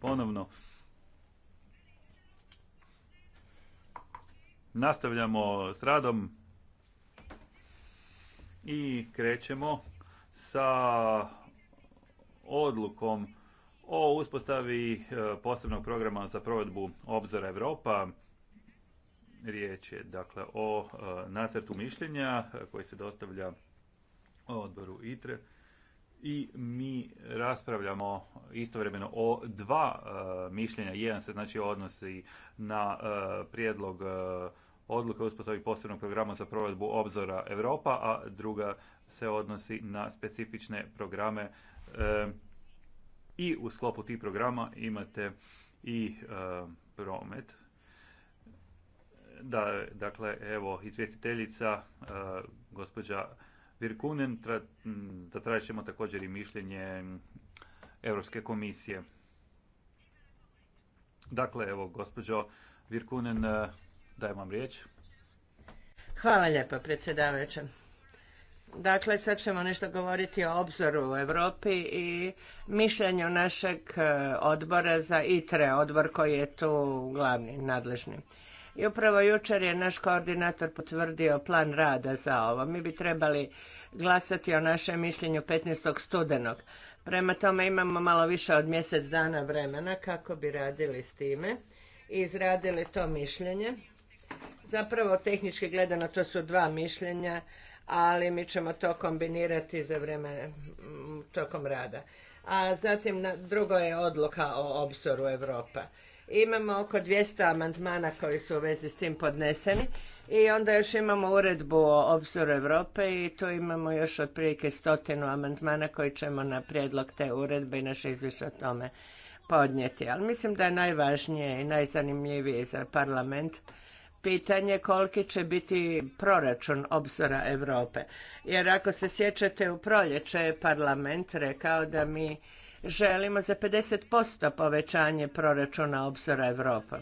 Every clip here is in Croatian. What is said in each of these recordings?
ponovno. Nastavljamo s radom i krećemo sa odlukom o uspostavi e, posebnog programa za provedbu obzora Europa. Riječ je dakle o e, nacrtu mišljenja e, koji se dostavlja odboru ITRE i mi raspravljamo istovremeno o dva e, mišljenja. Jedan se znači odnosi na e, prijedlog e, odluke o uspostavi posebnog programa za provedbu obzora Europa, a druga se odnosi na specifične programe i u sklopu tih programa imate i promet. Da, dakle, evo, izvjestiteljica, gospođa Virkunen, zatražit ćemo također i mišljenje Europske komisije. Dakle, evo, gospođo Virkunen, e, dajem vam riječ. Hvala lijepo, predsjedavajuća. Dakle, sad ćemo nešto govoriti o obzoru u Europi i mišljenju našeg e, odbora za ITRE, odbor koji je tu glavni, nadležni. I upravo jučer je naš koordinator potvrdio plan rada za ovo. Mi bi trebali glasati o našem mišljenju 15. studenog. Prema tome imamo malo više od mjesec dana vremena kako bi radili s time i izradili to mišljenje. Zapravo tehnički gledano to su dva mišljenja, ali mi ćemo to kombinirati za vreme tokom rada. A zatim drugo je odluka o obzoru Evropa. Imamo oko 200 amandmana koji su u vezi s tim podneseni i onda još imamo uredbu o obzoru Europe i tu imamo još otprilike stotinu amandmana koji ćemo na prijedlog te uredbe i naše izvješće o tome podnijeti. Ali mislim da je najvažnije i najzanimljivije za parlament pitanje koliki će biti proračun obzora Europe. Jer ako se sjećate u proljeće je parlament rekao da mi želimo za 50% povećanje proračuna obzora Europa.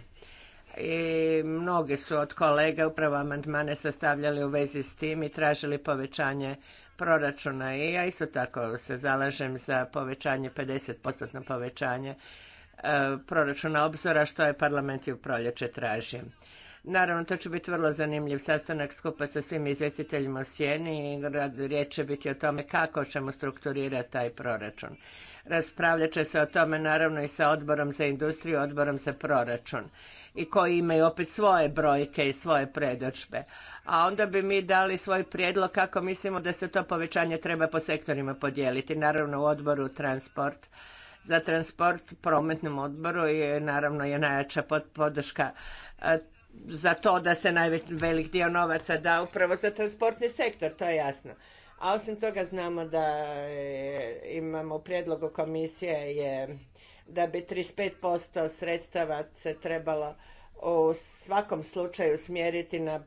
I mnogi su od kolega upravo amandmane sastavljali u vezi s tim i tražili povećanje proračuna. I ja isto tako se zalažem za povećanje, 50% povećanje e, proračuna obzora što je parlament i u proljeće tražio. Naravno, to će biti vrlo zanimljiv sastanak skupa sa svim izvjestiteljima u Sjeni i riječ će biti o tome kako ćemo strukturirati taj proračun. Raspravljat će se o tome naravno i sa odborom za industriju, odborom za proračun i koji imaju opet svoje brojke i svoje predočbe. A onda bi mi dali svoj prijedlog kako mislimo da se to povećanje treba po sektorima podijeliti. Naravno u odboru transport za transport prometnom odboru je naravno je najjača podrška za to da se najveći velik dio novaca da upravo za transportni sektor, to je jasno. A osim toga znamo da e, imamo u prijedlogu komisije je da bi 35% sredstava se trebalo u svakom slučaju smjeriti na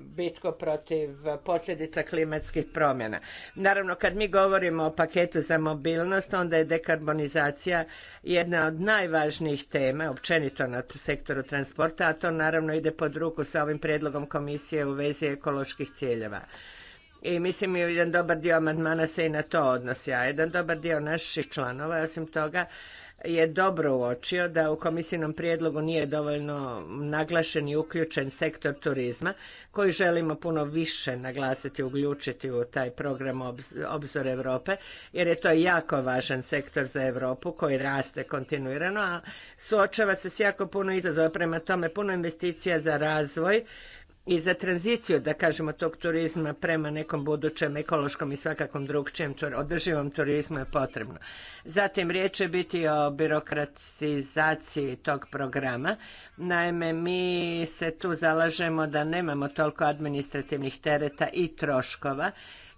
bitko protiv posljedica klimatskih promjena. Naravno, kad mi govorimo o paketu za mobilnost, onda je dekarbonizacija jedna od najvažnijih tema, općenito na sektoru transporta, a to naravno ide pod ruku sa ovim prijedlogom komisije u vezi ekoloških ciljeva. I mislim jedan dobar dio amandmana se i na to odnosi, a jedan dobar dio naših članova, osim toga, je dobro uočio da u komisijnom prijedlogu nije dovoljno naglašen i uključen sektor turizma koji želimo puno više naglasiti, uključiti u taj program Obzor Europe jer je to jako važan sektor za Europu koji raste kontinuirano, a suočava se s jako puno izazova. Prema tome puno investicija za razvoj i za tranziciju, da kažemo, tog turizma prema nekom budućem ekološkom i svakakvom drugčijem održivom turizmu je potrebno. Zatim riječ je biti o birokratizaciji tog programa. Naime, mi se tu zalažemo da nemamo toliko administrativnih tereta i troškova.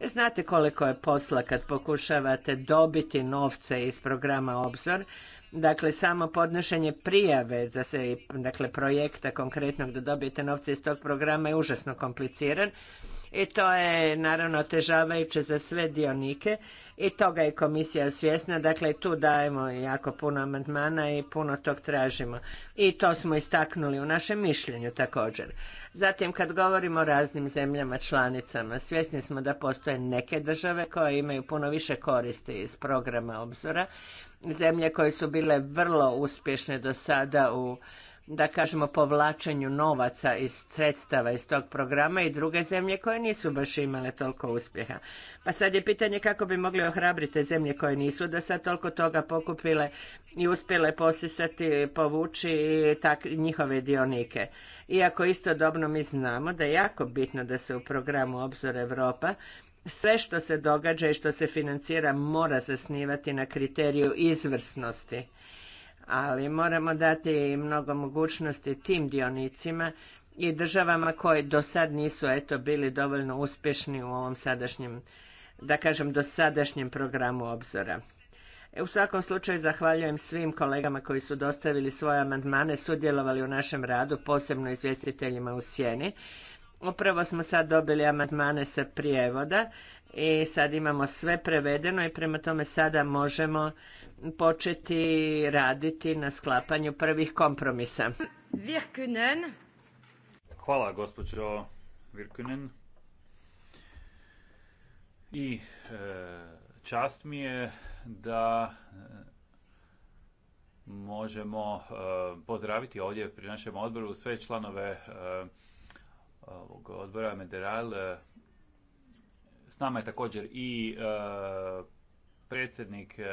znate koliko je posla kad pokušavate dobiti novce iz programa Obzor, Dakle, samo podnošenje prijave za se, dakle, projekta konkretnog da dobijete novce iz tog programa je užasno kompliciran i to je naravno otežavajuće za sve dionike i toga je komisija svjesna, dakle tu dajemo jako puno amandmana i puno tog tražimo i to smo istaknuli u našem mišljenju također. Zatim kad govorimo o raznim zemljama članicama, svjesni smo da postoje neke države koje imaju puno više koristi iz programa obzora zemlje koje su bile vrlo uspješne do sada u da kažemo povlačenju novaca iz sredstava iz tog programa i druge zemlje koje nisu baš imale toliko uspjeha. Pa sad je pitanje kako bi mogli ohrabriti te zemlje koje nisu da sad toliko toga pokupile i uspjele posisati, povući i tak, njihove dionike. Iako istodobno mi znamo da je jako bitno da se u programu Obzor Europa sve što se događa i što se financira mora zasnivati na kriteriju izvrsnosti. Ali moramo dati i mnogo mogućnosti tim dionicima i državama koje do sad nisu eto bili dovoljno uspješni u ovom sadašnjem, da kažem, sadašnjem programu obzora. E, u svakom slučaju zahvaljujem svim kolegama koji su dostavili svoje amandmane, sudjelovali u našem radu, posebno izvjestiteljima u sjeni Upravo smo sad dobili amandmane sa prijevoda i sad imamo sve prevedeno i prema tome sada možemo početi raditi na sklapanju prvih kompromisa. Virkunen. Hvala gospođo Virkunen. I e, čast mi je da e, možemo e, pozdraviti ovdje pri našem odboru sve članove ovog odbora Mederal. E, s nama je također i e, predsjednik e,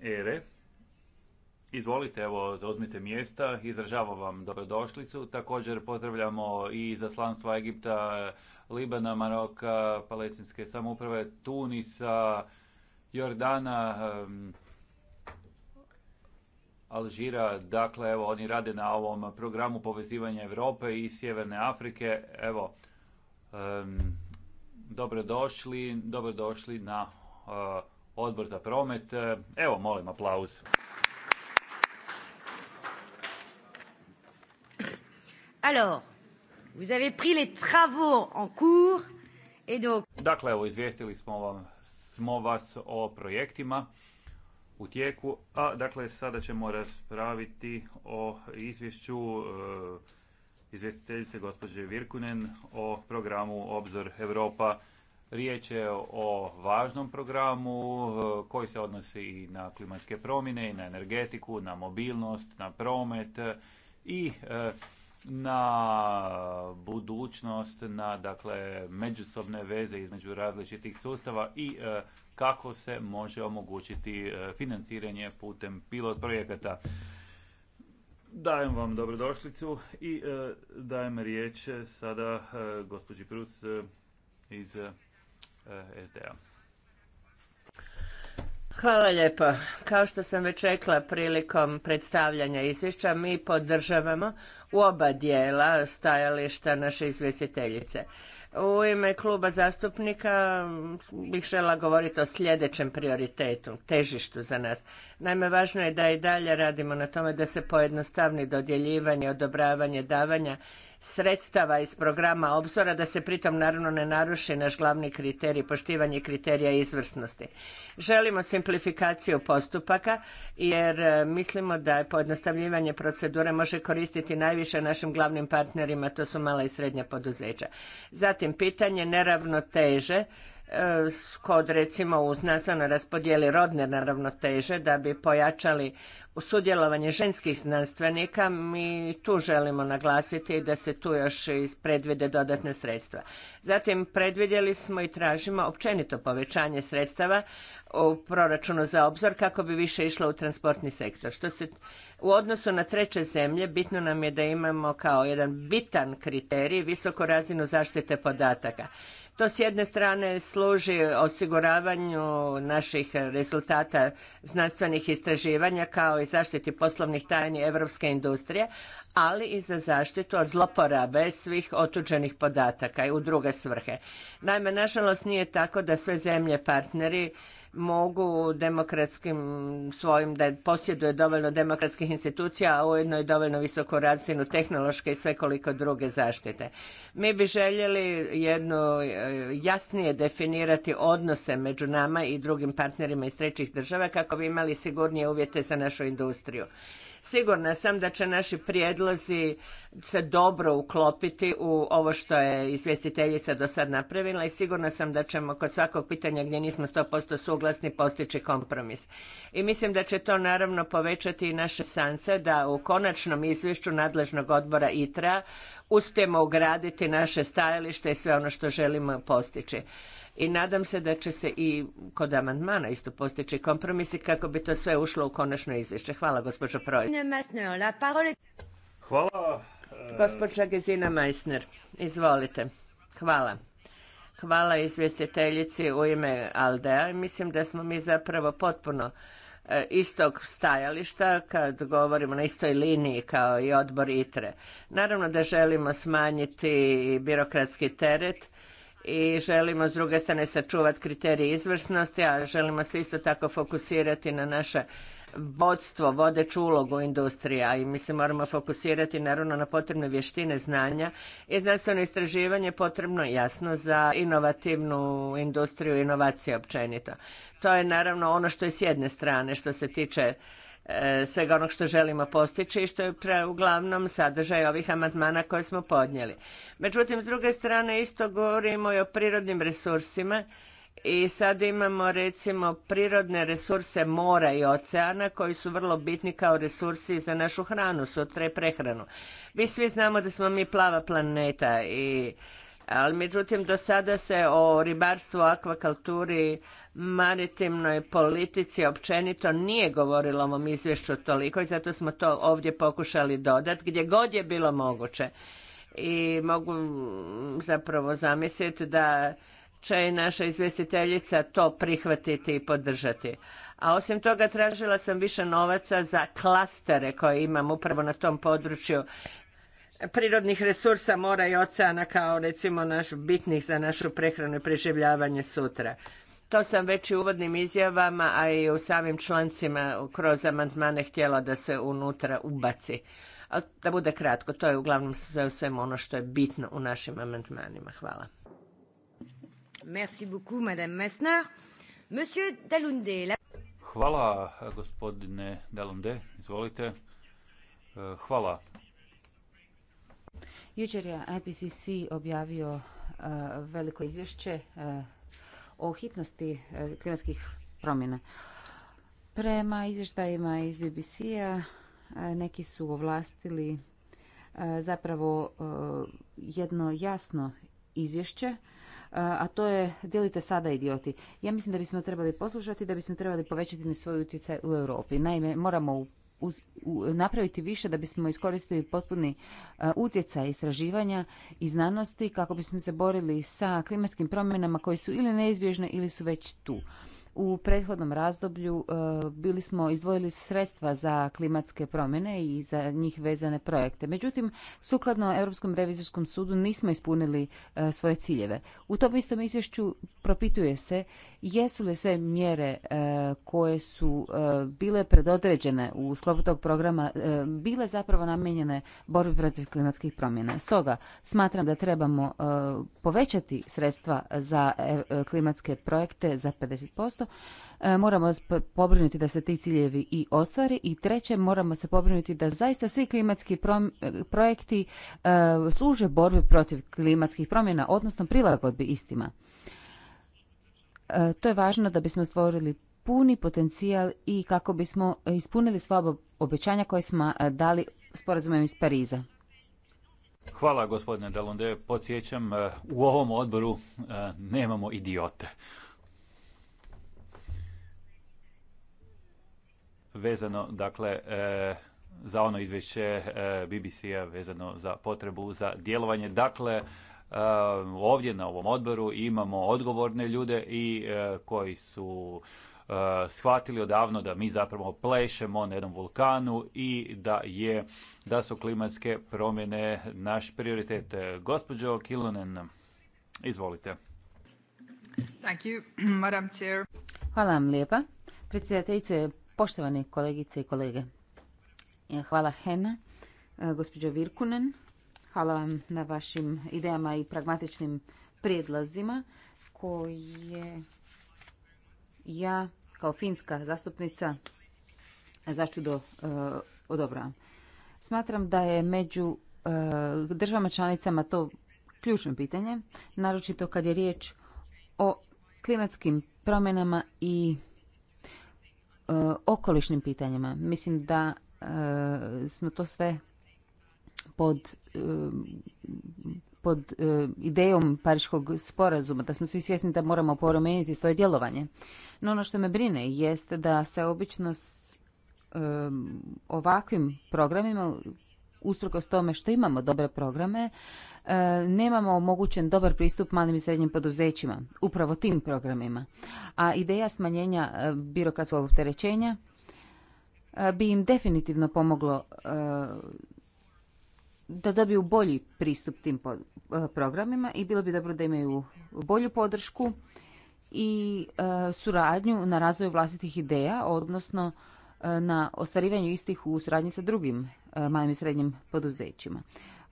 ERE. Izvolite, evo, zauzmite mjesta, izražavam vam dobrodošlicu. Također pozdravljamo i zaslanstva Egipta, Libana, Maroka, Palestinske samouprave, Tunisa, Jordana, Alžira. Dakle, evo, oni rade na ovom programu povezivanja Europe i Sjeverne Afrike. Evo, um, dobrodošli, dobrodošli na eh, odbor za promet. Evo, molim, aplauz. Alors, vous avez pris les travaux en cours et donc... Dakle, evo, izvijestili smo, vam, smo vas o projektima u tijeku, a dakle sada ćemo raspraviti o izvješću e, izvjestiteljice gospođe Virkunen o programu Obzor Europa. Riječ je o važnom programu e, koji se odnosi i na klimatske promjene, i na energetiku, na mobilnost, na promet i e, na budućnost, na dakle međusobne veze između različitih sustava i e, kako se može omogućiti e, financiranje putem pilot projekata. Dajem vam dobrodošlicu i e, dajem riječ sada gospođi Prus iz SDA. Hvala lijepo. Kao što sam već rekla prilikom predstavljanja izvješća, mi podržavamo u oba dijela stajališta naše izvjestiteljice. U ime kluba zastupnika bih žela govoriti o sljedećem prioritetu, težištu za nas. Naime, važno je da i dalje radimo na tome da se pojednostavni dodjeljivanje, odobravanje, davanja sredstava iz programa obzora da se pritom naravno ne naruši naš glavni kriterij, poštivanje kriterija izvrsnosti. Želimo simplifikaciju postupaka jer e, mislimo da pojednostavljivanje procedure može koristiti najviše našim glavnim partnerima, to su mala i srednja poduzeća. Zatim pitanje neravnoteže e, kod recimo u znanstvenoj raspodjeli rodne neravnoteže da bi pojačali sudjelovanje ženskih znanstvenika, mi tu želimo naglasiti da se tu još predvide dodatne sredstva. Zatim predvidjeli smo i tražimo općenito povećanje sredstava u proračunu za obzor kako bi više išlo u transportni sektor. Što se u odnosu na treće zemlje bitno nam je da imamo kao jedan bitan kriterij visoku razinu zaštite podataka. To s jedne strane služi osiguravanju naših rezultata znanstvenih istraživanja kao i zaštiti poslovnih tajni europske industrije, ali i za zaštitu od zloporabe svih otuđenih podataka i u druge svrhe. Naime, nažalost nije tako da sve zemlje partneri mogu demokratskim svojim, da posjeduje dovoljno demokratskih institucija, a ujedno i dovoljno visoku razinu tehnološke i koliko druge zaštite. Mi bi željeli eh, jasnije definirati odnose među nama i drugim partnerima iz trećih država kako bi imali sigurnije uvjete za našu industriju. Sigurna sam da će naši prijedlozi se dobro uklopiti u ovo što je izvjestiteljica do sad napravila i sigurna sam da ćemo kod svakog pitanja gdje nismo 100% suglasni postići kompromis. I mislim da će to naravno povećati i naše sanse da u konačnom izvješću nadležnog odbora ITRA uspijemo ugraditi naše stajalište i sve ono što želimo postići i nadam se da će se i kod amandmana isto postići kompromisi kako bi to sve ušlo u konačno izvješće. Hvala gospođo Proj. Hvala. Gospođa Gezina Meissner, izvolite. Hvala. Hvala izvjestiteljici u ime Aldea. Mislim da smo mi zapravo potpuno e, istog stajališta kad govorimo na istoj liniji kao i odbor ITRE. Naravno da želimo smanjiti birokratski teret i želimo s druge strane sačuvati kriterije izvrsnosti, a želimo se isto tako fokusirati na naše vodstvo, vodeću ulogu industrija i mi se moramo fokusirati naravno na potrebne vještine znanja i znanstveno istraživanje potrebno jasno za inovativnu industriju, inovacije općenito. To je naravno ono što je s jedne strane što se tiče svega onog što želimo postići i što je uglavnom sadržaj ovih amandmana koje smo podnijeli. Međutim, s druge strane isto govorimo i o prirodnim resursima i sad imamo recimo prirodne resurse mora i oceana koji su vrlo bitni kao resursi za našu hranu, sutra i prehranu. Mi svi znamo da smo mi plava planeta i ali međutim do sada se o ribarstvu, akvakulturi maritimnoj politici općenito nije govorilo o ovom izvješću toliko i zato smo to ovdje pokušali dodati gdje god je bilo moguće. I mogu zapravo zamisliti da će i naša izvjestiteljica to prihvatiti i podržati. A osim toga tražila sam više novaca za klastere koje imam upravo na tom području prirodnih resursa mora i oceana kao recimo naš bitnih za našu prehranu i preživljavanje sutra. To sam već i u uvodnim izjavama, a i u samim člancima kroz amandmane htjela da se unutra ubaci. A da bude kratko, to je uglavnom sve svemu ono što je bitno u našim amandmanima. Hvala. Merci beaucoup, Madame Messner. Monsieur Dalunde, Hvala, gospodine Dalunde. Izvolite. E, hvala. Jučer je IPCC objavio e, veliko izvješće e, o hitnosti e, klimatskih promjena. Prema izvještajima iz BBC-a e, neki su ovlastili e, zapravo jedno jasno izvješće, a to je dijelite sada idioti. Ja mislim da bismo trebali poslušati, da bismo trebali povećati svoj utjecaj u Europi. Naime, moramo uz, napraviti više da bismo iskoristili potpuni e, utjecaj istraživanja i znanosti kako bismo se borili sa klimatskim promjenama koje su ili neizbježne ili su već tu. U prethodnom razdoblju e, bili smo izdvojili sredstva za klimatske promjene i za njih vezane projekte. Međutim, sukladno Europskom revizijskom sudu nismo ispunili e, svoje ciljeve. U tom istom izvješću propituje se jesu li sve mjere e, koje su bile predodređene u sklopu tog programa bile zapravo namijenjene borbi protiv klimatskih promjena. Stoga smatram da trebamo povećati sredstva za klimatske projekte za 50% E, moramo moramo pobrinuti da se ti ciljevi i ostvari i treće moramo se pobrinuti da zaista svi klimatski e, projekti e, služe borbi protiv klimatskih promjena odnosno prilagodbi istima to je važno da bismo stvorili puni potencijal i kako bismo ispunili sva obećanja koje smo dali sporazumom iz Pariza. Hvala gospodine Dalonde. Podsjećam, u ovom odboru nemamo idiote. vezano dakle e, za ono izvješće e, BBC-a vezano za potrebu za djelovanje. Dakle, e, ovdje na ovom odboru imamo odgovorne ljude i koji su shvatili odavno da mi zapravo plešemo na jednom vulkanu i da je da su klimatske promjene naš prioritet. Gospođo Kilonen, izvolite. Thank you, Madam Hvala vam lijepa. Predsjedateljice, Poštovane kolegice i kolege, e, hvala Hena, e, gospođo Virkunen, hvala vam na vašim idejama i pragmatičnim prijedlozima koje ja kao finska zastupnica začudo e, odobravam. Smatram da je među državama članicama to ključno pitanje, naročito kad je riječ o klimatskim promjenama i E, okolišnim pitanjima. Mislim da e, smo to sve pod e, pod idejom Pariškog sporazuma, da smo svi svjesni da moramo promijeniti svoje djelovanje. No ono što me brine jest da se obično s ovakvim programima, usprkos tome što imamo dobre programe, E, nemamo omogućen dobar pristup malim i srednjim poduzećima, upravo tim programima. A ideja smanjenja e, birokratskog opterećenja e, bi im definitivno pomoglo da dobiju bolji pristup tim programima i bilo bi dobro da imaju bolju podršku i suradnju na razvoju vlastitih ideja, odnosno na ostvarivanju istih u suradnji sa drugim malim i srednjim poduzećima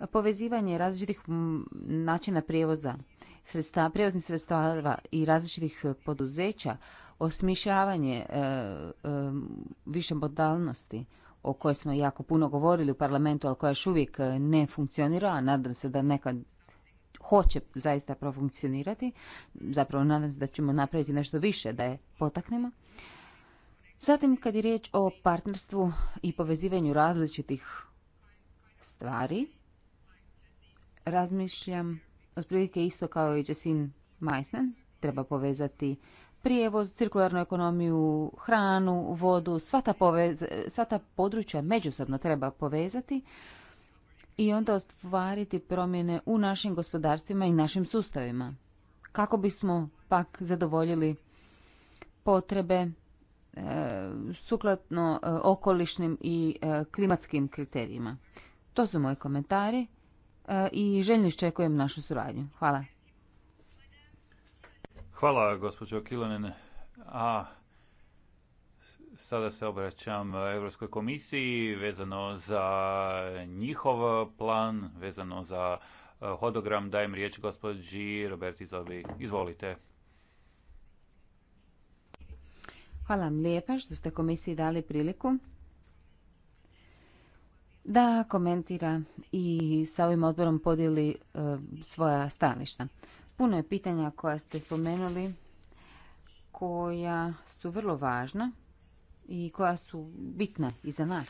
povezivanje različitih načina prijevoza sredstava, prijevoznih sredstava i različitih e, poduzeća, osmišljavanje e, e, više modalnosti o kojoj smo jako puno govorili u parlamentu, ali koja još uvijek e, ne funkcionira, a nadam se da nekad hoće zaista profunkcionirati. Zapravo nadam se da ćemo napraviti nešto više da je potaknemo. Zatim kad je riječ o partnerstvu i povezivanju različitih stvari, Razmišljam otprilike isto kao i Jessin Meissner. Treba povezati prijevoz, cirkularnu ekonomiju, hranu, vodu, sva ta, sva ta područja međusobno treba povezati i onda ostvariti promjene u našim gospodarstvima i našim sustavima. Kako bismo pak zadovoljili potrebe e, sukladno e, okolišnim i e, klimatskim kriterijima. To su moji komentari. E, i željno iščekujem našu suradnju. Hvala. Hvala, gospođo Kilonen. A sada se obraćam Europskoj komisiji vezano za njihov plan, vezano za e, hodogram. Dajem riječ gospođi Roberti Zobi. Izvolite. Hvala vam lijepa što ste komisiji dali priliku da komentira i sa ovim odborom podijeli e, svoja stajališta. Puno je pitanja koja ste spomenuli koja su vrlo važna i koja su bitna i za nas.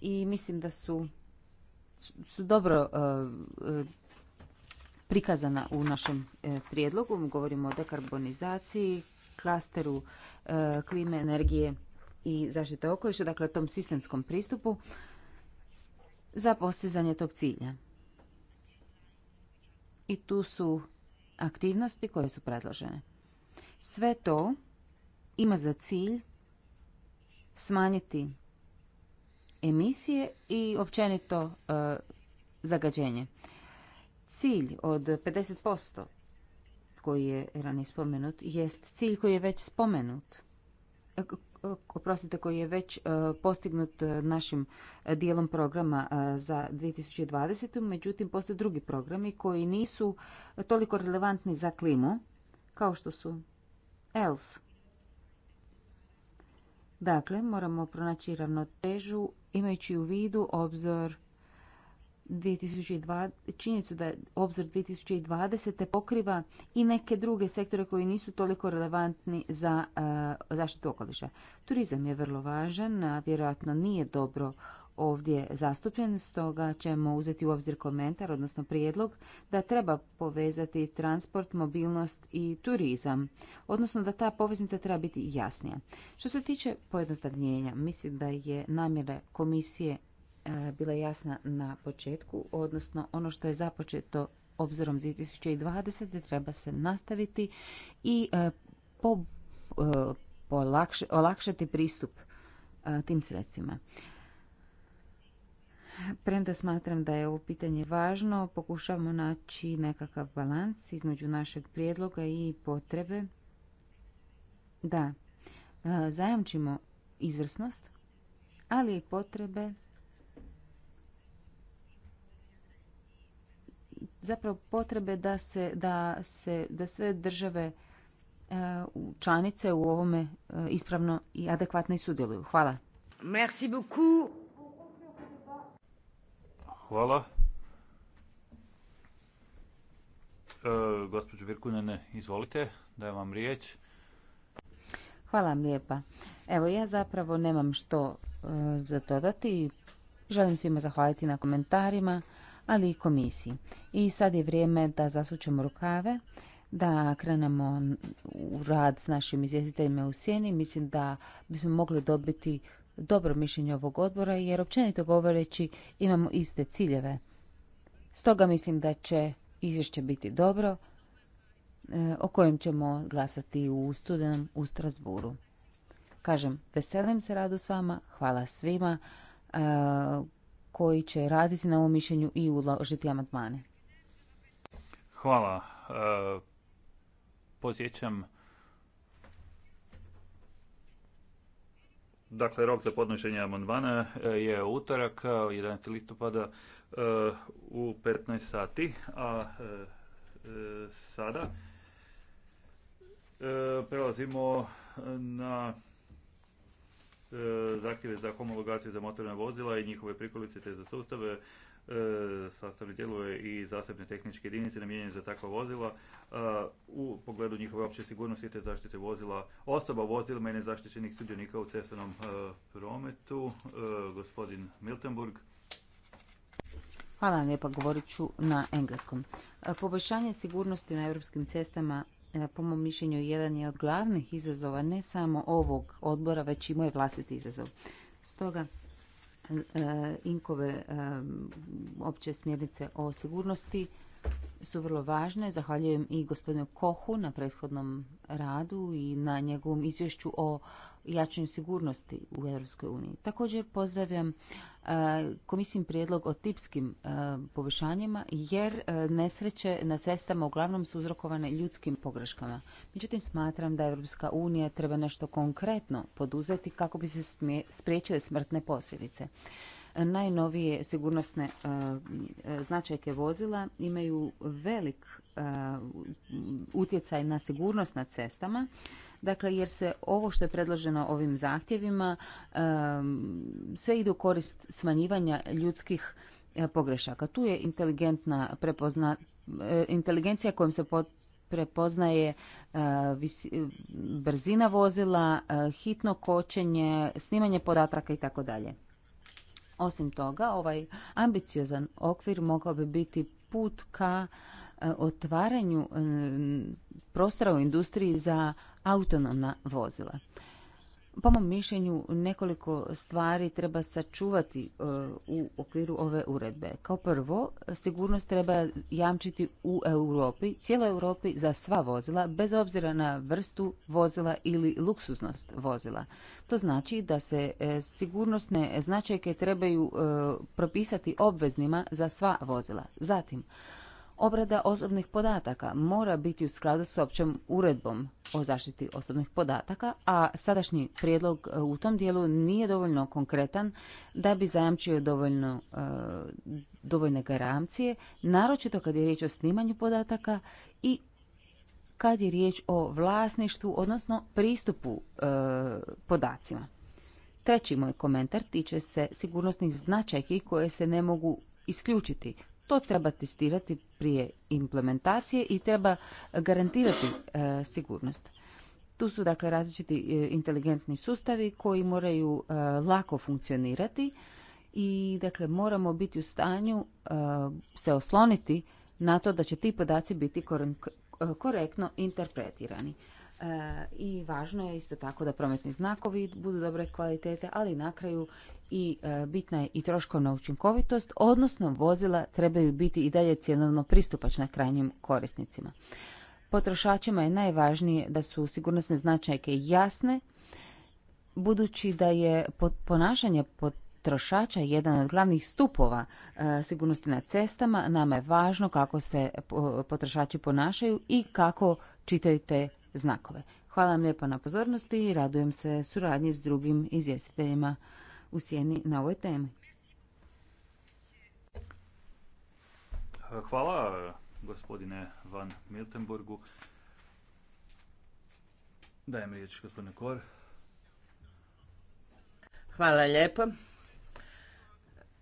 I mislim da su, su dobro e, e, prikazana u našem prijedlogu. Govorimo o dekarbonizaciji, klasteru klime, energije i zaštite okoliša, dakle tom sistemskom pristupu za postizanje tog cilja. I tu su aktivnosti koje su predložene. Sve to ima za cilj smanjiti emisije i općenito e, zagađenje. Cilj od 50% koji je ranije spomenut jest cilj koji je već spomenut e, Eh, oprostite, koji je već eh, postignut eh, našim dijelom programa za 2020. Međutim, postoje drugi programi koji nisu toliko relevantni za klimu, kao što su ELS. Dakle, moramo pronaći ravnotežu imajući u vidu obzor 2020, činjenicu da obzor 2020. pokriva i neke druge sektore koji nisu toliko relevantni za eh, zaštitu okoliša. Turizam je vrlo važan, a vjerojatno nije dobro ovdje zastupljen, stoga ćemo uzeti u obzir komentar, odnosno prijedlog, da treba povezati transport, mobilnost i turizam, odnosno da ta poveznica treba biti jasnija. Što se tiče pojednostavljenja, mislim da je namjera komisije E, bila jasna na početku, odnosno ono što je započeto obzirom 2020. treba se nastaviti i e, po, e, olakšati pristup tim sredstvima. Premda smatram da je ovo pitanje važno, pokušavamo naći nekakav balans između našeg prijedloga i potrebe da zajamčimo izvrsnost, ali i potrebe zapravo potrebe da se, da se, da sve države e, članice u ovome e, ispravno i adekvatno i sudjeluju. Hvala. Merci beaucoup. Hvala. E, gospođo Virkunene, izvolite, je vam riječ. Hvala vam lijepa. Evo, ja zapravo nemam što e, za dodati. Želim svima zahvaliti na komentarima ali i komisiji. I sad je vrijeme da zasučemo rukave, da krenemo u rad s našim izvjestiteljima u sjeni. Mislim da bismo mogli dobiti dobro mišljenje ovog odbora jer općenito govoreći imamo iste ciljeve. Stoga mislim da će izvješće biti dobro e, o kojem ćemo glasati u studenom u Strasburu. Kažem, veselim se radu s vama, hvala svima. E, koji će raditi na ovom mišljenju i uložiti amandmane. Hvala. E, Dakle, rok za podnošenje amandmana e, je utorak, 11. E, listopada e, u 15 sati, a sada prelazimo na E, zahtjeve za homologaciju za motorna vozila i njihove prikolice te za sustave, e, sastavne dijelove i zasebne tehničke jedinice namijenjene za takva vozila u pogledu njihove opće sigurnosti te zaštite vozila, osoba vozilima i nezaštićenih sudionika u cestovnom e, prometu, gospodin Miltenburg. Hvala vam lijepa, govorit ću na engleskom. Poboljšanje sigurnosti na europskim cestama E, po mom mišljenju, jedan je od glavnih izazova ne samo ovog odbora, već i moj vlastiti izazov. Stoga, e, Inkove e, opće smjernice o sigurnosti su vrlo važne. Zahvaljujem i gospodinu Kohu na prethodnom radu i na njegovom izvješću o jačanju sigurnosti u EU. Također pozdravljam Eh, komisijim prijedlog o tipskim eh, poboljšanjima jer eh, nesreće na cestama uglavnom su uzrokovane ljudskim pogreškama. Međutim, smatram da Europska unija treba nešto konkretno poduzeti kako bi se spriječile smrtne posljedice. Najnovije sigurnosne značajke vozila imaju velik E, utjecaj na sigurnost na cestama. Dakle, jer se ovo što je predloženo ovim zahtjevima e, sve ide u korist smanjivanja ljudskih e, pogrešaka. Tu je inteligentna prepozna, inteligencija kojom se prepoznaje brzina vozila, hitno kočenje, snimanje podataka i tako dalje. Osim toga, ovaj ambiciozan okvir mogao bi biti put ka E, otvaranju e, prostora u industriji za autonomna vozila. Po mom mišljenju nekoliko stvari treba sačuvati e, u okviru ove uredbe. Kao prvo, sigurnost treba jamčiti u Europi, cijeloj Europi za sva vozila, bez obzira na vrstu vozila ili luksuznost vozila. To znači da se sigurnosne značajke trebaju propisati obveznima za sva vozila. Zatim, Obrada osobnih podataka mora biti u skladu s općom uredbom o zaštiti osobnih podataka, a sadašnji prijedlog e, u tom dijelu nije dovoljno konkretan da bi zajamčio dovoljno, e, dovoljne garancije, naročito kad je riječ o snimanju podataka i kad je riječ o vlasništvu, odnosno pristupu e, podacima. Treći moj komentar tiče se sigurnosnih značajki koje se ne mogu isključiti to treba testirati prije implementacije i treba garantirati e, sigurnost. Tu su dakle različiti e, inteligentni sustavi koji moraju e, lako funkcionirati i dakle moramo biti u stanju se osloniti na to da će ti podaci biti korektno interpretirani. E, i važno je isto tako da prometni znakovi budu dobre kvalitete, ali na kraju i e, bitna je i troškovna učinkovitost, odnosno vozila trebaju biti i dalje cjenovno pristupačna krajnjim korisnicima. Potrošačima je najvažnije da su sigurnosne značajke jasne, budući da je ponašanje potrošača jedan od glavnih stupova e, sigurnosti na cestama, nama je važno kako se potrošači ponašaju i kako čitaju te znakove. Hvala vam lijepa na pozornosti i radujem se suradnji s drugim izvjestiteljima u sjeni na ovoj temi. Hvala gospodine Van Miltenburgu. Dajem riječ gospodine Kor. Hvala lijepo.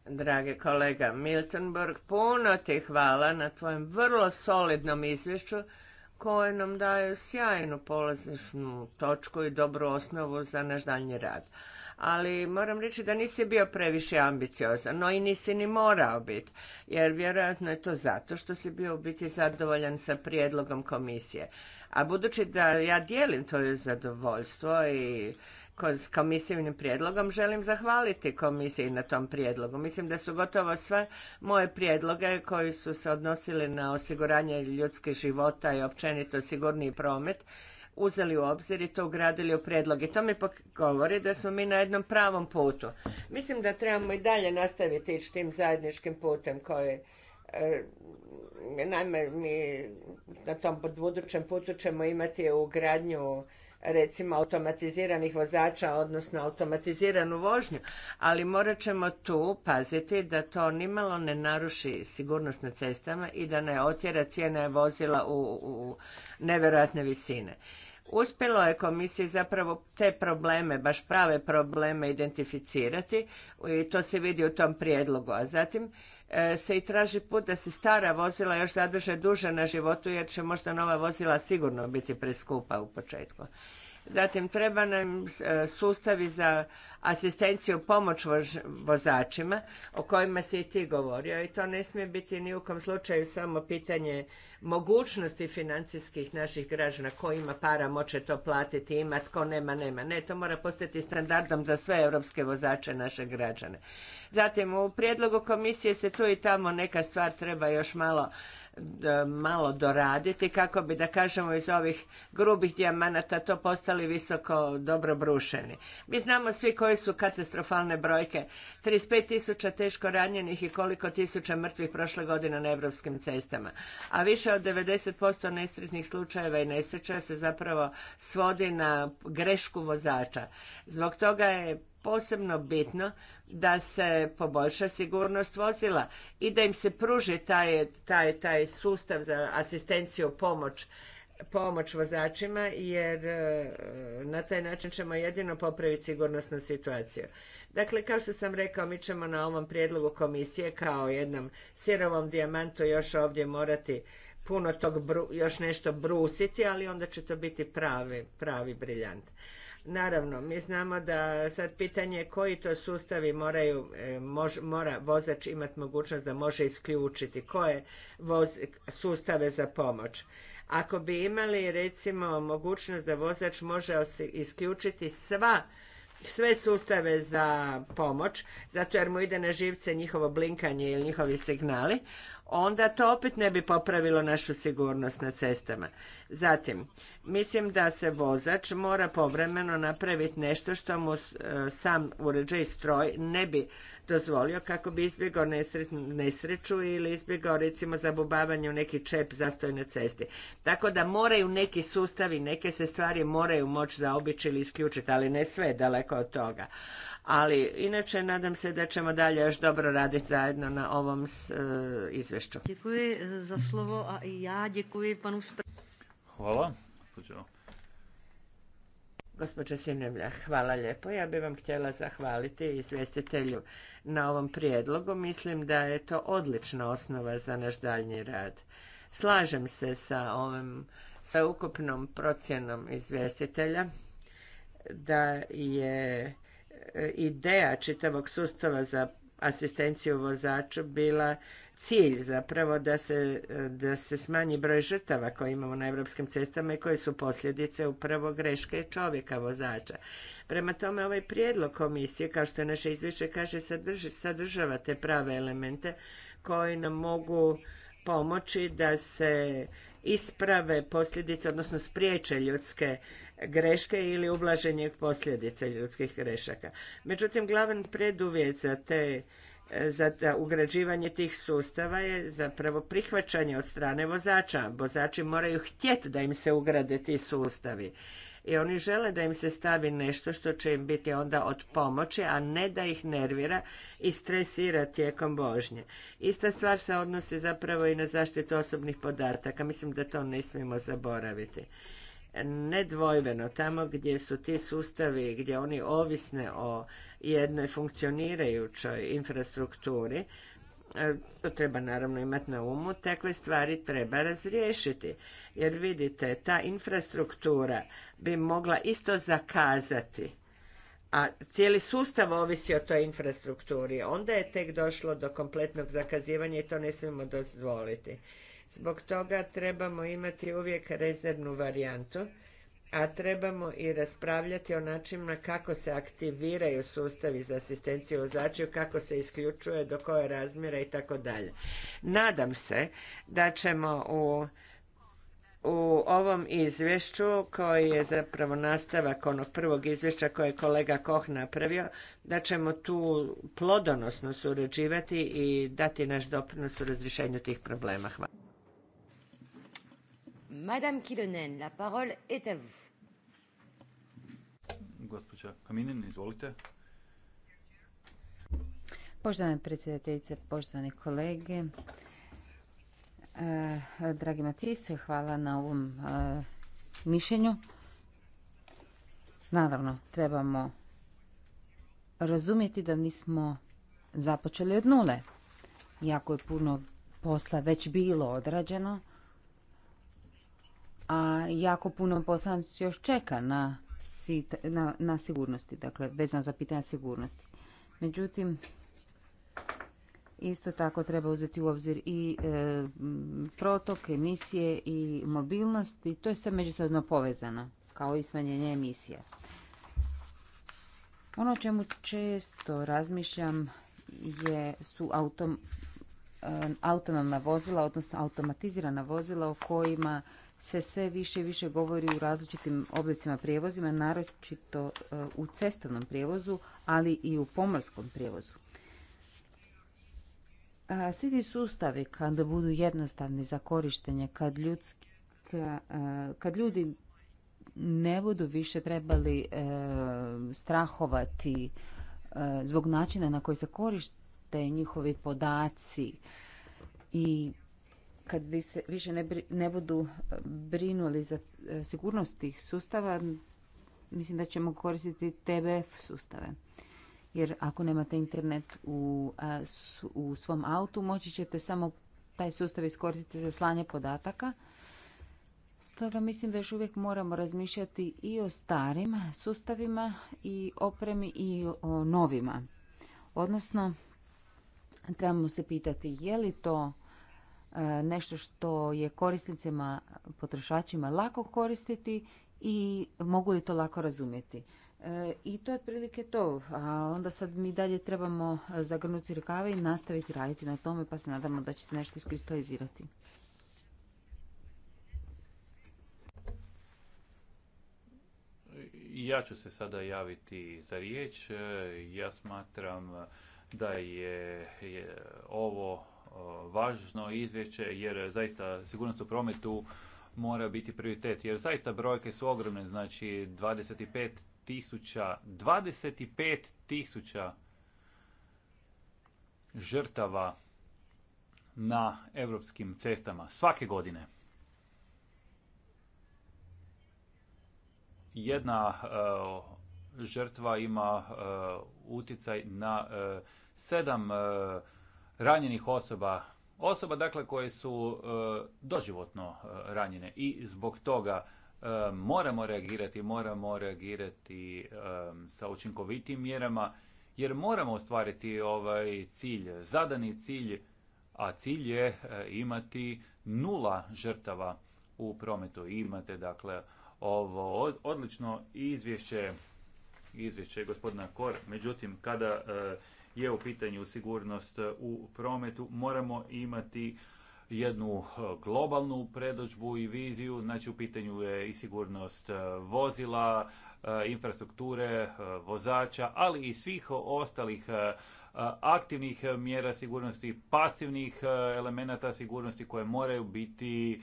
Drage kolega Miltenburg, puno ti hvala na tvojem vrlo solidnom izvješću koje nam daju sjajnu polazišnu točku i dobru osnovu za naš daljnji rad. Ali moram reći da nisi bio previše ambiciozan, no i nisi ni morao biti, jer vjerojatno je to zato što si bio biti zadovoljan sa prijedlogom komisije. A budući da ja dijelim to zadovoljstvo i komisivnim prijedlogom želim zahvaliti komisiji na tom prijedlogu. Mislim da su gotovo sve moje prijedloge koji su se odnosili na osiguranje ljudskih života i općenito sigurniji promet uzeli u obzir i to ugradili u prijedlog. I to mi govori da smo mi na jednom pravom putu. Mislim da trebamo i dalje nastaviti ići tim zajedničkim putem koji e, Naime, mi na tom budućem putu ćemo imati ugradnju recimo automatiziranih vozača, odnosno automatiziranu vožnju, ali morat ćemo tu paziti da to nimalo ne naruši sigurnost na cestama i da ne otjera cijene vozila u, u nevjerojatne visine. Uspjelo je komisiji zapravo te probleme, baš prave probleme identificirati i to se vidi u tom prijedlogu, a zatim E, se i traži put da se stara vozila još zadrže duže na životu jer će možda nova vozila sigurno biti preskupa u početku. Zatim treba nam e, sustavi za asistenciju pomoć vozačima o kojima se i ti govorio i to ne smije biti ni u kom slučaju samo pitanje mogućnosti financijskih naših građana ko ima para moće to platiti ima tko nema nema ne to mora postati standardom za sve europske vozače naše građane Zatim, u prijedlogu komisije se tu i tamo neka stvar treba još malo e, malo doraditi kako bi da kažemo iz ovih grubih dijamanata to postali visoko dobro brušeni. Mi znamo svi koje su katastrofalne brojke. 35 tisuća teško ranjenih i koliko tisuća mrtvih prošle godine na europskim cestama. A više od 90% nesretnih slučajeva i nesreća se zapravo svodi na grešku vozača. Zbog toga je posebno bitno da se poboljša sigurnost vozila i da im se pruži taj, taj, taj sustav za asistenciju, pomoć, pomoć vozačima jer e, na taj način ćemo jedino popraviti sigurnosnu situaciju. Dakle, kao što sam rekao, mi ćemo na ovom prijedlogu komisije kao jednom sirovom dijamantu još ovdje morati puno tog, još nešto brusiti, ali onda će to biti pravi, pravi briljant. Naravno, mi znamo da sad pitanje koji to sustavi moraju, e, mora vozač imati mogućnost da može isključiti, koje voz, sustave za pomoć. Ako bi imali recimo mogućnost da vozač može isključiti sva sve sustave za pomoć, zato jer mu ide na živce njihovo blinkanje ili njihovi signali, onda to opet ne bi popravilo našu sigurnost na cestama. Zatim, mislim da se vozač mora povremeno napraviti nešto što mu e, sam uređaj stroj ne bi dozvolio kako bi izbjegao nesreću ili izbjegao recimo zabubavanje u neki čep zastoj na cesti. Tako da moraju neki sustavi, neke se stvari moraju moći zaobići ili isključiti, ali ne sve daleko od toga ali inače nadam se da ćemo dalje još dobro raditi zajedno na ovom e, izvješću. E, za slovo a i ja panu Hvala. Gospođo Sinemlja, hvala lijepo. Ja bih vam htjela zahvaliti izvjestitelju na ovom prijedlogu. Mislim da je to odlična osnova za naš daljnji rad. Slažem se sa ovim, sa ukupnom procjenom izvjestitelja da je ideja čitavog sustava za asistenciju vozaču bila cilj zapravo da se, da se smanji broj žrtava koje imamo na europskim cestama i koje su posljedice upravo greške čovjeka vozača. Prema tome ovaj prijedlog komisije, kao što je naše izvješće kaže, sadrži, sadržava te prave elemente koji nam mogu pomoći da se isprave posljedice, odnosno spriječe ljudske greške ili ublaženje posljedica ljudskih grešaka. Međutim, glavan preduvjet za te za ugrađivanje tih sustava je zapravo prihvaćanje od strane vozača. Vozači moraju htjeti da im se ugrade ti sustavi. I oni žele da im se stavi nešto što će im biti onda od pomoći, a ne da ih nervira i stresira tijekom vožnje. Ista stvar se odnosi zapravo i na zaštitu osobnih podataka. Mislim da to ne smijemo zaboraviti nedvojbeno tamo gdje su ti sustavi, gdje oni ovisne o jednoj funkcionirajućoj infrastrukturi, e, to treba naravno imati na umu, takve stvari treba razriješiti. Jer vidite, ta infrastruktura bi mogla isto zakazati, a cijeli sustav ovisi o toj infrastrukturi. Onda je tek došlo do kompletnog zakazivanja i to ne smijemo dozvoliti. Zbog toga trebamo imati uvijek rezervnu varijantu, a trebamo i raspravljati o načinima kako se aktiviraju sustavi za asistenciju začiju, kako se isključuje, do koje razmjera i tako dalje. Nadam se da ćemo u u ovom izvješću koji je zapravo nastavak onog prvog izvješća koje je kolega Koh napravio, da ćemo tu plodonosno surađivati i dati naš doprinos u razrješenju tih problema. Hvala. Madame Kilonen, la parole est à vous. Gospođa Kaminin, izvolite. Poštovane predsjedateljice, poštovane kolege, e, dragi Matisse, hvala na ovom e, mišljenju. Naravno, trebamo razumjeti da nismo započeli od nule. Jako je puno posla već bilo odrađeno a jako puno posla još čeka na, na, na sigurnosti, dakle vezano za pitanje sigurnosti. Međutim, isto tako treba uzeti u obzir i e, protok, emisije i mobilnost i to je sve međusobno povezano kao i smanjenje emisije. Ono o čemu često razmišljam je, su autom, e, autonomna vozila, odnosno automatizirana vozila o kojima se sve više i više govori u različitim oblicima prijevozima, naročito e, u cestovnom prijevozu, ali i u pomorskom prijevozu. Svi ti sustavi kada budu jednostavni za korištenje, kad, kad ljudi ne budu više trebali e, strahovati e, zbog načina na koji se koriste njihovi podaci i kad više ne, ne budu e, brinuli za e, sigurnost tih sustava, mislim da ćemo koristiti TBF sustave. Jer ako nemate internet u, u svom autu, moći ćete samo taj sustav iskoristiti za slanje podataka. Stoga mislim da još uvijek moramo razmišljati i o starim sustavima i opremi i o novima. Odnosno, trebamo se pitati je li to E, nešto što je korisnicima, potrošačima lako koristiti i mogu li to lako razumjeti. E, I to je otprilike to. A onda sad mi dalje trebamo zagrnuti rukave i nastaviti raditi na tome pa se nadamo da će se nešto iskristalizirati. Ja ću se sada javiti za riječ. Ja smatram da je ovo važno izvješće jer zaista sigurnost u prometu mora biti prioritet jer zaista brojke su ogromne, znači 25 tisuća, 25 tisuća žrtava na europskim cestama svake godine. Jedna e, žrtva ima uticaj e, utjecaj na e, sedam ranjenih osoba, osoba dakle koje su e, doživotno e, ranjene i zbog toga e, moramo reagirati, moramo reagirati sa učinkovitim mjerama jer moramo ostvariti ovaj cilj, zadani cilj, a cilj je imati nula žrtava u prometu. Imate dakle ovo odlično izvješće, izvješće gospodina Kor, međutim kada je u pitanju sigurnost u prometu, moramo imati jednu eh, globalnu predođbu i viziju, znači u pitanju je i sigurnost eh, vozila, eh, infrastrukture, vozača, ali i svih ostalih aktivnih mjera sigurnosti, pasivnih elemenata sigurnosti koje moraju biti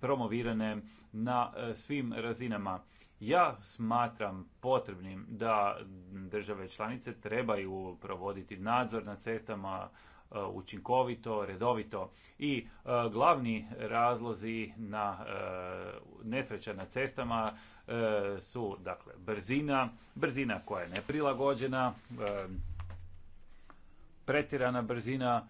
promovirane na svim razinama. Ja smatram potrebnim da države članice trebaju provoditi nadzor na cestama e, učinkovito, redovito i e, glavni razlozi na e, nesreća na cestama su dakle brzina, brzina koja je neprilagođena, pretjerana brzina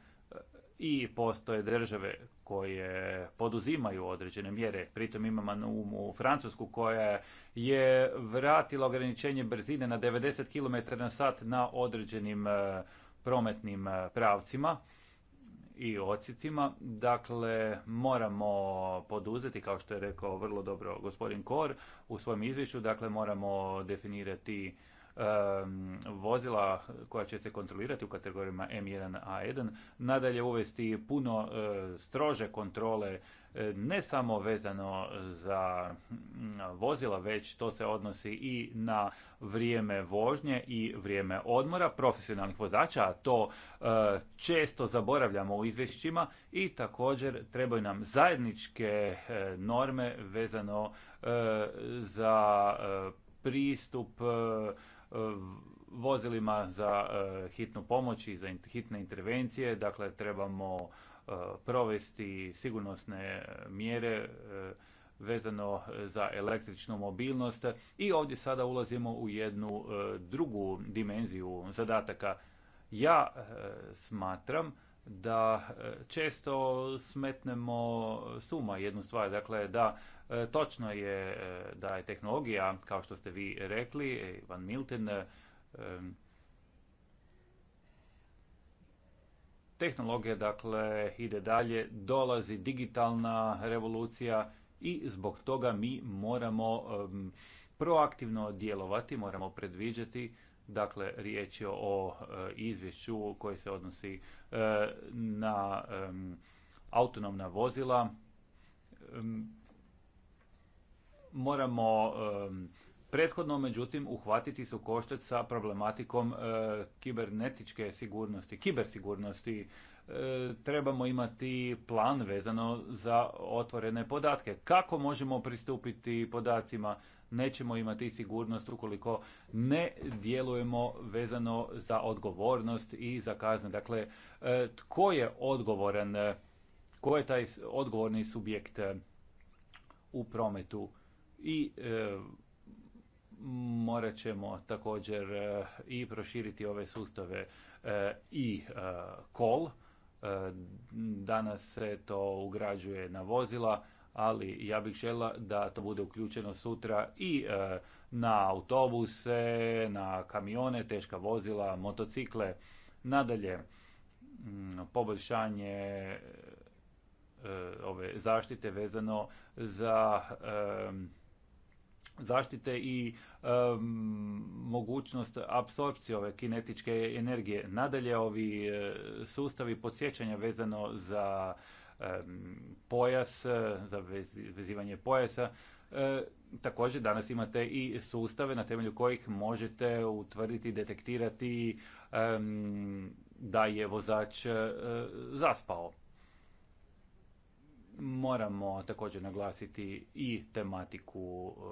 i postoje države koje poduzimaju određene mjere. Pritom imamo na umu Francusku koja je vratila ograničenje brzine na 90 km na sat na određenim e, prometnim e, pravcima i odsjecima. Dakle, moramo poduzeti, kao što je rekao vrlo dobro gospodin Kor u svom izvješću, dakle moramo definirati vozila koja će se kontrolirati u kategorijama M1A1, nadalje uvesti puno e, strože kontrole e, ne samo vezano za vozila, već to se odnosi i na vrijeme vožnje i vrijeme odmora profesionalnih vozača, a to e, često zaboravljamo u izvješćima i također trebaju nam zajedničke norme vezano za pristup E, vozilima za e, hitnu pomoć i za hitne intervencije. Dakle, trebamo e, provesti sigurnosne mjere vezano za električnu mobilnost i ovdje sada ulazimo u jednu drugu dimenziju zadataka. Ja smatram da e, često smetnemo suma jednu stvar. Dakle, da, e, točno je e, da je tehnologija, kao što ste vi rekli, Ivan Milten, tehnologija, dakle, ide dalje, dolazi digitalna revolucija i zbog toga mi moramo proaktivno djelovati, moramo predviđati Dakle, riječ je o e, izvješću koje se odnosi e, na autonomna vozila. Moramo prethodno, međutim, uhvatiti se u koštac sa problematikom e, kibernetičke sigurnosti, kibersigurnosti. E, trebamo imati plan vezano za otvorene podatke. Kako možemo pristupiti podacima nećemo imati sigurnost ukoliko ne djelujemo vezano za odgovornost i za kazne. Dakle, e, tko je odgovoran, e, tko je taj odgovorni subjekt e, u prometu i morat ćemo također i proširiti ove sustave i kol. Danas se to ugrađuje na vozila ali ja bih žela da to bude uključeno sutra i e, na autobuse, na kamione, teška vozila, motocikle. Nadalje, m, mm, poboljšanje e, ove zaštite vezano za e, zaštite i mogućnost apsorpcije ove kinetičke energije. Nadalje, ovi sustavi podsjećanja vezano za pojas, za vezivanje pojasa. E, također danas imate i sustave na temelju kojih možete utvrditi, detektirati da je vozač e, zaspao. Moramo također naglasiti i tematiku e,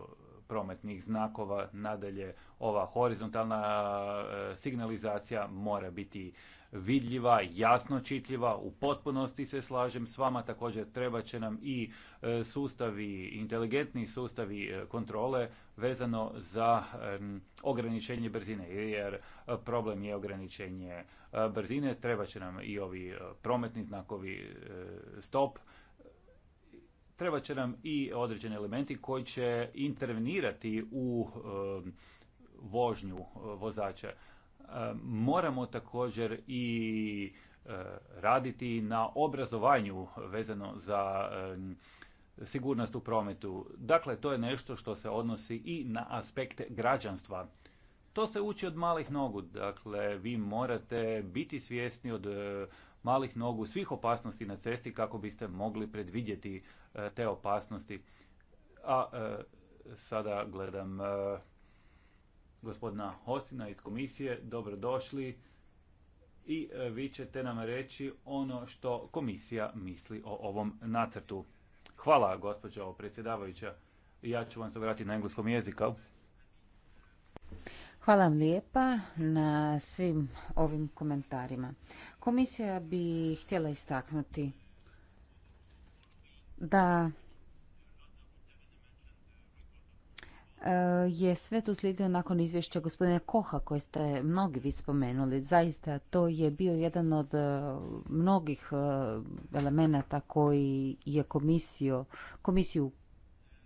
prometnih znakova. Nadalje, ova horizontalna signalizacija mora biti vidljiva, jasno čitljiva, u potpunosti se slažem s vama, također treba će nam i e, sustavi, inteligentni sustavi e, kontrole vezano za ograničenje brzine, jer e, problem je ograničenje brzine, treba će nam i ovi prometni znakovi stop, treba će nam i određeni elementi koji će intervenirati u vožnju vozača. E, moramo također i e, raditi na obrazovanju vezano za e, sigurnost u prometu. Dakle, to je nešto što se odnosi i na aspekte građanstva. To se uči od malih nogu. Dakle, vi morate biti svjesni od malih nogu svih opasnosti na cesti kako biste mogli predvidjeti te opasnosti. A sada gledam gospodina Hostina iz komisije, dobrodošli i e, vi ćete nam reći ono što komisija misli o ovom nacrtu. Hvala, gospođo predsjedavajuća. Ja ću vam se vratiti na engleskom jeziku. Hvala vam lijepa na svim ovim komentarima. Komisija bi htjela istaknuti da Eh, je sve to slijedilo nakon izvješća gospodine Koha koje ste mnogi vi spomenuli. Zaista to je bio jedan od eh, mnogih eh, elemenata koji je komisiju, komisiju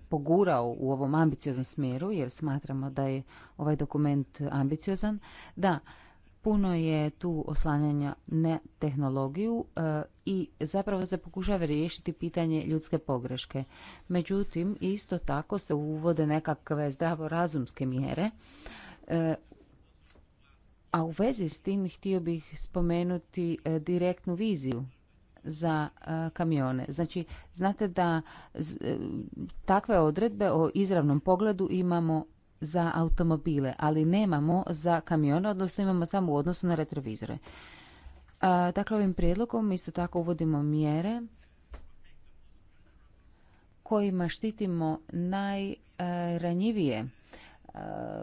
pogurao u ovom ambicioznom smjeru jer smatramo da je ovaj dokument ambiciozan. Da, puno je tu oslanjanja na tehnologiju e, i zapravo se pokušava riješiti pitanje ljudske pogreške. Međutim, isto tako se uvode nekakve zdravorazumske mjere. E, a u vezi s tim htio bih spomenuti e, direktnu viziju za kamione. Znači, znate da takve odredbe o izravnom pogledu imamo za automobile, ali nemamo za kamione, odnosno imamo samo u odnosu na retrovizore. Dakle, ovim prijedlogom isto tako uvodimo mjere kojima štitimo najranjivije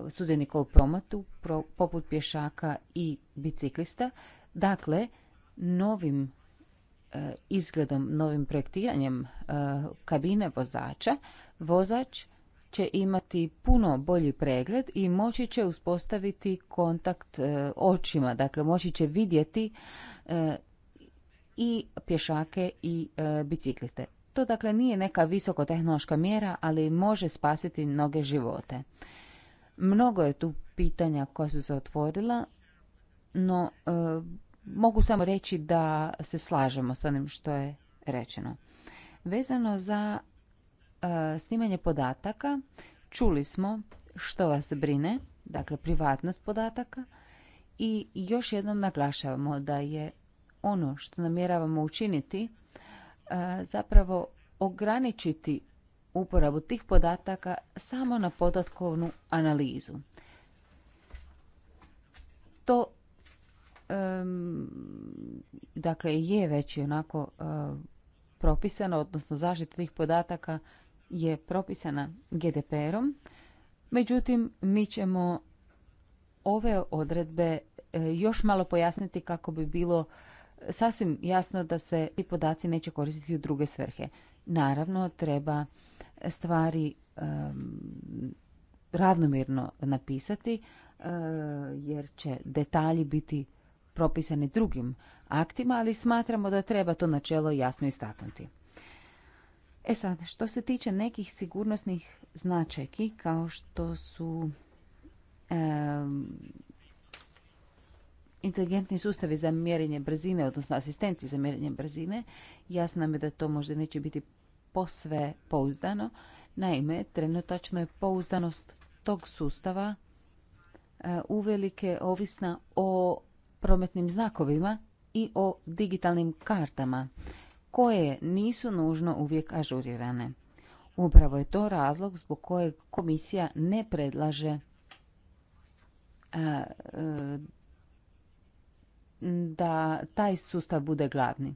sudjenika u prometu, poput pješaka i biciklista. Dakle, novim izgledom, novim projektiranjem kabine vozača, vozač će imati puno bolji pregled i moći će uspostaviti kontakt e, očima, dakle moći će vidjeti e, i pješake i e, bicikliste. To dakle nije neka visokotehnološka mjera, ali može spasiti mnoge živote. Mnogo je tu pitanja koja su se otvorila, no mogu samo reći da se slažemo sa onim što je rečeno. Vezano za E, snimanje podataka. Čuli smo što vas brine, dakle privatnost podataka i još jednom naglašavamo da je ono što namjeravamo učiniti e, zapravo ograničiti uporabu tih podataka samo na podatkovnu analizu. To dakle je već i onako e, propisano, odnosno zaštita tih podataka je propisana GDPR-om. Međutim, mi ćemo ove odredbe e, još malo pojasniti kako bi bilo sasvim jasno da se ti podaci neće koristiti u druge svrhe. Naravno, treba stvari ravnomjerno napisati e, jer će detalji biti propisani drugim aktima, ali smatramo da treba to načelo jasno istaknuti. E sad, što se tiče nekih sigurnosnih značajki, kao što su inteligentni sustavi za mjerenje brzine, odnosno asistenti za mjerenje brzine, jasno je da to možda neće biti posve pouzdano. Naime, trenutačno je pouzdanost tog sustava e, uvelike ovisna o prometnim znakovima i o digitalnim kartama koje nisu nužno uvijek ažurirane. Upravo je to razlog zbog kojeg komisija ne predlaže e, da taj sustav bude glavni.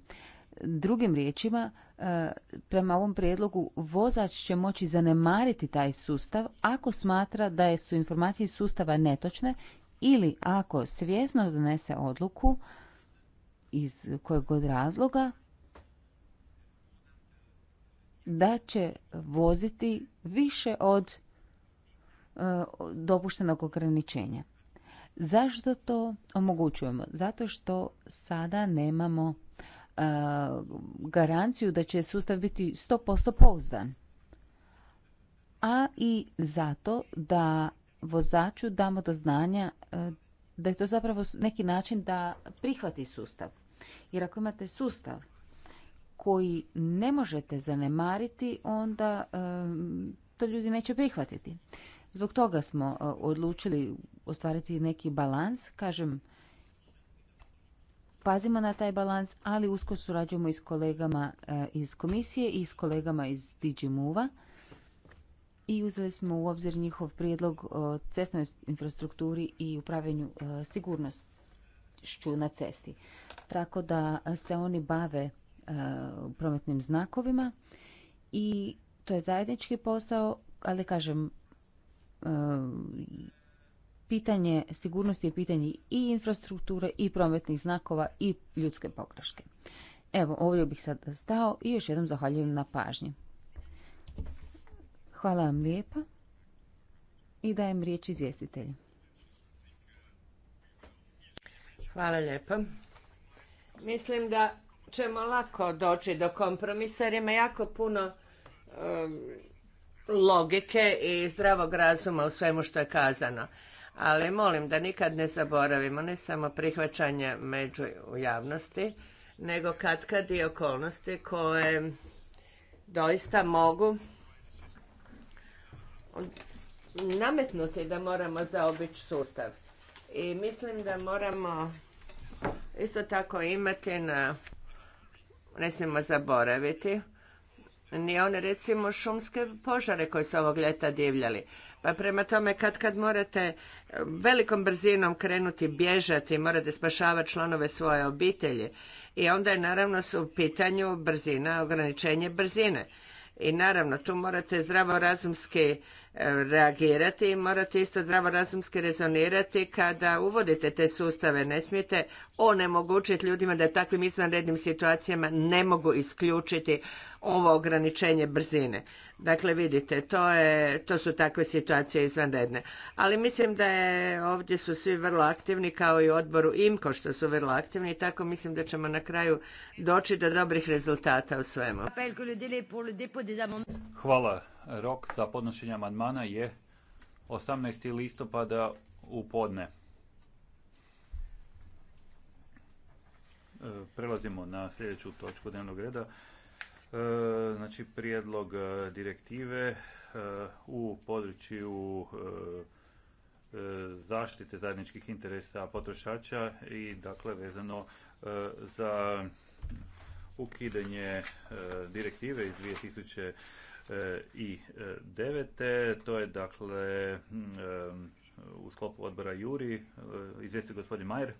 Drugim riječima, e, prema ovom prijedlogu vozač će moći zanemariti taj sustav ako smatra da su informacije iz sustava netočne ili ako svjesno donese odluku iz kojeg god razloga da će voziti više od e, dopuštenog ograničenja. Zašto to omogućujemo? Zato što sada nemamo e, garanciju da će sustav biti 100% pouzdan. A i zato da vozaču damo do znanja e, da je to zapravo neki način da prihvati sustav. Jer ako imate sustav koji ne možete zanemariti, onda to ljudi neće prihvatiti. Zbog toga smo e, odlučili ostvariti neki balans, kažem, pazimo na taj balans, ali usko surađujemo i s kolegama e, iz komisije i s kolegama iz Digimuva i uzeli smo u obzir njihov prijedlog o cestnoj infrastrukturi i upravljanju e, sigurnošću na cesti. Tako da se oni bave E, prometnim znakovima i to je zajednički posao, ali kažem, e, pitanje sigurnosti je pitanje i infrastrukture i prometnih znakova i ljudske pogreške. Evo, ovdje bih sad stao i još jednom zahvaljujem na pažnji. Hvala vam lijepa i dajem riječ izvjestitelju. Hvala lijepa. Mislim da ćemo lako doći do kompromisa jer ima jako puno logike i zdravog razuma u svemu što je kazano. Ali molim da nikad ne zaboravimo ne samo prihvaćanje među javnosti, nego kad kad i okolnosti koje doista mogu nametnuti da moramo zaobići sustav. I mislim da moramo isto tako imati na ne smijemo zaboraviti ni one recimo šumske požare koji su ovog ljeta divljali. Pa prema tome kad kad morate velikom brzinom krenuti bježati, morate spašavati članove svoje obitelji i onda je naravno su u pitanju brzina, ograničenje brzine. I naravno, tu morate zdravorazumski e, reagirati i morate isto zdravorazumski rezonirati kada uvodite te sustave. Ne smijete onemogućiti ljudima da takvim izvanrednim situacijama ne mogu isključiti ovo ograničenje brzine. Dakle, vidite, to, je, to su takve situacije izvanredne. Ali mislim da je, ovdje su svi vrlo aktivni, kao i u odboru IMKO što su vrlo aktivni, i tako mislim da ćemo na kraju doći do dobrih rezultata u svemu. Hvala. Rok za podnošenje amandmana je 18. listopada u podne. E, prelazimo na sljedeću točku dnevnog reda. E, znači prijedlog e, direktive e, u području zaštite zajedničkih interesa potrošača i dakle vezano za ukidanje direktive iz 2009. To je dakle u sklopu odbora Juri izvijesti gospodin Majer.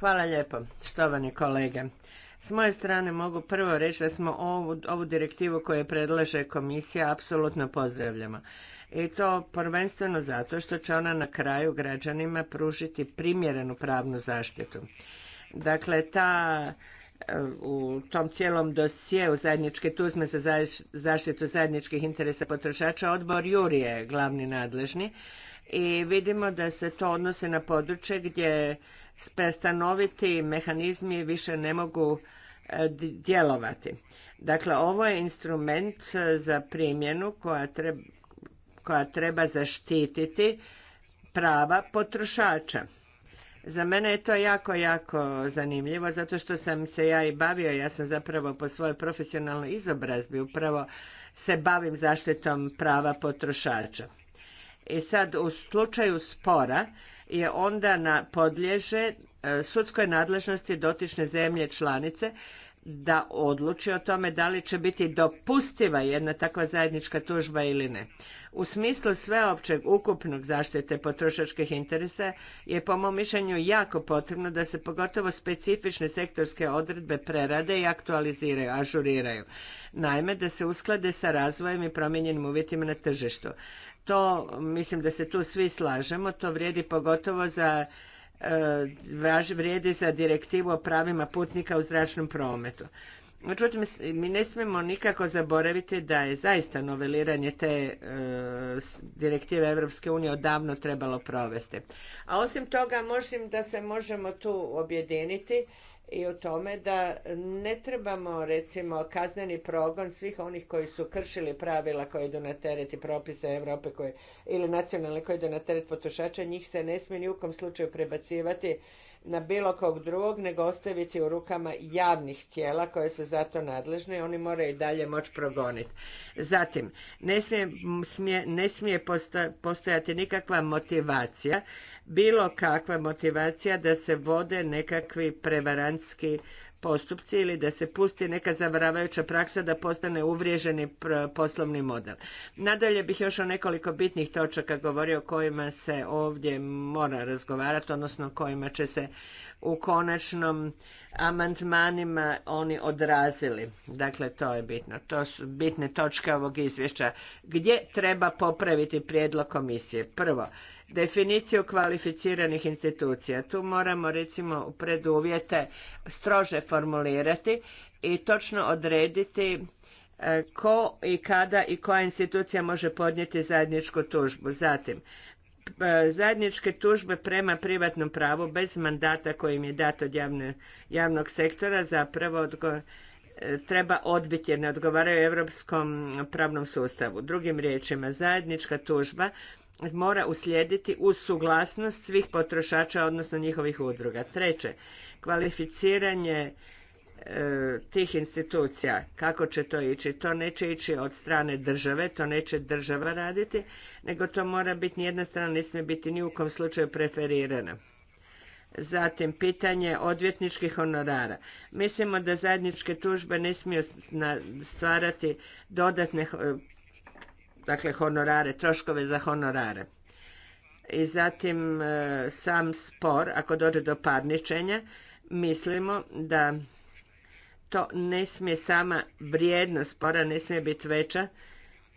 Hvala lijepo, štovani kolege. S moje strane mogu prvo reći da smo ovu, ovu direktivu koju predlaže komisija apsolutno pozdravljamo. I to prvenstveno zato što će ona na kraju građanima pružiti primjerenu pravnu zaštitu. Dakle, ta e, u tom cijelom dosjeu zajedničke tuzme za zaštitu zajedničkih interesa potrošača odbor Juri je glavni nadležni i vidimo da se to odnosi na područje gdje stanoviti mehanizmi više ne mogu e, djelovati. Dakle, ovo je instrument e, za primjenu koja treba, koja treba zaštititi prava potrošača. Za mene je to jako, jako zanimljivo, zato što sam se ja i bavio, ja sam zapravo po svojoj profesionalnoj izobrazbi upravo se bavim zaštitom prava potrošača. I sad u slučaju spora je onda na podlježe e, sudskoj nadležnosti dotične zemlje članice da odluči o tome da li će biti dopustiva jedna takva zajednička tužba ili ne. U smislu sveopćeg ukupnog zaštite potrošačkih interesa je po mom mišljenju jako potrebno da se pogotovo specifične sektorske odredbe prerade i aktualiziraju, ažuriraju. Naime, da se usklade sa razvojem i promijenjenim uvjetima na tržištu to, mislim da se tu svi slažemo, to vrijedi pogotovo za e, vrijedi za direktivu o pravima putnika u zračnom prometu. Međutim, mi ne smijemo nikako zaboraviti da je zaista noveliranje te e, direktive Europske unije odavno trebalo provesti. A osim toga, možem da se možemo tu objediniti i u tome da ne trebamo recimo kazneni progon svih onih koji su kršili pravila koje idu na teret i propise Europe koje, ili nacionalne koje idu na teret potrošača, njih se ne smije ni u kom slučaju prebacivati na bilo kog drugog, nego ostaviti u rukama javnih tijela koje su za to nadležne i oni moraju i dalje moći progoniti. Zatim, ne smije, smije, ne smije postojati nikakva motivacija bilo kakva motivacija da se vode nekakvi prevarantski postupci ili da se pusti neka zavaravajuća praksa da postane uvriježeni poslovni model. Nadalje bih još o nekoliko bitnih točaka govorio o kojima se ovdje mora razgovarati, odnosno kojima će se u konačnom amandmanima oni odrazili. Dakle, to je bitno. To su bitne točke ovog izvješća. Gdje treba popraviti prijedlog komisije? Prvo, definiciju kvalificiranih institucija. Tu moramo recimo u preduvjete strože formulirati i točno odrediti e, ko i kada i koja institucija može podnijeti zajedničku tužbu. Zatim, E, zajedničke tužbe prema privatnom pravu bez mandata kojim je dat od javnog sektora zapravo e, treba odbiti jer ne odgovaraju europskom pravnom sustavu. Drugim riječima, zajednička tužba mora uslijediti uz suglasnost svih potrošača, odnosno njihovih udruga. Treće, kvalificiranje E, tih institucija. Kako će to ići? To neće ići od strane države, to neće država raditi, nego to mora biti, nijedna strana ne smije biti ni u kom slučaju preferirana. Zatim, pitanje odvjetničkih honorara. Mislimo da zajedničke tužbe ne smiju stvarati dodatne e, dakle, honorare, troškove za honorare. I zatim, e, sam spor, ako dođe do parničenja, mislimo da to ne smije sama vrijednost spora ne smije biti veća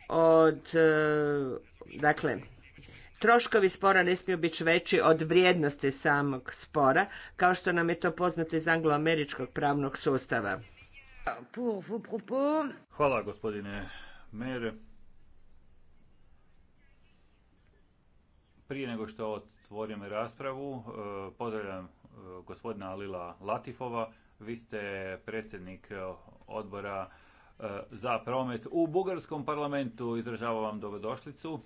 od, e, dakle, troškovi spora ne smiju biti veći od vrijednosti samog spora, kao što nam je to poznato iz angloameričkog pravnog sustava. Hvala gospodine Mere. Prije nego što otvorim raspravu, e, pozdravljam e, gospodina Alila Latifova, vi ste predsjednik eh, odbora eh, za promet u Bugarskom parlamentu. Izražavam vam dobrodošlicu.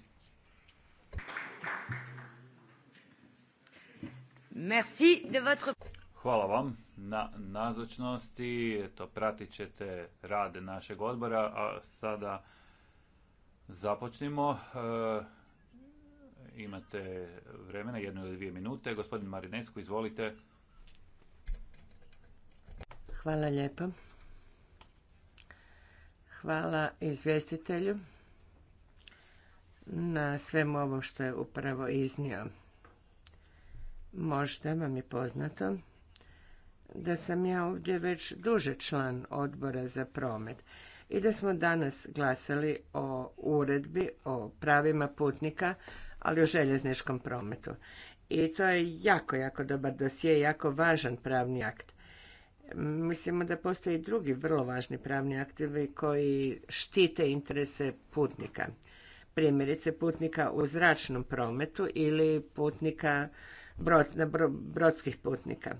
Hvala vam na nazočnosti. To pratit ćete rad našeg odbora, a sada započnimo. Eh, imate vremena, jednu ili dvije minute. Gospodin Marinesku, izvolite. Hvala lijepa. Hvala izvjestitelju na svemu ovom što je upravo iznio. Možda vam je poznato da sam ja ovdje već duže član odbora za promet i da smo danas glasali o uredbi o pravima putnika, ali o željezničkom prometu. I to je jako, jako dobar dosije, jako važan pravni akt. Mislimo da postoji drugi vrlo važni pravni aktivi koji štite interese putnika. Primjerice putnika u zračnom prometu ili putnika brod, brodskih putnika.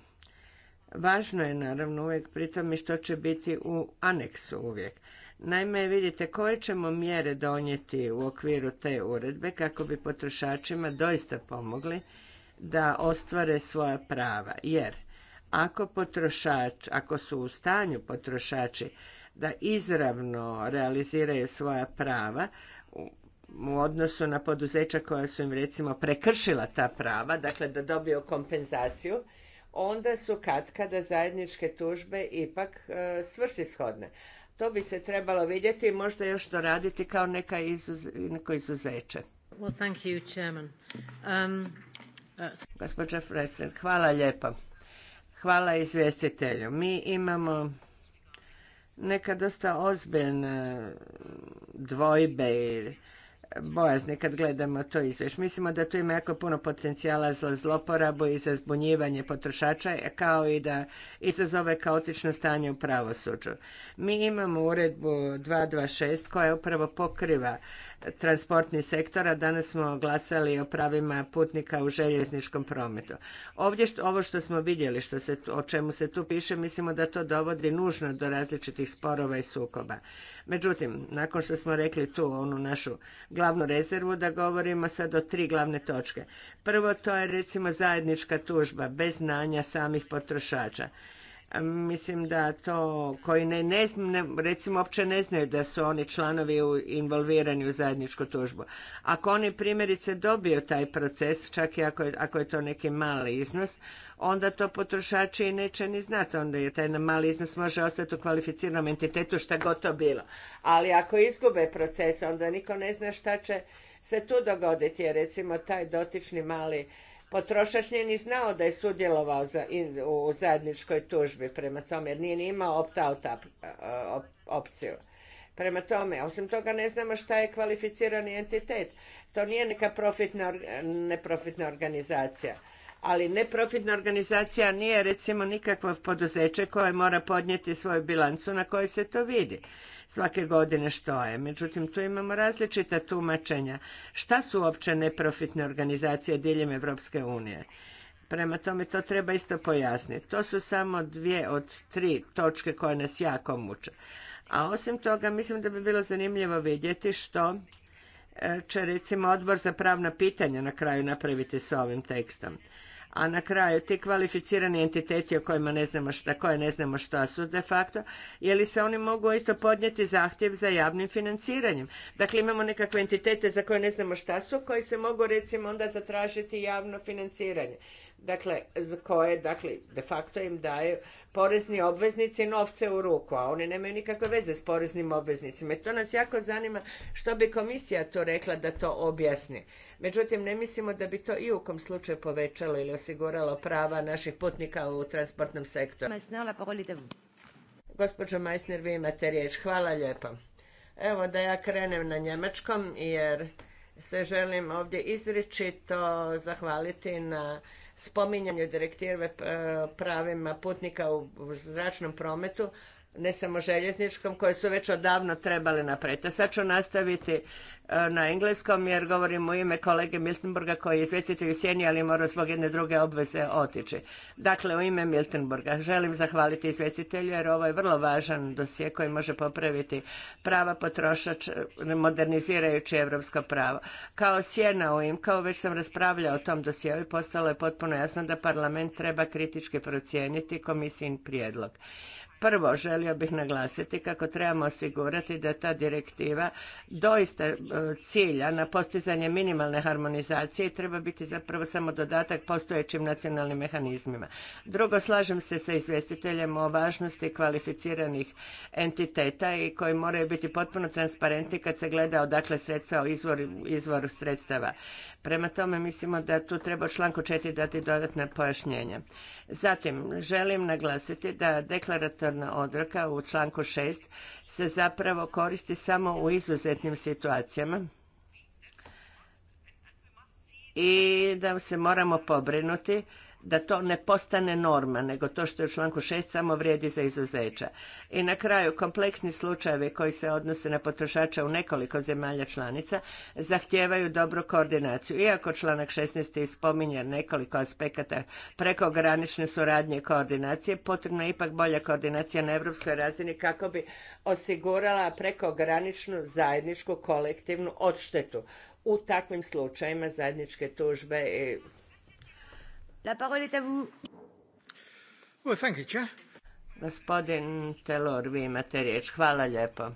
Važno je naravno uvijek pri tome što će biti u aneksu uvijek. Naime, vidite koje ćemo mjere donijeti u okviru te uredbe kako bi potrošačima doista pomogli da ostvare svoja prava. Jer ako potrošač, ako su u stanju potrošači da izravno realiziraju svoja prava u odnosu na poduzeća koja su im recimo prekršila ta prava, dakle da dobiju kompenzaciju, onda su katkada zajedničke tužbe ipak e, svrsishodne. To bi se trebalo vidjeti i možda još doraditi kao neka neko izuzeće. Um, uh, Gospođa hvala lijepa. Hvala izvjestitelju. Mi imamo neka dosta ozbiljne dvojbe i bojazne kad gledamo to izvješće. Mislimo da tu ima jako puno potencijala za zloporabu i za zbunjivanje potrošača, kao i da izazove kaotično stanje u pravosuđu. Mi imamo uredbu 226 koja upravo pokriva transportni sektor, a danas smo glasali o pravima putnika u željezničkom prometu. Ovdje ovo što smo vidjeli, što se, o čemu se tu piše, mislimo da to dovodi nužno do različitih sporova i sukoba. Međutim, nakon što smo rekli tu onu našu glavnu rezervu, da govorimo sad o tri glavne točke. Prvo to je recimo zajednička tužba bez znanja samih potrošača mislim da to koji ne, recimo uopće ne znaju da su oni članovi u, involvirani u zajedničku tužbu. Ako oni primjerice dobiju taj proces, čak i ako je, ako je to neki mali iznos, onda to potrošači i neće ni znati. Onda je taj mali iznos može ostati u kvalificiranom entitetu šta god to bilo. Ali ako izgube proces, onda niko ne zna šta će se tu dogoditi. Jer recimo taj dotični mali potrošač nije ni znao da je sudjelovao za, u zajedničkoj tužbi prema tome jer nije ni imao opt-out eh, opciju. Prema tome, osim toga ne znamo šta je kvalificirani entitet. To nije neka neprofitna organizacija ali neprofitna organizacija nije recimo nikakvo poduzeće koje mora podnijeti svoju bilancu na kojoj se to vidi svake godine što je. Međutim, tu imamo različita tumačenja. Šta su uopće neprofitne organizacije diljem Evropske unije? Prema tome, to treba isto pojasniti. To su samo dvije od tri točke koje nas jako muče. A osim toga, mislim da bi bilo zanimljivo vidjeti što e, će recimo odbor za pravna pitanja na kraju napraviti s ovim tekstom a na kraju ti kvalificirani entiteti o kojima ne znamo šta, koje ne znamo šta su de facto, je li se oni mogu isto podnijeti zahtjev za javnim financiranjem. Dakle, imamo nekakve entitete za koje ne znamo šta su, koji se mogu recimo onda zatražiti javno financiranje dakle, za koje, dakle, de facto im daju porezni obveznici novce u ruku, a oni nemaju nikakve veze s poreznim obveznicima. I to nas jako zanima što bi komisija to rekla da to objasni. Međutim, ne mislimo da bi to i u kom slučaju povećalo ili osiguralo prava naših putnika u transportnom sektoru. Gospođo Majsner, vi imate riječ. Hvala lijepo. Evo da ja krenem na njemačkom, jer se želim ovdje izričito zahvaliti na spominjanje direktive e, pravima putnika u zračnom prometu, ne samo željezničkom, koje su već odavno trebale napraviti. sad ću nastaviti E, na engleskom jer govorim u ime kolege Miltenburga koji je izvjestitelj u sjeni, ali mora zbog jedne druge obveze otići. Dakle, u ime Miltenburga želim zahvaliti izvjestitelju jer ovo je vrlo važan dosje koji može popraviti prava potrošač modernizirajući europsko pravo. Kao sjena u im, kao već sam raspravljao o tom dosjeu i postalo je potpuno jasno da parlament treba kritički procijeniti komisijin prijedlog Prvo, želio bih naglasiti kako trebamo osigurati da ta direktiva doista e, cilja na postizanje minimalne harmonizacije i treba biti zapravo samo dodatak postojećim nacionalnim mehanizmima. Drugo, slažem se sa izvjestiteljem o važnosti kvalificiranih entiteta i koji moraju biti potpuno transparentni kad se gleda odakle sredstva, izvor, izvoru sredstava. Prema tome mislimo da tu treba u članku 4 dati dodatne pojašnjenja. Zatim, želim naglasiti da deklaratorna odreka u članku 6 se zapravo koristi samo u izuzetnim situacijama i da se moramo pobrinuti da to ne postane norma, nego to što je u članku 6 samo vrijedi za izuzeća. I na kraju, kompleksni slučajevi koji se odnose na potrošača u nekoliko zemalja članica zahtijevaju dobru koordinaciju. Iako članak 16. spominje nekoliko aspekata prekogranične suradnje i koordinacije, potrebna je ipak bolja koordinacija na europskoj razini kako bi osigurala prekograničnu zajedničku kolektivnu odštetu u takvim slučajima zajedničke tužbe i La parole est vous. Gospodin Telor, vi imate riječ. Hvala lijepo.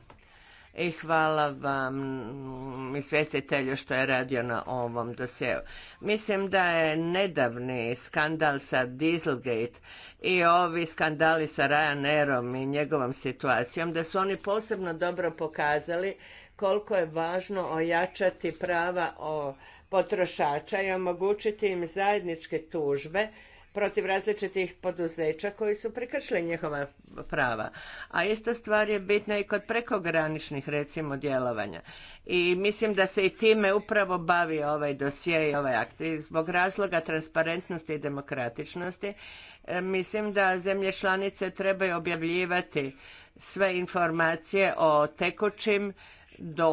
I hvala vam izvjestitelju što je radio na ovom dosjeu. Mislim da je nedavni skandal sa Dieselgate i ovi skandali sa Ryanairom i njegovom situacijom, da su oni posebno dobro pokazali koliko je važno ojačati prava o potrošača i omogućiti im zajedničke tužbe protiv različitih poduzeća koji su prekršili njihova prava. A ista stvar je bitna i kod prekograničnih recimo djelovanja. I mislim da se i time upravo bavi ovaj dosje i ovaj akt. I zbog razloga transparentnosti i demokratičnosti e, mislim da zemlje članice trebaju objavljivati sve informacije o tekućim do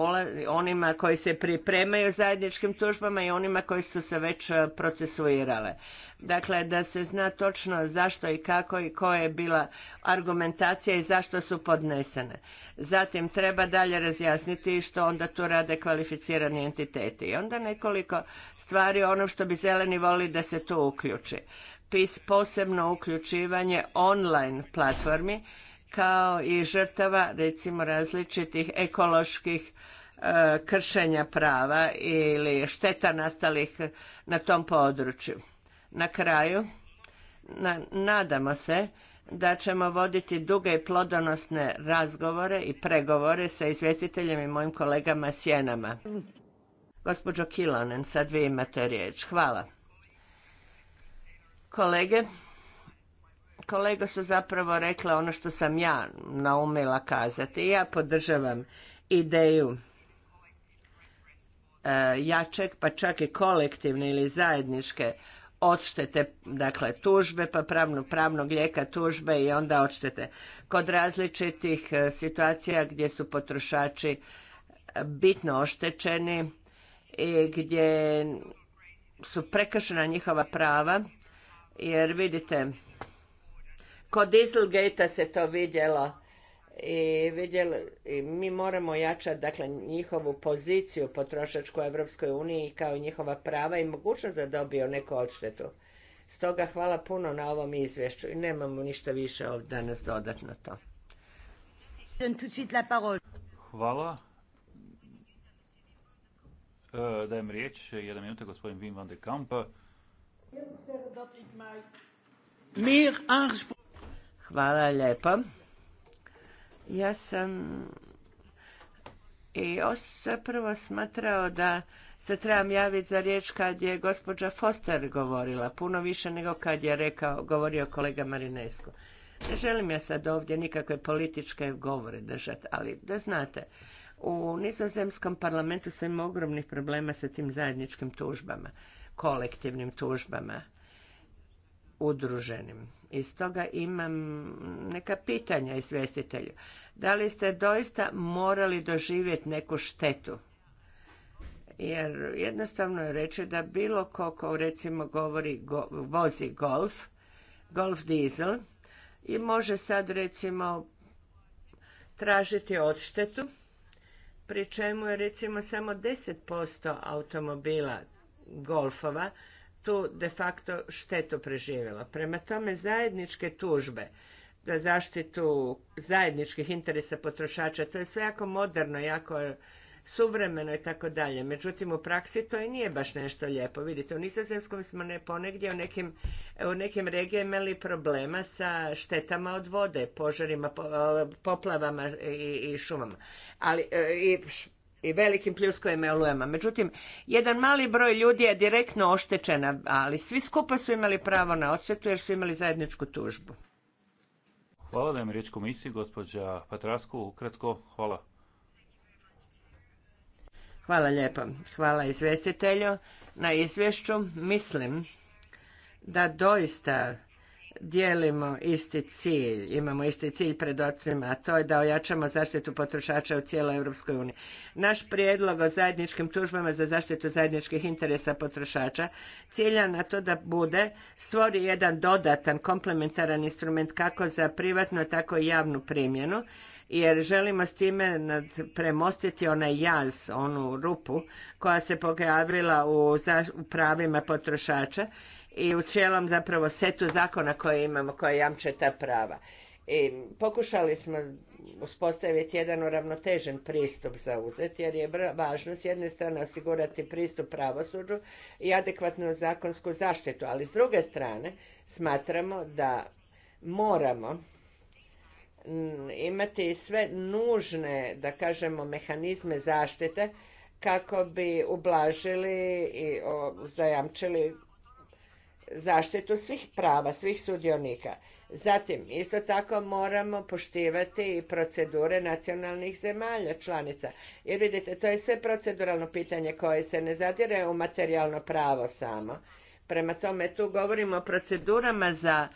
onima koji se pripremaju zajedničkim tužbama i onima koji su se već e, procesuirale. Dakle, da se zna točno zašto i kako i koja je bila argumentacija i zašto su podnesene. Zatim treba dalje razjasniti što onda tu rade kvalificirani entiteti. I onda nekoliko stvari ono što bi zeleni voli da se tu uključi. posebno uključivanje online platformi kao i žrtava recimo različitih ekoloških e, kršenja prava ili šteta nastalih na tom području. Na kraju, nadamo se da ćemo voditi duge i plodonosne razgovore i pregovore sa izvjestiteljem i mojim kolegama Sjenama. Gospođo Kilonen, sad vi imate riječ. Hvala. Kolege, kolega su zapravo rekla ono što sam ja naumila kazati. Ja podržavam ideju e, jačeg, pa čak i kolektivne ili zajedničke odštete, dakle tužbe, pa pravno, pravnog lijeka tužbe i onda odštete. Kod različitih e, situacija gdje su potrošači e, bitno oštećeni i gdje su prekršena njihova prava, jer vidite, Kod Dieselgate-a se to vidjelo i vidjeli, i mi moramo jačati dakle njihovu poziciju potrošačku u Europskoj uniji kao i njihova prava i mogućnost da dobiju neku odštetu. Stoga hvala puno na ovom izvješću i nemamo ništa više ovdje danas dodatno to. Hvala. E, dajem riječ, jedan minuta, gospodin Wim van de Kamp. Mir Hvala lijepo. Ja sam i prvo smatrao da se trebam javiti za riječ kad je gospođa Foster govorila, puno više nego kad je rekao, govorio kolega Marinesko. Ne želim ja sad ovdje nikakve političke govore držati, ali da znate, u nizozemskom parlamentu sam imao ogromnih problema sa tim zajedničkim tužbama, kolektivnim tužbama, udruženim i stoga imam neka pitanja izvjestitelju. Da li ste doista morali doživjeti neku štetu? Jer jednostavno je reći da bilo ko, ko recimo govori, vozi golf, golf Diesel i može sad recimo tražiti odštetu, pri čemu je recimo samo 10% automobila golfova tu de facto štetu preživjela. Prema tome zajedničke tužbe za zaštitu zajedničkih interesa potrošača, to je sve jako moderno, jako suvremeno i tako dalje. Međutim, u praksi to i nije baš nešto lijepo. Vidite, u Nizozemskom smo ne ponegdje u nekim, regijama imali problema sa štetama od vode, požarima, poplavama i, i šumama. Ali, e, i i velikim pljuskovima i olujama. Međutim, jedan mali broj ljudi je direktno oštećena, ali svi skupa su imali pravo na odštetu jer su imali zajedničku tužbu. Hvala da riječ komisiji, gospođa Patrasku, ukratko, hvala. Hvala lijepo. Hvala izvestitelju. na izvješću. Mislim da doista dijelimo isti cilj, imamo isti cilj pred očima, a to je da ojačamo zaštitu potrošača u cijeloj Europskoj uniji. Naš prijedlog o zajedničkim tužbama za zaštitu zajedničkih interesa potrošača cilja na to da bude stvori jedan dodatan komplementaran instrument kako za privatnu, tako i javnu primjenu, jer želimo s time premostiti onaj jaz, onu rupu koja se pojavila u pravima potrošača i u cijelom zapravo setu zakona koje imamo, koje jamče ta prava. I pokušali smo uspostaviti jedan uravnotežen pristup za uzet, jer je važno s jedne strane osigurati pristup pravosuđu i adekvatnu zakonsku zaštitu, ali s druge strane smatramo da moramo mm, imati sve nužne, da kažemo, mehanizme zaštite kako bi ublažili i zajamčili zaštitu svih prava, svih sudionika. Zatim, isto tako moramo poštivati i procedure nacionalnih zemalja, članica. Jer vidite, to je sve proceduralno pitanje koje se ne zadire u materijalno pravo samo. Prema tome, tu govorimo o procedurama za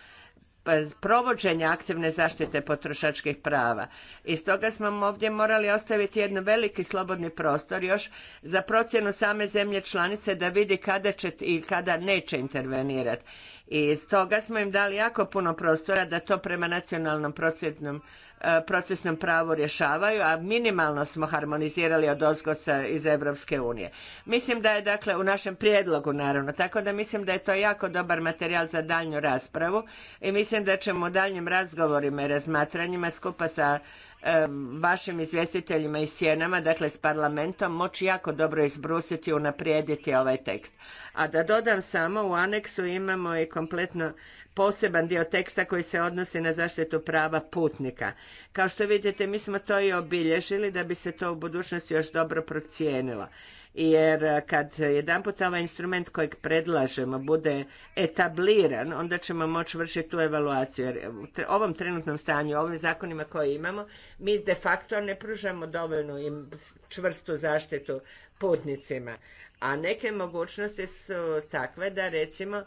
pa provođenja aktivne zaštite potrošačkih prava. I stoga smo ovdje morali ostaviti jedan veliki slobodni prostor još za procjenu same zemlje članice da vidi kada će i kada neće intervenirati. I stoga smo im dali jako puno prostora da to prema nacionalnom procjenom E, procesnom pravu rješavaju, a minimalno smo harmonizirali od ozgosa iz Europske unije. Mislim da je dakle u našem prijedlogu naravno, tako da mislim da je to jako dobar materijal za daljnju raspravu i mislim da ćemo u daljnjim razgovorima i razmatranjima skupa sa E, vašim izvjestiteljima i sjenama, dakle s parlamentom, moći jako dobro izbrusiti i unaprijediti ovaj tekst. A da dodam samo, u aneksu imamo i kompletno poseban dio teksta koji se odnosi na zaštitu prava putnika. Kao što vidite, mi smo to i obilježili da bi se to u budućnosti još dobro procijenilo jer kad jedanput ovaj instrument kojeg predlažemo bude etabliran, onda ćemo moći vršiti tu evaluaciju. Jer u ovom trenutnom stanju, ovim zakonima koje imamo, mi de facto ne pružamo dovoljnu čvrstu zaštitu putnicima. A neke mogućnosti su takve da recimo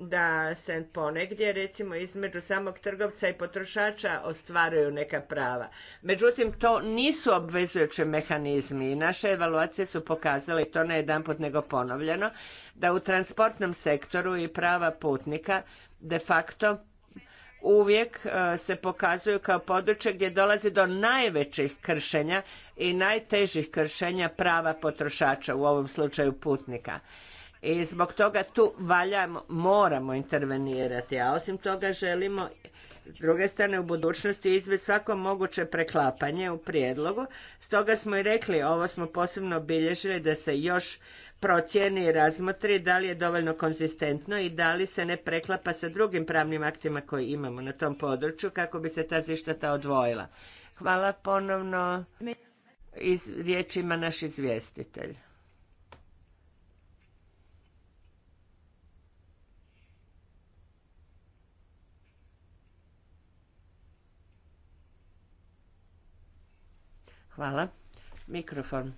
da se ponegdje recimo između samog trgovca i potrošača ostvaraju neka prava. Međutim, to nisu obvezujući mehanizmi i naše evaluacije su pokazale, to ne jedanput nego ponovljeno, da u transportnom sektoru i prava putnika de facto uvijek e, se pokazuju kao područje gdje dolazi do najvećih kršenja i najtežih kršenja prava potrošača, u ovom slučaju putnika. I zbog toga tu valjamo, moramo intervenirati, a osim toga želimo s druge strane u budućnosti izvesti svako moguće preklapanje u prijedlogu. Stoga smo i rekli, ovo smo posebno obilježili, da se još procijeni i razmotri da li je dovoljno konzistentno i da li se ne preklapa sa drugim pravnim aktima koji imamo na tom području kako bi se ta zištata odvojila. Hvala ponovno. Iz riječ ima naš izvjestitelj. Hvala. Mikrofon.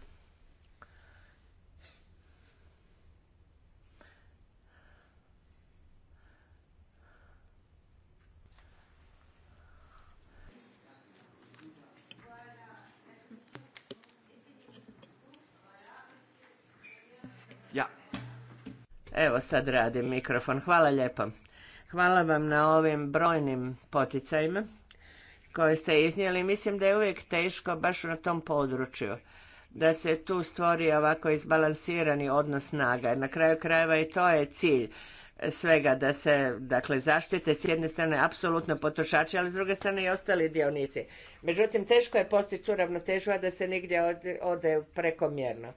Evo sad radi mikrofon. Hvala lijepo. Hvala vam na ovim brojnim poticajima koje ste iznijeli, mislim da je uvijek teško baš na tom području da se tu stvori ovako izbalansirani odnos snaga. Na kraju krajeva i to je cilj svega da se dakle zaštite s jedne strane apsolutno potrošači, ali s druge strane i ostali dionici. Međutim, teško je postići tu a da se nigdje ode prekomjerno.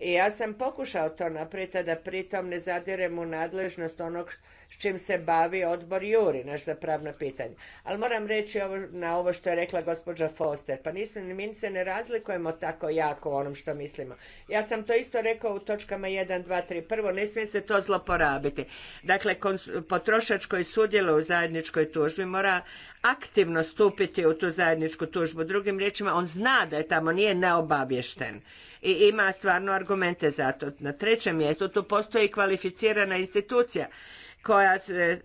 I ja sam pokušao to napraviti, da pritom ne zadirem u nadležnost onog s čim se bavi odbor Juri, naš za pravno pitanje. Ali moram reći ovo, na ovo što je rekla gospođa Foster. Pa nisam, mi se ne razlikujemo tako jako u onom što mislimo. Ja sam to isto rekao u točkama 1, 2, 3. Prvo, ne smije se to zloporabiti. Dakle, potrošač koji sudjeluje u zajedničkoj tužbi mora aktivno stupiti u tu zajedničku tužbu. Drugim riječima, on zna da je tamo, nije neobavješten i ima stvarno argumente za to. Na trećem mjestu tu postoji kvalificirana institucija koja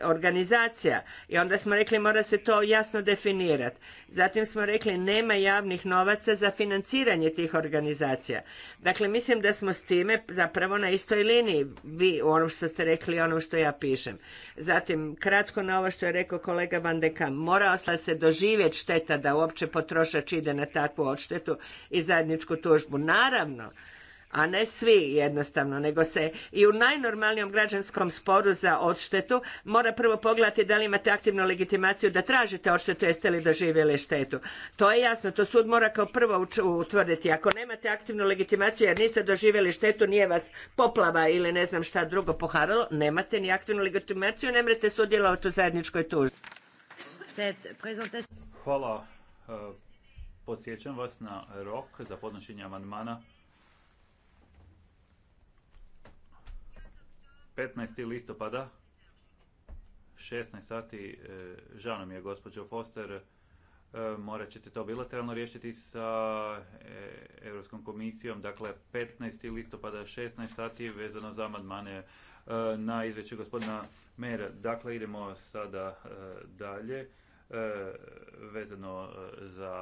organizacija i onda smo rekli mora se to jasno definirati. Zatim smo rekli nema javnih novaca za financiranje tih organizacija. Dakle, mislim da smo s time zapravo na istoj liniji, vi u onom što ste rekli i onom što ja pišem. Zatim, kratko na ovo što je rekao kolega Van de Kamp, mora se doživjeti šteta da uopće potrošač ide na takvu odštetu i zajedničku tužbu. Naravno, a ne svi jednostavno, nego se i u najnormalnijom građanskom sporu za odštetu mora prvo pogledati da li imate aktivnu legitimaciju da tražite odštetu, jeste li doživjeli štetu. To je jasno, to sud mora kao prvo utvrditi. Ako nemate aktivnu legitimaciju jer niste doživjeli štetu, nije vas poplava ili ne znam šta drugo poharalo, nemate ni aktivnu legitimaciju, ne morate sudjelovati u zajedničkoj tužbi. Hvala. E, podsjećam vas na rok za podnošenje amandmana 15. listopada, 16 sati, e, žao mi je gospođo Foster, e, morat ćete to bilateralno riješiti sa e, Europskom komisijom, dakle 15. listopada 16 sati vezano za amandmane na izveće gospodina Mera. Dakle, idemo sada dalje vezano za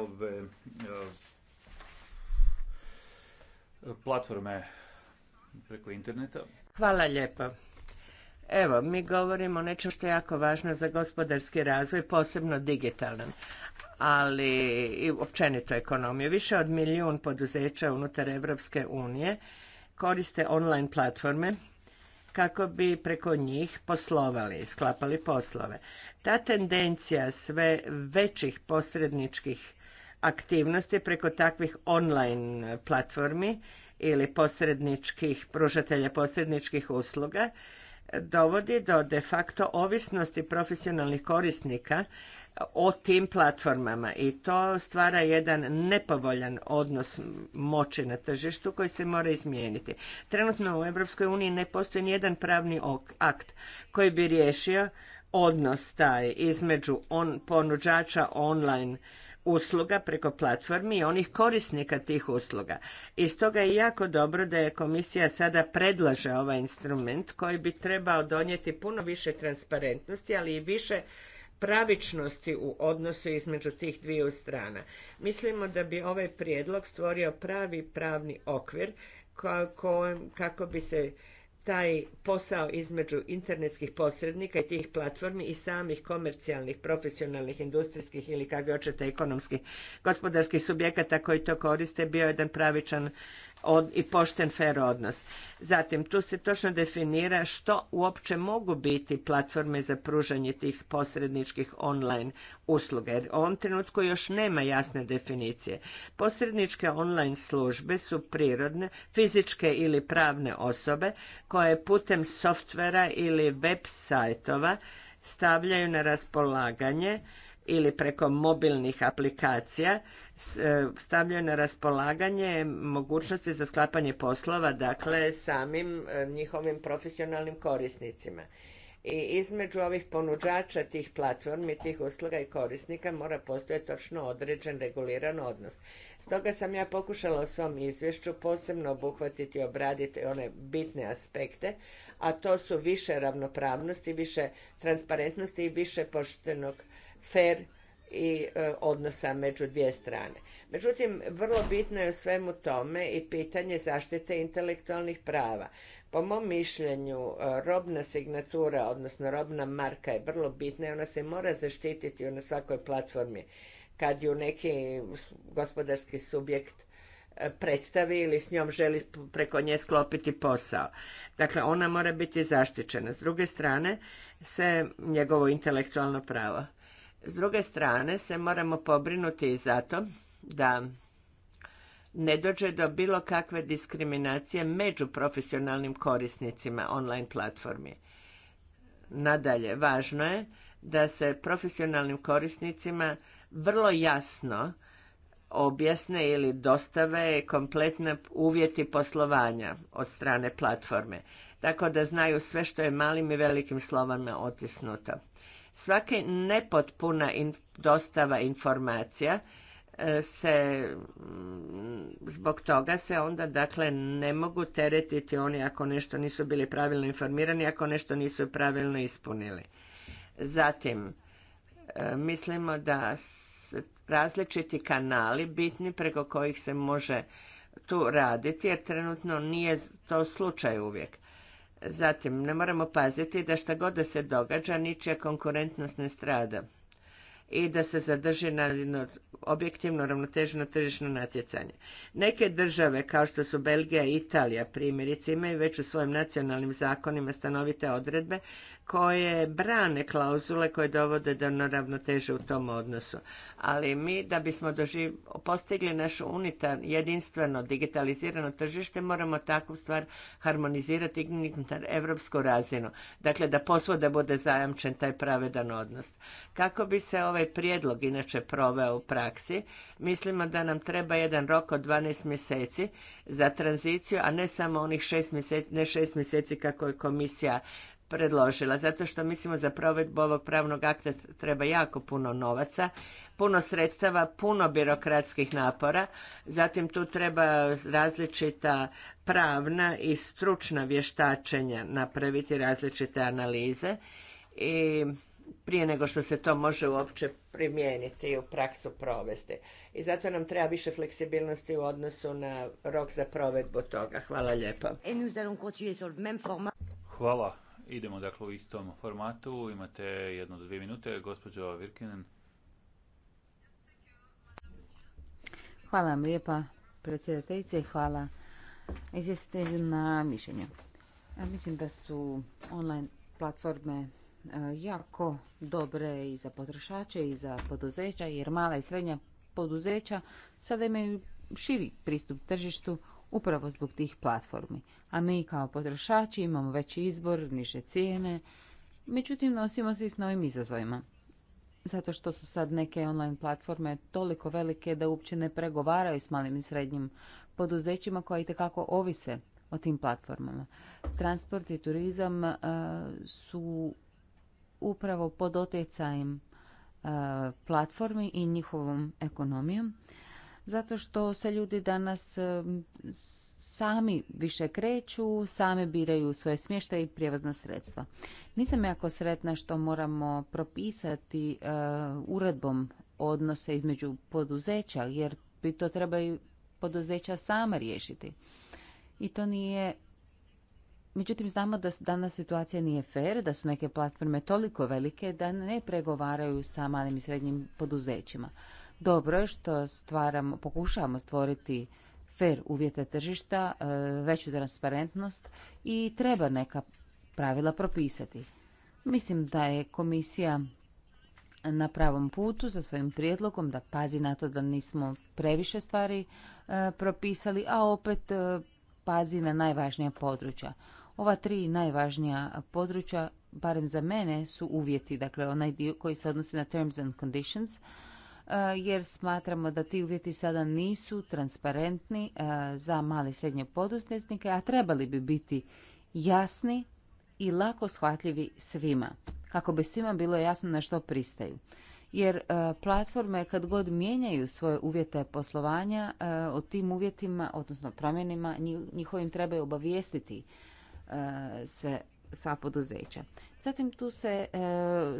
ove e, platforme preko interneta. Hvala lijepo. Evo, mi govorimo o nečem što je jako važno za gospodarski razvoj, posebno digitalan, ali i općenito ekonomije. Više od milijun poduzeća unutar Evropske unije koriste online platforme kako bi preko njih poslovali, sklapali poslove. Ta tendencija sve većih posredničkih aktivnosti preko takvih online platformi ili posredničkih, pružatelja posredničkih usluga dovodi do de facto ovisnosti profesionalnih korisnika o tim platformama i to stvara jedan nepovoljan odnos moći na tržištu koji se mora izmijeniti. Trenutno u Europskoj uniji ne postoji jedan pravni akt koji bi riješio odnos taj između on, ponuđača online usluga preko platformi i onih korisnika tih usluga. I stoga je jako dobro da je komisija sada predlaže ovaj instrument koji bi trebao donijeti puno više transparentnosti, ali i više pravičnosti u odnosu između tih dviju strana. Mislimo da bi ovaj prijedlog stvorio pravi pravni okvir kako, kako bi se taj posao između internetskih posrednika i tih platformi i samih komercijalnih, profesionalnih, industrijskih ili kako hoćete ekonomskih, gospodarskih subjekata koji to koriste bio jedan pravičan od, i pošten fair odnos. Zatim, tu se točno definira što uopće mogu biti platforme za pružanje tih posredničkih online usluga, jer u ovom trenutku još nema jasne definicije. Posredničke online službe su prirodne, fizičke ili pravne osobe koje putem softvera ili web sajtova stavljaju na raspolaganje ili preko mobilnih aplikacija e, stavljaju na raspolaganje mogućnosti za sklapanje poslova, dakle samim e, njihovim profesionalnim korisnicima. I između ovih ponuđača tih platformi, tih usluga i korisnika mora postojati točno određen reguliran odnos. Stoga sam ja pokušala u svom izvješću posebno obuhvatiti i obraditi one bitne aspekte, a to su više ravnopravnosti, više transparentnosti i više poštenog fer i e, odnosa među dvije strane. Međutim, vrlo bitno je u svemu tome i pitanje zaštite intelektualnih prava. Po mom mišljenju, e, robna signatura, odnosno robna marka je vrlo bitna i ona se mora zaštititi na svakoj platformi kad ju neki gospodarski subjekt e, predstavi ili s njom želi preko nje sklopiti posao. Dakle, ona mora biti zaštićena. S druge strane, se njegovo intelektualno pravo. S druge strane se moramo pobrinuti i zato da ne dođe do bilo kakve diskriminacije među profesionalnim korisnicima online platformi. Nadalje, važno je da se profesionalnim korisnicima vrlo jasno objasne ili dostave kompletne uvjeti poslovanja od strane platforme, tako da znaju sve što je malim i velikim slovama otisnuto. Svaka nepotpuna in, dostava informacija e, se mm, zbog toga se onda dakle ne mogu teretiti oni ako nešto nisu bili pravilno informirani, ako nešto nisu pravilno ispunili. Zatim, e, mislimo da različiti kanali bitni preko kojih se može tu raditi, jer trenutno nije to slučaj uvijek. Zatim, ne moramo paziti da šta god da se događa, ničija konkurentnost ne strada i da se zadrži na objektivno ravnotežno tržišno natjecanje. Neke države, kao što su Belgija i Italija primjerice, imaju već u svojim nacionalnim zakonima stanovite odredbe koje brane klauzule koje dovode do neravnoteže u tom odnosu. Ali mi da bismo doživ... postigli naš unitarno jedinstveno, digitalizirano tržište moramo takvu stvar harmonizirati na evropsku razinu. Dakle, da posvuda bude zajamčen taj pravedan odnos. Kako bi se ovaj prijedlog inače proveo u praksi, mislimo da nam treba jedan rok od 12 mjeseci za tranziciju, a ne samo onih šest mjeseci, ne šest mjeseci kako je komisija predložila, zato što mislimo za provedbu ovog pravnog akta treba jako puno novaca, puno sredstava, puno birokratskih napora, zatim tu treba različita pravna i stručna vještačenja napraviti, različite analize i prije nego što se to može uopće primijeniti i u praksu provesti. I zato nam treba više fleksibilnosti u odnosu na rok za provedbu toga. Hvala lijepo. Hvala. Idemo dakle u istom formatu. Imate jedno do dvije minute. Gospođo Virkinen. Hvala vam lijepa predsjedateljice i hvala izvjestitelju na mišljenju. E, mislim da su online platforme e, jako dobre i za potrošače i za poduzeća jer mala i srednja poduzeća sada imaju širi pristup tržištu upravo zbog tih platformi. A mi kao potrošači imamo veći izbor, niže cijene, međutim nosimo se i s novim izazovima. Zato što su sad neke online platforme toliko velike da uopće ne pregovaraju s malim i srednjim poduzećima koja itekako ovise o tim platformama. Transport i turizam e, su upravo pod otjecajem e, platformi i njihovom ekonomijom zato što se ljudi danas e, sami više kreću, sami biraju svoje smještaje i prijevozna sredstva. Nisam jako sretna što moramo propisati e, uredbom odnose između poduzeća, jer bi to trebaju poduzeća sama riješiti. I to nije Međutim, znamo da danas situacija nije fair, da su neke platforme toliko velike da ne pregovaraju sa malim i srednjim poduzećima. Dobro je što stvaramo, pokušavamo stvoriti fer uvjete tržišta, e, veću transparentnost i treba neka pravila propisati. Mislim da je komisija na pravom putu za svojim prijedlogom da pazi na to da nismo previše stvari e, propisali, a opet e, pazi na najvažnija područja. Ova tri najvažnija područja, barem za mene, su uvjeti, dakle onaj dio koji se odnosi na terms and conditions, E, jer smatramo da ti uvjeti sada nisu transparentni e, za male i srednje poduzetnike, a trebali bi biti jasni i lako shvatljivi svima, kako bi svima bilo jasno na što pristaju. Jer e, platforme kad god mijenjaju svoje uvjete poslovanja, o tim uvjetima, odnosno promjenima, njihovim trebaju obavijestiti se sva poduzeća. Zatim tu se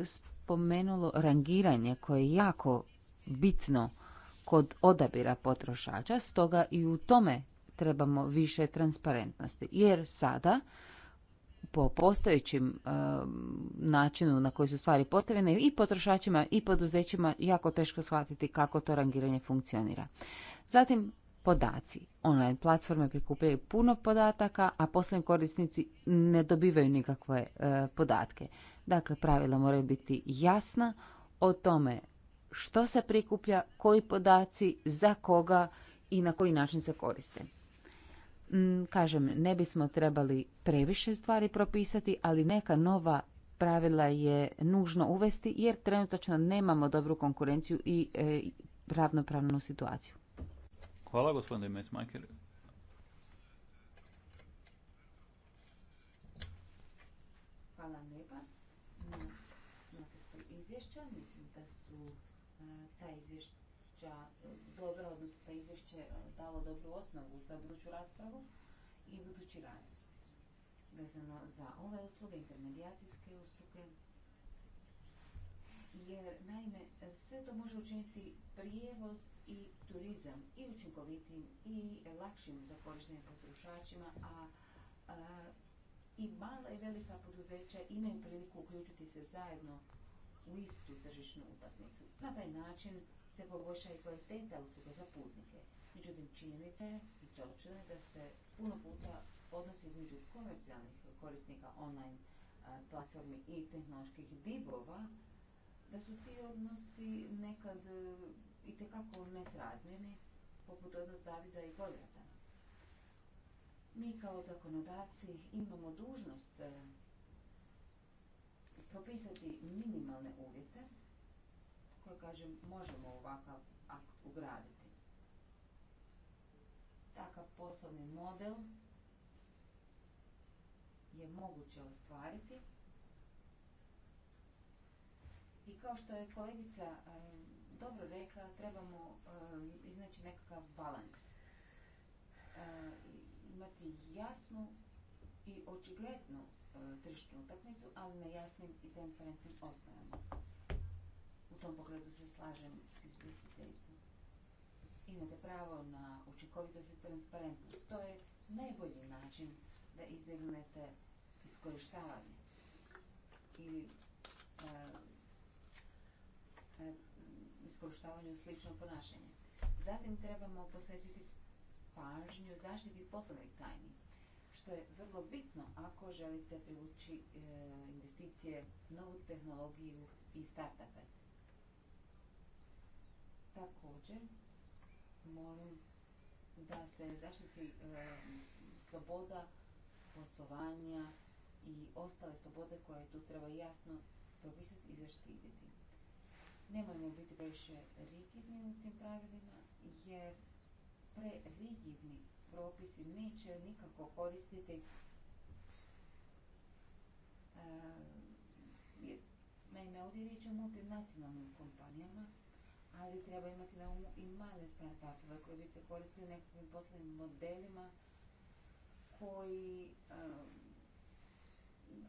spomenulo rangiranje koje je jako bitno kod odabira potrošača, stoga i u tome trebamo više transparentnosti. Jer sada po postojećim e, načinu na koji su stvari postavljene i potrošačima i poduzećima jako teško shvatiti kako to rangiranje funkcionira. Zatim podaci. Online platforme prikupljaju puno podataka, a poslovni korisnici ne dobivaju nikakve e, podatke. Dakle, pravila moraju biti jasna o tome što se prikuplja, koji podaci, za koga i na koji način se koriste. Mm, kažem, ne bismo trebali previše stvari propisati, ali neka nova pravila je nužno uvesti jer trenutačno nemamo dobru konkurenciju i e, ravnopravnu situaciju. Hvala gospodine Hvala lijepa ta izvješća dobra, odnosno ta izvješće e, dalo dobru osnovu za buduću raspravu i budući rad. Vezano za ove usluge, intermedijacijske usluge, jer naime sve to može učiniti prijevoz i turizam i učinkovitim i lakšim za korištenje potrošačima, a, a i mala i velika poduzeća imaju priliku uključiti se zajedno u istu tržišnu utakmicu. Na taj način se poboljša i kvaliteta usluge za putnike. Međutim, činjenica je i točno je da se puno puta odnosi između komercijalnih korisnika online platformi i tehnoloških divova, da su ti odnosi nekad e, i tekako nesrazmjerni, poput odnos Davida i Goljata. Mi kao zakonodavci imamo dužnost e, propisati minimalne uvjete koje, kažem, možemo ovakav akt ugraditi. Takav poslovni model je moguće ostvariti i kao što je kolegica dobro rekla, trebamo iznaći nekakav balans. imati jasnu i očiglednu E, tržišnu utakmicu, ali na jasnim i transparentnim osnovama. U tom pogledu se slažem s izvjestiteljicom. Imate pravo na učinkovitost i transparentnost. To je najbolji način da izbjegnete iskorištavanje ili e, e, iskorištavanje u slično ponašanje. Zatim trebamo posvetiti pažnju zaštiti poslovnih tajni što je vrlo bitno ako želite privući investicije investicije, novu tehnologiju i startupe. Također, molim da se zaštiti e, sloboda poslovanja i ostale slobode koje tu treba jasno propisati i zaštititi. Nemojmo biti previše rigidni u tim pravilima, jer pre-rigidni propisi neće nikako koristiti eh, naime ovdje je riječ o multinacionalnim kompanijama ali treba imati na umu i male startupove koji bi se koristili nekakvim poslovnim modelima koji, eh,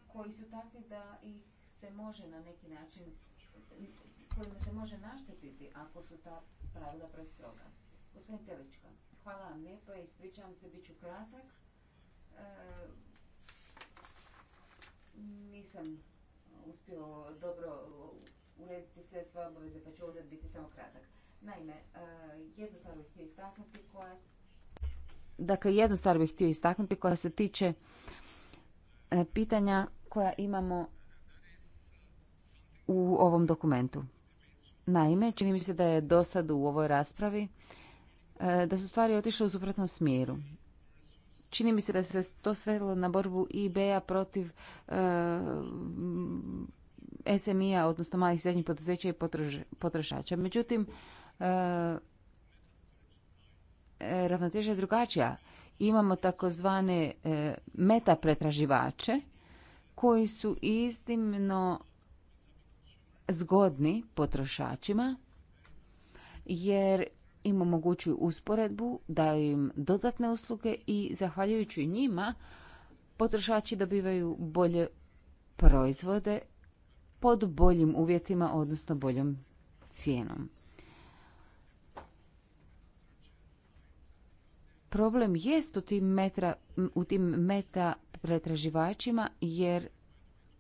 koji su takvi da ih se može na neki način kojima se može naštetiti ako su ta pravila prestroga. Gospodin Telička. Hvala vam lijepa, ispričavam se, bit ću kratak. E, nisam uspio dobro urediti sve svoje obaveze, pa ću ovdje biti samo kratak. Naime, e, jednu stvar bih htio istaknuti koja... Dakle, jednu stvar bih htio istaknuti koja se tiče e, pitanja koja imamo u ovom dokumentu. Naime, čini mi se da je do sad u ovoj raspravi E, da su stvari otišle u suprotnom smjeru. Čini mi se da se to svelo na borbu ib a protiv e, SMI-a, odnosno malih srednjih poduzeća i potrošača. Međutim, e, ravnoteža je drugačija. Imamo takozvane meta pretraživače koji su iznimno zgodni potrošačima jer im omogućuju usporedbu, daju im dodatne usluge i zahvaljujući njima potrošači dobivaju bolje proizvode pod boljim uvjetima, odnosno boljom cijenom. Problem jest u tim, metra, meta pretraživačima jer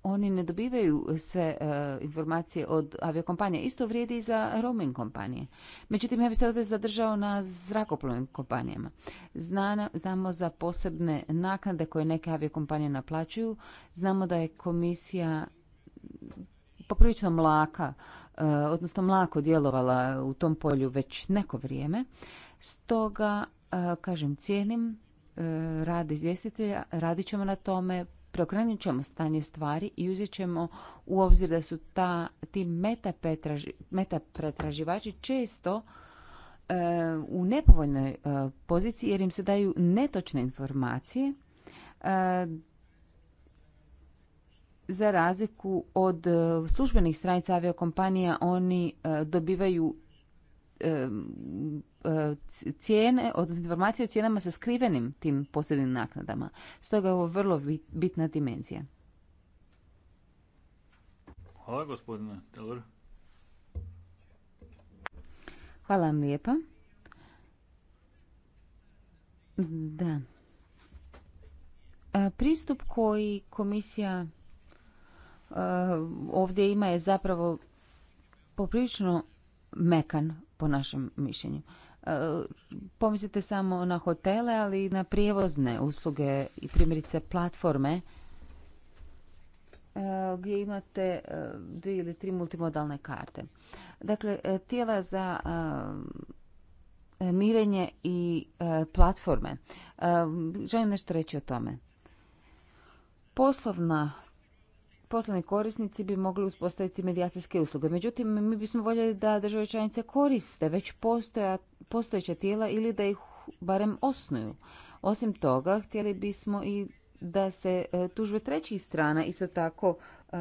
oni ne dobivaju sve e, informacije od aviokompanije. Isto vrijedi i za roaming kompanije. Međutim, ja bih se ovdje zadržao na zrakoplovnim kompanijama. znana znamo za posebne naknade koje neke aviokompanije naplaćuju. Znamo da je komisija poprilično mlaka, e, odnosno mlako djelovala u tom polju već neko vrijeme. Stoga, e, kažem, cijenim rad izvjestitelja, radit ćemo na tome, preokrenut ćemo stanje stvari i uzet ćemo u obzir da su ta, ti metapretraživači često e, u nepovoljnoj e, poziciji jer im se daju netočne informacije e, za razliku od službenih stranica aviokompanija oni dobivaju E, cijene, odnosno informacije o cijenama sa skrivenim tim posebnim naknadama. Stoga je ovo vrlo bitna dimenzija. Hvala gospodine Dobro. Hvala vam lijepa. Da. E, pristup koji komisija e, ovdje ima je zapravo poprilično mekan po našem mišljenju. E, pomislite samo na hotele, ali i na prijevozne usluge i primjerice platforme e, gdje imate e, dvije ili tri multimodalne karte. Dakle, tijela za mirenje i platforme. Želim nešto reći o tome. Poslovna poslovni korisnici bi mogli uspostaviti medijacijske usluge. Međutim, mi bismo voljeli da države članice koriste već postoja, postojeća tijela ili da ih barem osnuju. Osim toga, htjeli bismo i da se e, tužbe trećih strana isto tako e,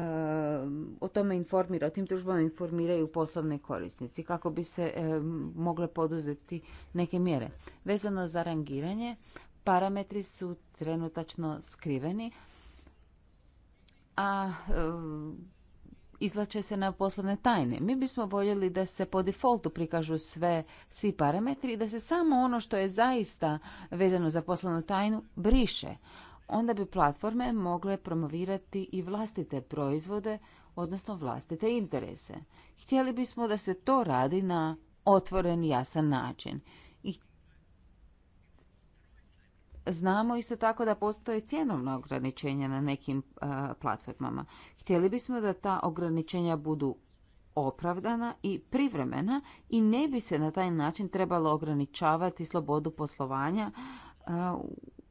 o tome informira, o tim tužbama informiraju poslovne korisnici kako bi se e, mogle poduzeti neke mjere. Vezano za rangiranje, parametri su trenutačno skriveni, a izlače se na poslovne tajne. Mi bismo voljeli da se po defaultu prikažu sve, svi parametri i da se samo ono što je zaista vezano za poslovnu tajnu briše. Onda bi platforme mogle promovirati i vlastite proizvode, odnosno vlastite interese. Htjeli bismo da se to radi na otvoren jasan način. Znamo isto tako da postoje cjenovna ograničenja na nekim e, platformama. Htjeli bismo da ta ograničenja budu opravdana i privremena i ne bi se na taj način trebalo ograničavati slobodu poslovanja e,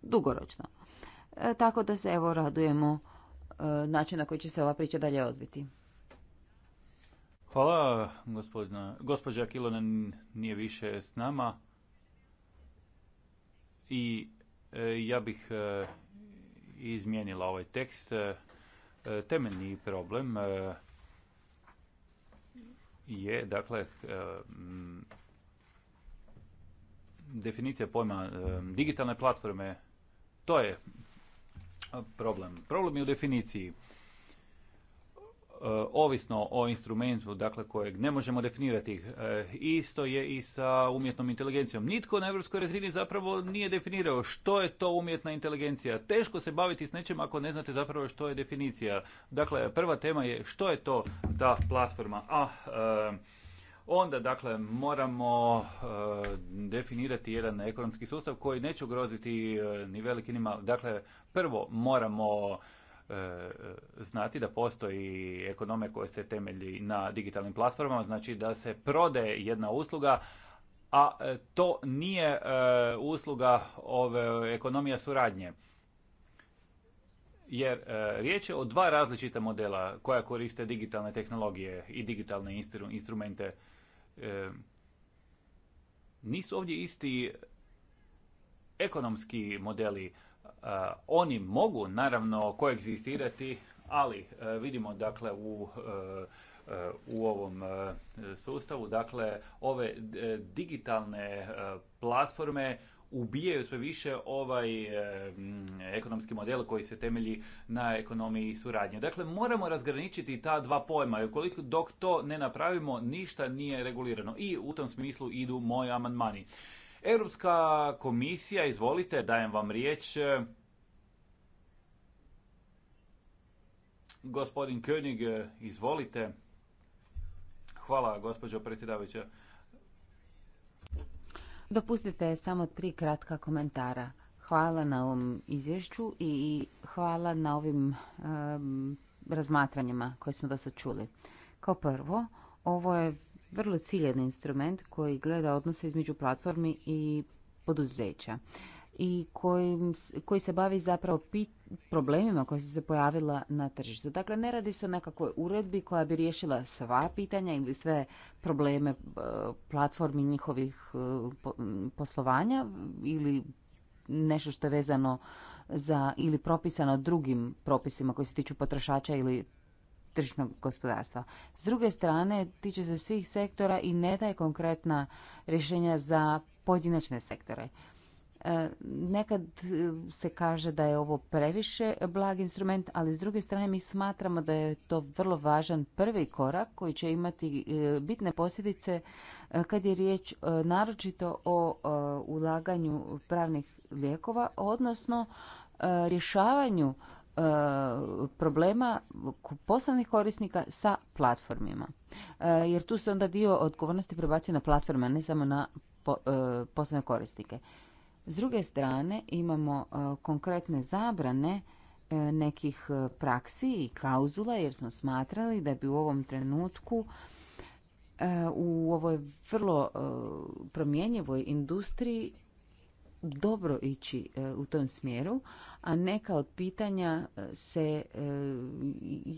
dugoročno. E, tako da se evo radujemo način na koji će se ova priča dalje odviti. Hvala, gospodina. gospođa Kilonen nije više s nama i E, ja bih e, izmijenila ovaj tekst. E, temeljni problem je, dakle, definicija pojma digitalne platforme, to je problem. Problem je u definiciji. E, ovisno o instrumentu dakle, kojeg ne možemo definirati. E, isto je i sa umjetnom inteligencijom. Nitko na europskoj razini zapravo nije definirao što je to umjetna inteligencija. Teško se baviti s nečim ako ne znate zapravo što je definicija. Dakle, prva tema je što je to ta platforma. A, e, onda dakle moramo definirati jedan ekonomski sustav koji neće ugroziti ni veliki Dakle, prvo moramo E, znati da postoji ekonome koje se temelji na digitalnim platformama, znači da se prode jedna usluga, a e, to nije e, usluga ove ekonomija suradnje. Jer riječ je o dva različita modela koja koriste digitalne tehnologije i digitalne instrumente. Nisu ovdje isti ekonomski modeli E, oni mogu naravno koegzistirati, ali e, vidimo dakle u e, u ovom sustavu. Dakle, ove digitalne platforme ubijaju sve više ovaj ekonomski model koji se temelji na ekonomiji suradnje. Dakle, moramo razgraničiti ta dva pojma. I ukoliko dok to ne napravimo, ništa nije regulirano. I u tom smislu idu moji amandmani. Europska komisija, izvolite, dajem vam riječ. Gospodin König, izvolite. Hvala, gospođo predsjedavajuća. Dopustite samo tri kratka komentara. Hvala na ovom izvješću i hvala na ovim razmatranjima koje smo do sad čuli. Kao prvo, ovo je vrlo ciljen instrument koji gleda odnose između platformi i poduzeća i kojim, koji se bavi zapravo problemima koja su se pojavila na tržištu. Dakle, ne radi se o nekakvoj uredbi koja bi riješila sva pitanja ili sve probleme e, platformi njihovih e, poslovanja ili nešto što je vezano za ili propisano drugim propisima koji se tiču potrošača ili tržišnog gospodarstva. S druge strane, tiče se svih sektora i ne daje konkretna rješenja za pojedinačne sektore. E, nekad e, se kaže da je ovo previše blag instrument, ali s druge strane mi smatramo da je to vrlo važan prvi korak koji će imati e, bitne posljedice kad je riječ naročito o ulaganju pravnih lijekova, odnosno rješavanju E, problema poslovnih korisnika sa platformima. E, jer tu se onda dio odgovornosti prebaci na platforme, a ne samo na e, poslovne korisnike. S druge strane imamo konkretne zabrane nekih praksi i klauzula jer smo smatrali da bi u ovom trenutku u ovoj vrlo promjenjivoj industriji dobro ići e, u tom smjeru, a neka od pitanja e, se e,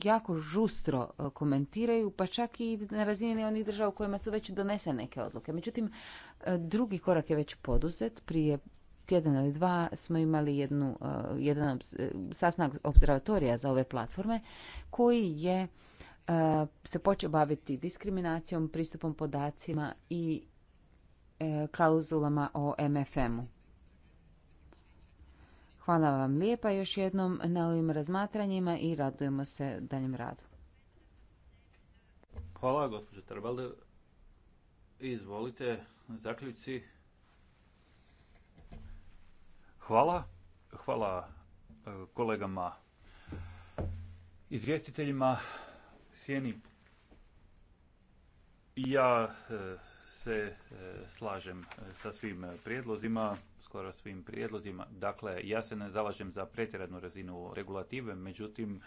jako žustro komentiraju, pa čak i na razini onih država u kojima su već donesene neke odluke. Međutim, drugi korak je već poduzet. Prije tjedan ili dva smo imali jednu, jedan sastanak observatorija za ove platforme koji je se počeo baviti diskriminacijom, pristupom podacima i klauzulama o MFM-u. Hvala vam lijepa još jednom na ovim razmatranjima i radujemo se daljem radu. Hvala, gospođo Trbalde. Izvolite, zaključci. Hvala. Hvala e, kolegama izvjestiteljima Sjeni. Ja e, se e, slažem sa svim prijedlozima skoro svim prijedlozima. Dakle, ja se ne zalažem za pretjeranu razinu regulative, međutim,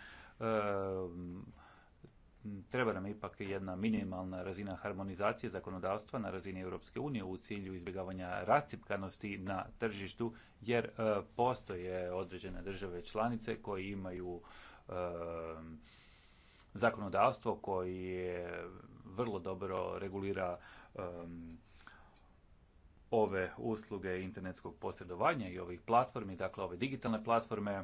treba nam ipak jedna minimalna razina harmonizacije zakonodavstva na razini Europske unije u cilju izbjegavanja racipkanosti na tržištu, jer e, postoje određene države članice koje imaju zakonodavstvo koje vrlo dobro regulira ove usluge internetskog posredovanja i ovih platformi, dakle ove digitalne platforme, e,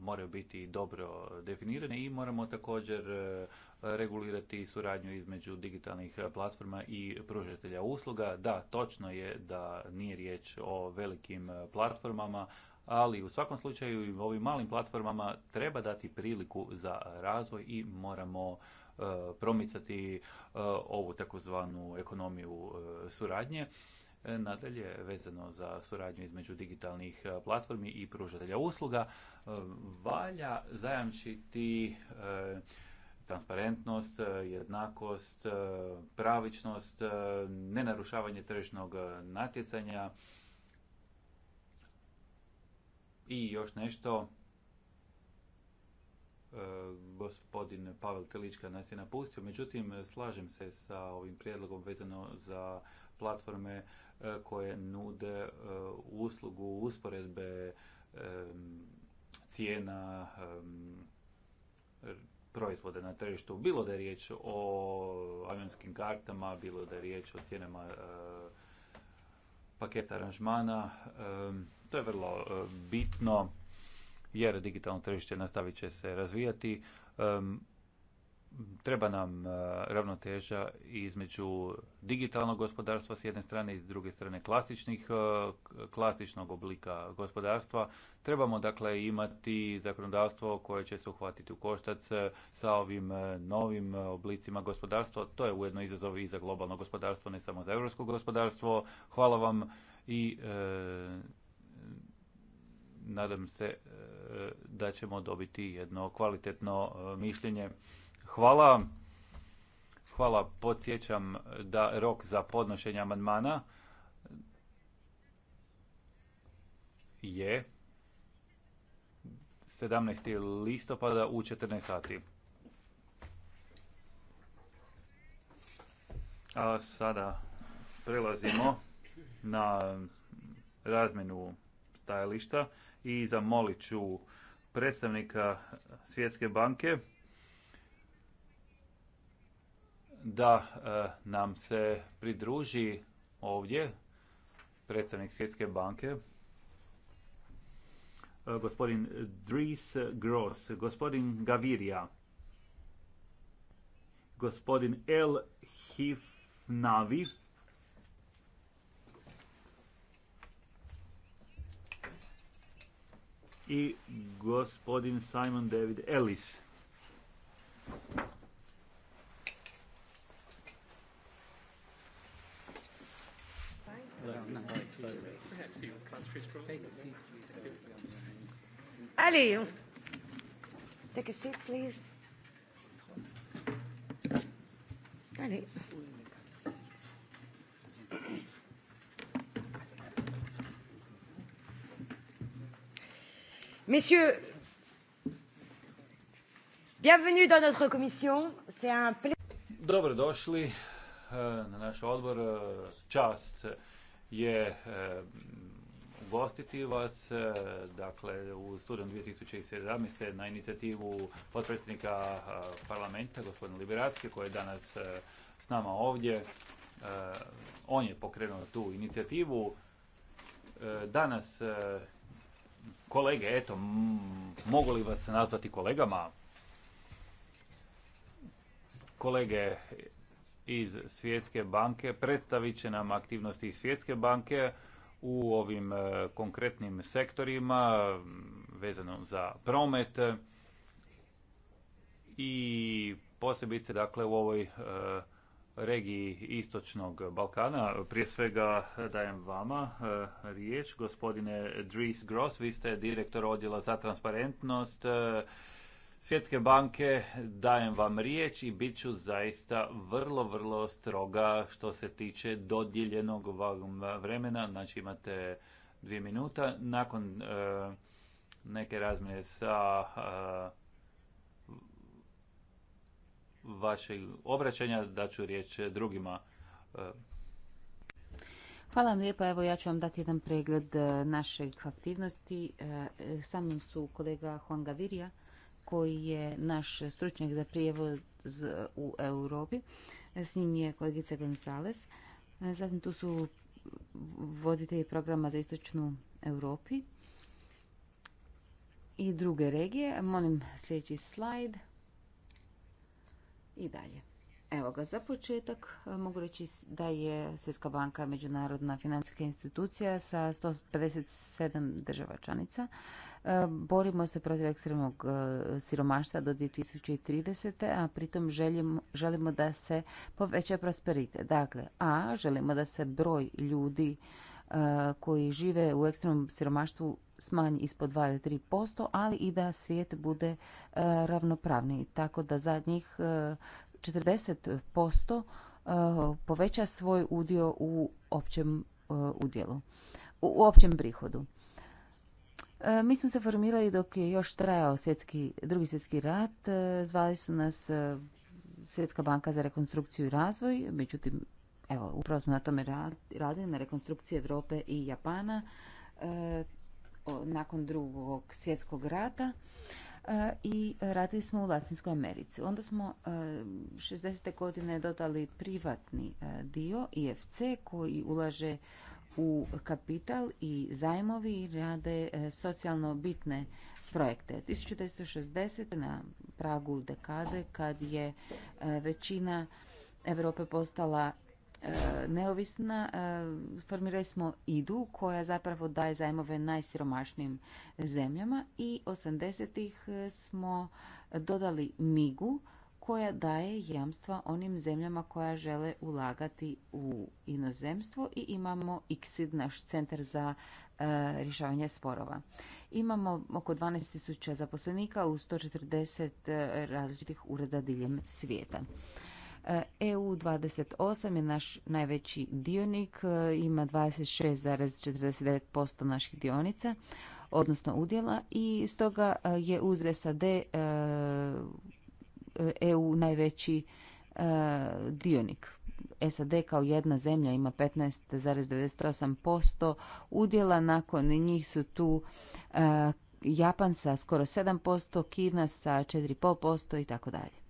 moraju biti dobro definirane i moramo također e, regulirati suradnju između digitalnih platforma i pružatelja usluga. Da, točno je da nije riječ o velikim platformama, ali u svakom slučaju i ovim malim platformama treba dati priliku za razvoj i moramo E, promicati e, ovu takozvanu ekonomiju e, suradnje. Nadalje, vezano za suradnju između digitalnih platformi i pružatelja usluga, valja zajamčiti transparentnost, jednakost, pravičnost, nenarušavanje tržišnog natjecanja i još nešto gospodin Pavel Telička nas je napustio, međutim slažem se sa ovim prijedlogom vezano za platforme e, koje nude e, uslugu usporedbe e, cijena proizvoda na tržištu. Bilo da je riječ o avionskim kartama, bilo da je riječ o cijenama paketa aranžmana. To je vrlo bitno jer digitalno tržište nastavit će se razvijati. Treba nam e, ravnoteža između digitalnog gospodarstva s jedne strane i s druge strane klasičnih, e, klasičnog oblika gospodarstva. Trebamo dakle imati zakonodavstvo koje će se uhvatiti u koštac e, sa ovim novim oblicima gospodarstva. To je ujedno izazov i za globalno gospodarstvo, ne samo za europsko gospodarstvo. Hvala vam i nadam se e, da ćemo dobiti jedno kvalitetno e, mišljenje. Hvala. Hvala. Podsjećam da rok za podnošenje amandmana je 17. listopada u 14 sati. A sada prelazimo na razmenu stajališta i zamolit ću predstavnika Svjetske banke da e, nam se pridruži ovdje predstavnik Svjetske banke e, gospodin Dries Gross, gospodin Gavirija, gospodin El Hifnavi, i gospodin Simon David Ellis. Allez, take a seat, please. Allez. messieurs bienvenue dans notre commission c'est un dobrodošli eh, na naš odbor eh, čast je eh, ugostiti vas dakle u studiju 2017. na inicijativu potpredsjednika parlamenta gospodina Liberacke koji je danas s nama ovdje on je pokrenuo tu inicijativu danas kolege, eto, mogu li vas nazvati kolegama? Kolege iz Svjetske banke predstavit će nam aktivnosti Svjetske banke u ovim e, konkretnim sektorima vezano za promet i posebice dakle u ovoj e, regiji Istočnog Balkana. Prije svega dajem vama e, riječ, gospodine Dries Gross, vi ste direktor odjela za transparentnost e, Svjetske banke, dajem vam riječ i bit ću zaista vrlo, vrlo stroga što se tiče dodijeljenog vremena, znači imate dvije minuta. Nakon e, neke razmjene sa vašeg obraćanja, ću riječ drugima. E. Hvala vam lijepa, evo ja ću vam dati jedan pregled e, našeg aktivnosti. E, sa mnom su kolega Juan Gavirija, koji je naš stručnjak za prijevoz u Europi. S njim je kolegica Gonzales. Zatim tu su voditelji programa za istočnu Europi i druge regije. Molim sljedeći slajd i dalje. Evo ga, za početak e, mogu reći da je Svjetska banka međunarodna financijska institucija sa 157 država članica. E, borimo se protiv ekstremnog e, siromaštva do 2030. a pritom želimo, želimo da se poveća prosperitet. Dakle, a želimo da se broj ljudi E, koji žive u ekstremnom siromaštvu smanji ispod 2 ili 3%, ali i da svijet bude e, ravnopravniji. Tako da za njih 40% e, poveća svoj udio u općem udjelu, u općem prihodu. Mi smo se formirali dok je još trajao svjetski, drugi svjetski rat. Zvali su nas Svjetska banka za rekonstrukciju i razvoj, međutim Evo, upravo smo na tome radili, na rekonstrukciji Europe i Japana e, nakon drugog svjetskog rata e, i radili smo u Latinskoj Americi. Onda smo 60. E, godine dodali privatni dio, IFC, koji ulaže u kapital i zajmovi i rade socijalno bitne projekte. 1960. na pragu dekade kad je većina Europe postala E, neovisna. E, formirali smo IDU koja zapravo daje zajmove najsiromašnijim zemljama i 80-ih smo dodali MIGU koja daje jamstva onim zemljama koja žele ulagati u inozemstvo i imamo ICSID, naš centar za e, rješavanje sporova. Imamo oko 12.000 zaposlenika u 140 različitih ureda diljem svijeta. EU28 e je naš najveći dionik, e, ima 26,49% naših dionica, odnosno udjela i stoga e, je uz SAD EU najveći dionik. SAD kao jedna zemlja ima 15,98% udjela, nakon njih su tu Japan sa skoro 7%, Kina sa 4,5% i tako dalje.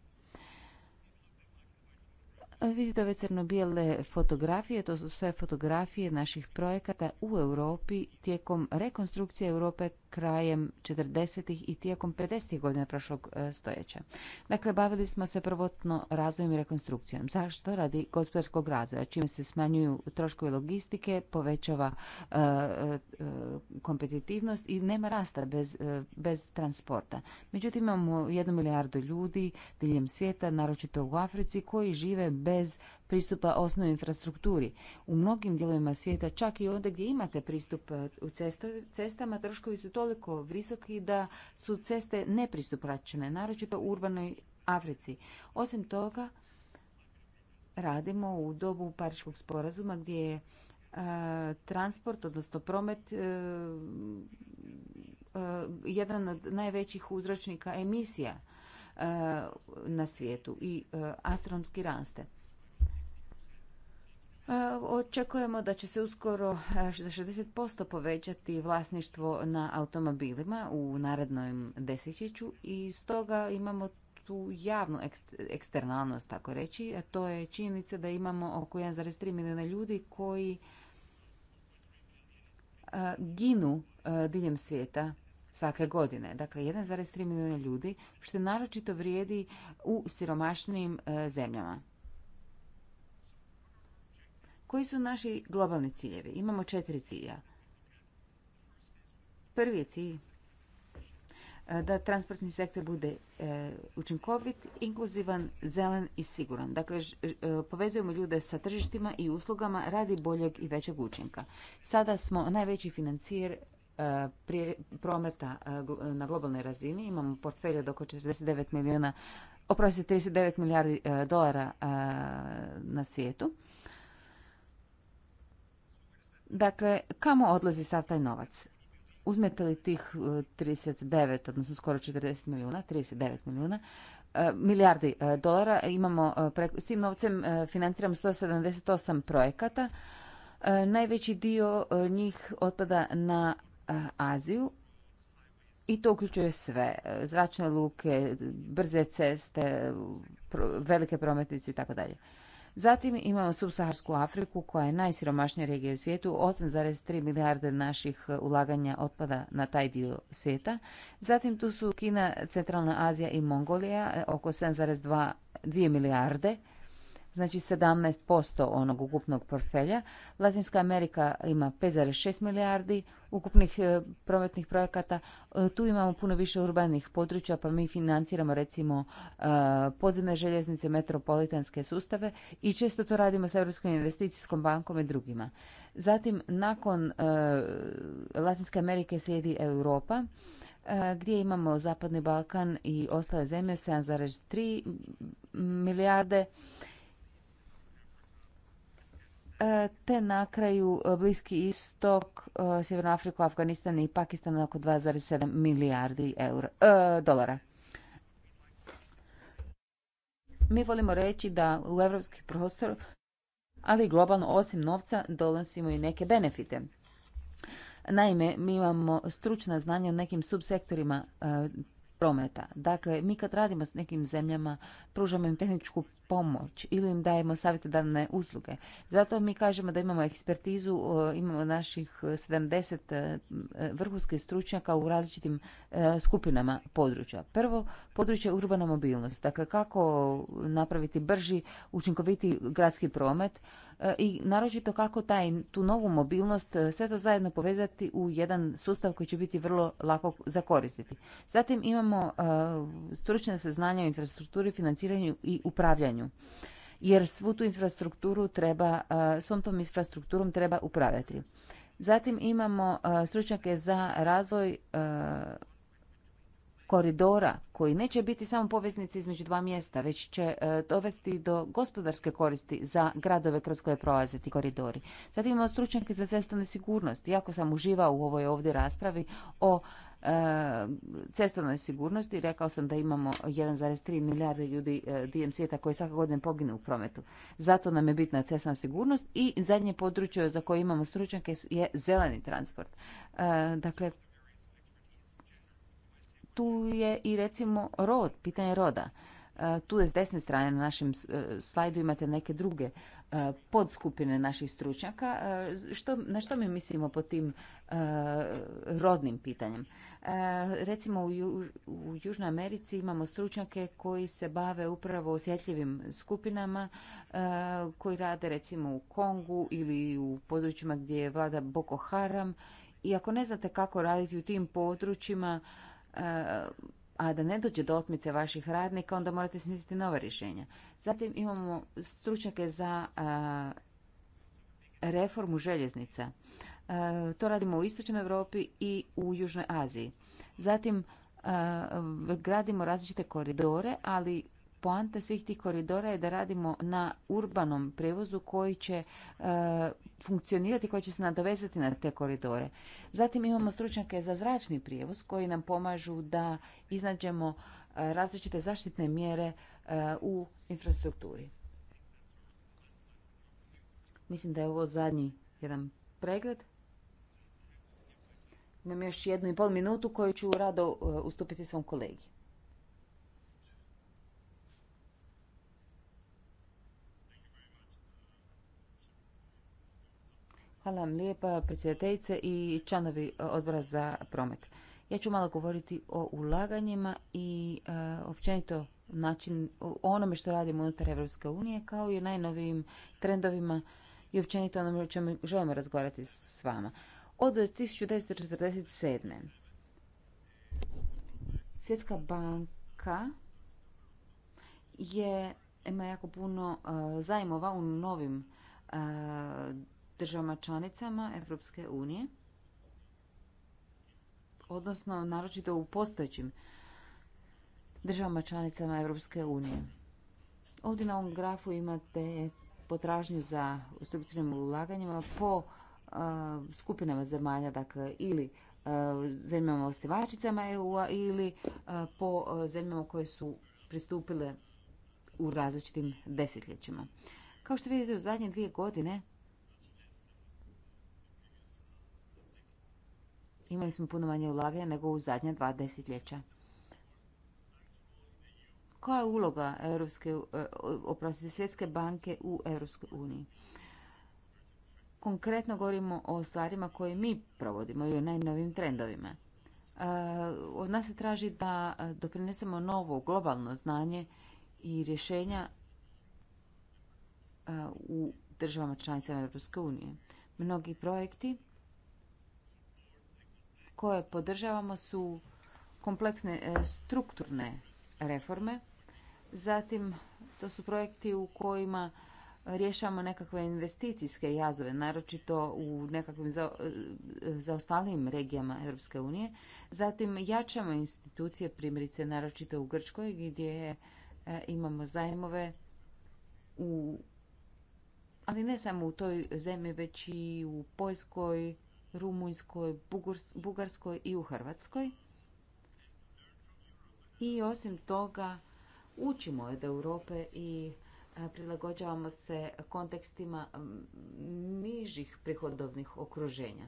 Vidite ove crno-bijele fotografije, to su sve fotografije naših projekata u Europi tijekom rekonstrukcije Europe krajem 40. i tijekom 50. godina prošlog e, stojeća. Dakle, bavili smo se prvotno razvojem i rekonstrukcijom. Zašto? Radi gospodarskog razvoja, čime se smanjuju troškovi logistike, povećava e, e, kompetitivnost i nema rasta bez, bez transporta. Međutim, imamo jednu milijardu ljudi diljem svijeta, naročito u Africi, koji žive bez pristupa osnovnoj infrastrukturi. U mnogim dijelovima svijeta, čak i ovdje gdje imate pristup e, u cestama, troškovi su toliko visoki da su ceste nepristupačne, naročito u urbanoj Africi. Osim toga, radimo u dobu Pariškog sporazuma gdje je e, transport, odnosno promet, e, jedan od najvećih uzročnika emisija na svijetu i astronomski raste. E, očekujemo da će se uskoro e, za 60% povećati vlasništvo na automobilima u narednom desetjeću i stoga imamo tu javnu eksternalnost, tako reći. to je činjenica da imamo oko 1,3 milijuna ljudi koji e, ginu diljem svijeta svake godine. Dakle, 1,3 milijuna ljudi, što naročito vrijedi u siromašnim zemljama. Koji su naši globalni ciljevi? Imamo četiri cilja. Prvi je cilj e, da transportni sektor bude e, učinkovit, inkluzivan, zelen i siguran. Dakle, e, povezujemo ljude sa tržištima i uslugama radi boljeg i većeg učinka. Sada smo najveći financijer prometa na globalnoj razini. Imamo portfelje od oko 49 milijuna, oprosti 39 milijardi dolara na svijetu. Dakle, kamo odlazi sav taj novac? Uzmete li tih 39, e, odnosno skoro 40 milijuna, 39 milijuna, e, milijardi e, dolara, imamo, preko, s tim novcem financiramo 178 projekata. Najveći dio njih otpada na Aziju, i to uključuje sve, zračne luke, brze ceste, velike prometnice i tako dalje. Zatim imamo subsaharsku Afriku koja je najsiromašnija regija u svijetu, 8,3 milijarde naših e, ulaganja otpada na taj dio svijeta. Zatim tu su Kina, Centralna Azija i Mongolija, e, oko 7,2 milijarde znači 17% onog ukupnog portfelja. Latinska Amerika ima 5,6 milijardi ukupnih e, prometnih projekata. E, tu imamo puno više urbanih područja, pa mi financiramo recimo e, podzemne željeznice, metropolitanske sustave i često to radimo sa Europskom investicijskom bankom i drugima. Zatim, nakon Latinske Amerike slijedi Europa gdje imamo Zapadni Balkan i ostale zemlje 7,3 milijarde E, te na kraju e, Bliski istok, e, Sjevernu Afriku, Afganistan i Pakistan oko 2,7 milijardi eura, dolara. Mi volimo reći da u evropski prostor, ali globalno osim novca, donosimo i neke benefite. Naime, mi imamo stručna znanja u nekim subsektorima prometa. Dakle, mi kad radimo s nekim zemljama, pružamo im tehničku pomoć ili im dajemo savjetodavne usluge. Zato mi kažemo da imamo ekspertizu, e, imamo naših 70 e, vrhunskih stručnjaka u različitim e, skupinama područja. Prvo, područje urbana mobilnost. Dakle, kako napraviti brži, učinkoviti gradski promet, E, i naročito kako taj, tu novu mobilnost e, sve to zajedno povezati u jedan sustav koji će biti vrlo lako zakoristiti. Zatim imamo e, stručne saznanja o infrastrukturi, financiranju i upravljanju. Jer svu tu infrastrukturu treba, svom tom infrastrukturom treba upravljati. Zatim imamo stručnjake za razvoj koridora koji neće biti samo poveznici između dva mjesta, već će e, dovesti do gospodarske koristi za gradove kroz koje prolaze ti koridori. Zatim imamo stručnjake za cestovne sigurnost. Jako sam uživao u ovoj ovdje raspravi o e, cestovnoj sigurnosti. Rekao sam da imamo 1,3 milijarde ljudi e, diljem svijeta koji svake godine pogine u prometu. Zato nam je bitna cestovna sigurnost i zadnje područje za koje imamo stručnjake je zeleni transport. Dakle, tu je i recimo rod, pitanje roda. E, tu je s desne strane na našem e, slajdu imate neke druge e, podskupine naših stručnjaka. na što mi mislimo po tim rodnim pitanjem? Recimo u Južnoj Americi imamo stručnjake koji se bave upravo osjetljivim skupinama koji rade recimo u Kongu ili u područjima gdje je vlada Boko Haram. I ako ne znate kako raditi u tim područjima, a da ne dođe do otmice vaših radnika, onda morate smisliti nova rješenja. Zatim imamo stručnjake za reformu željeznica. To radimo u Istočnoj Europi i u Južnoj Aziji. Zatim gradimo različite koridore, ali poanta svih tih koridora je da radimo na urbanom prevozu koji će e, funkcionirati, koji će se nadovezati na te koridore. Zatim imamo stručnjake za zračni prijevoz koji nam pomažu da iznađemo e, različite zaštitne mjere e, u infrastrukturi. Mislim da je ovo zadnji jedan pregled. Imam još jednu i pol minutu koju ću rado ustupiti svom kolegi. Hvala vam lijepa predsjedateljice i članovi e, odbora za promet. Ja ću malo govoriti o ulaganjima i e, općenito način o onome što radimo unutar Europske unije kao i o najnovijim trendovima i općenito onome o čemu želimo razgovarati s vama. Od 1947. Svjetska banka je ima jako puno e, zajmova u novim državama članicama Europske unije, odnosno naročito u postojećim državama članicama Europske unije. Ovdje na ovom grafu imate potražnju za strukturnim ulaganjima po skupinama zemalja, dakle ili zemljama ostivačicama EU-a ili po zemljama koje su pristupile u različitim desetljećima. Kao što vidite u zadnje dvije godine Imali smo puno manje ulaganja nego u zadnja dva desetljeća. Koja je uloga e, Svjetske banke u Europskoj uniji? Konkretno govorimo o stvarima koje mi provodimo i o najnovim trendovima. E, od nas se traži da e, doprinesemo novo globalno znanje i rješenja u državama članicama Europske unije. Mnogi projekti koje podržavamo su kompleksne e, strukturne reforme. Zatim, to su projekti u kojima rješavamo nekakve investicijske jazove, naročito u nekakvim e, zaostalijim regijama Europske unije. Zatim, jačamo institucije, primjerice, naročito u Grčkoj, gdje e, imamo zajmove u ali ne samo u toj zemlji, već i u Poljskoj, Rumunjskoj, Bugarskoj i u Hrvatskoj. I osim toga učimo od Europe i e, prilagođavamo se kontekstima nižih prihodovnih okruženja.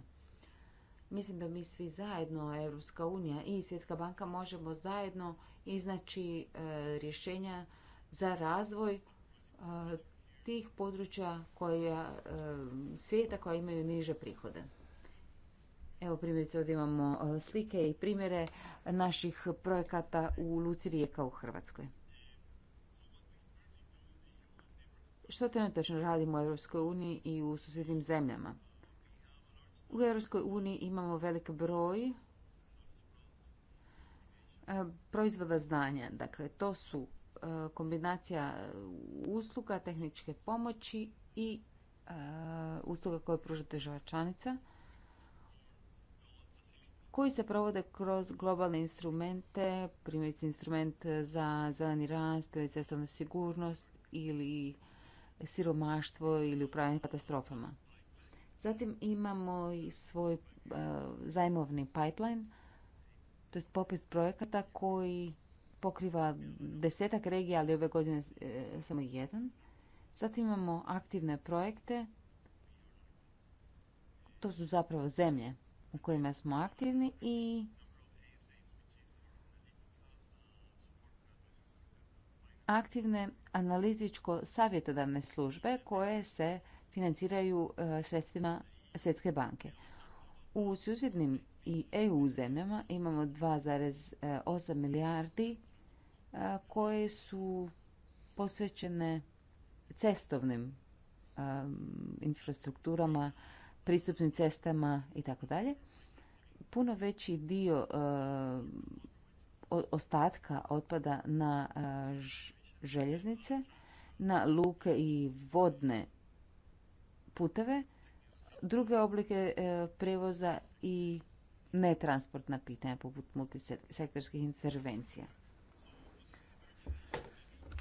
Mislim da mi svi zajedno, Europska unija i Svjetska banka, možemo zajedno iznaći e, rješenja za razvoj e, tih područja koja, svijeta koja imaju niže prihode. Evo primjerice ovdje imamo e, slike i primjere naših projekata u Luci Rijeka u Hrvatskoj. Što trenutno radimo u Europskoj uniji i u susjednim zemljama? U Europskoj uniji imamo velik broj e, proizvoda znanja. Dakle, to su e, kombinacija usluga, tehničke pomoći i usluga koje pruža država članica – koji se provode kroz globalne instrumente, primjerice instrument za zeleni rast ili cestovnu sigurnost ili siromaštvo ili upravljanje katastrofama. Zatim imamo i svoj e, zajmovni pipeline, to je popis projekata koji pokriva desetak regija, ali ove godine e, samo jedan. Zatim imamo aktivne projekte, to su zapravo zemlje u kojima smo aktivni i aktivne analitičko-savjetodavne službe koje se financiraju e, sredstvima Svjetske banke. U susjednim i EU zemljama imamo 2,8 milijardi e, koje su posvećene cestovnim e, infrastrukturama pristupnim cestama i tako dalje. Puno veći dio e, ostatka otpada na e, željeznice, na luke i vodne puteve, druge oblike e, prevoza i netransportna pitanja poput multisektorskih intervencija.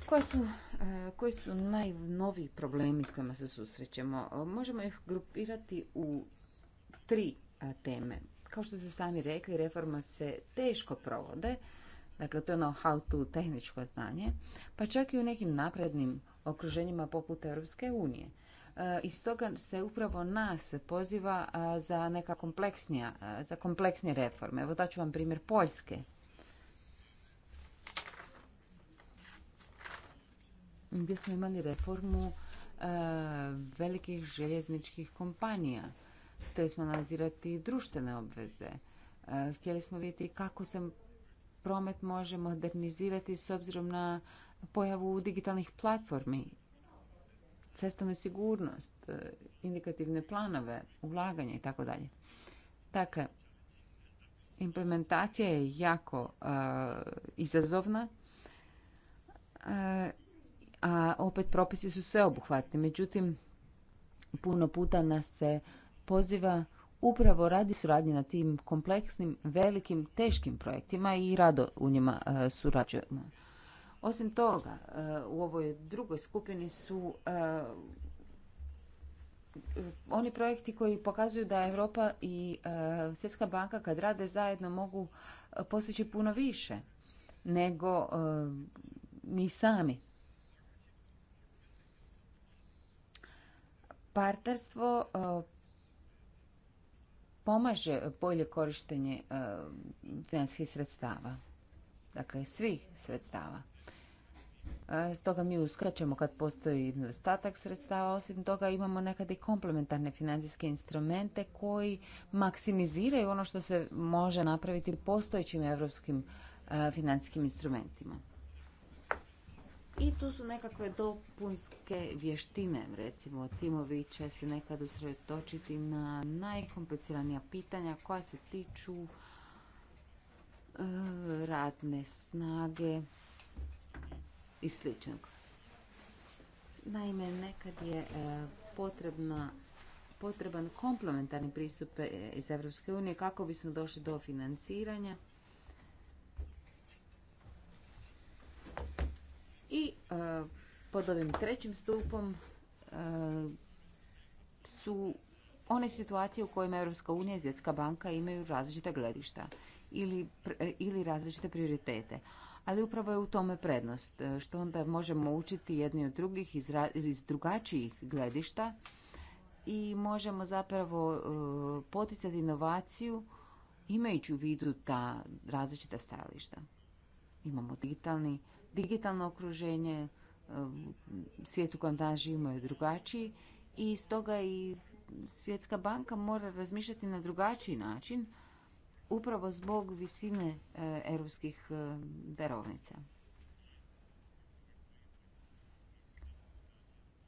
Koje su E, koji su najnoviji problemi s kojima se susrećemo. E, možemo ih grupirati u tri e, teme. Kao što ste sami rekli, reforma se teško provode, dakle to je ono how to tehničko znanje, pa čak i u nekim naprednim okruženjima poput Europske unije. I stoga se upravo nas poziva za neka kompleksnija, za kompleksnije reforme. Evo daću vam primjer Poljske. gdje smo imali reformu e, velikih željezničkih kompanija. Htjeli smo analizirati društvene obveze. E, htjeli smo vidjeti kako se promet može modernizirati s obzirom na pojavu digitalnih platformi, cestovnu sigurnost, e, indikativne planove, ulaganje i tako dalje. Dakle, implementacija je jako izazovna uh, a opet propisi su sveobuhvatni. Međutim, puno puta nas se poziva upravo radi suradnje na tim kompleksnim, velikim, teškim projektima i rado u njima e, surađujemo. Osim toga, e, u ovoj drugoj skupini su e, oni projekti koji pokazuju da Europa i Svjetska banka kad rade zajedno mogu postići puno više nego mi sami partnerstvo e, pomaže bolje korištenje e, financijskih sredstava. Dakle, svih sredstava. E, stoga mi uskraćemo kad postoji nedostatak sredstava. Osim toga imamo nekad i komplementarne financijske instrumente koji maksimiziraju ono što se može napraviti postojećim europskim financijskim instrumentima. I tu su nekakve dopunske vještine, recimo timovi će se nekad usredotočiti na najkompliciranija pitanja koja se tiču e, radne snage i slično. Naime, nekad je e, potrebna potreban komplementarni pristup e, iz Europske unije kako bismo došli do financiranja I e, pod ovim trećim stupom e, su one situacije u kojima Europska unija i Svjetska banka imaju različita gledišta ili, e, različite prioritete. Ali upravo je u tome prednost, što onda možemo učiti jedni od drugih iz, iz drugačijih gledišta i možemo zapravo poticati inovaciju imajući u vidu ta različita stajališta. Imamo digitalni digitalno okruženje, e, svijet u kojem danas živimo je drugačiji i stoga i Svjetska banka mora razmišljati na drugačiji način upravo zbog visine e, europskih e, darovnica.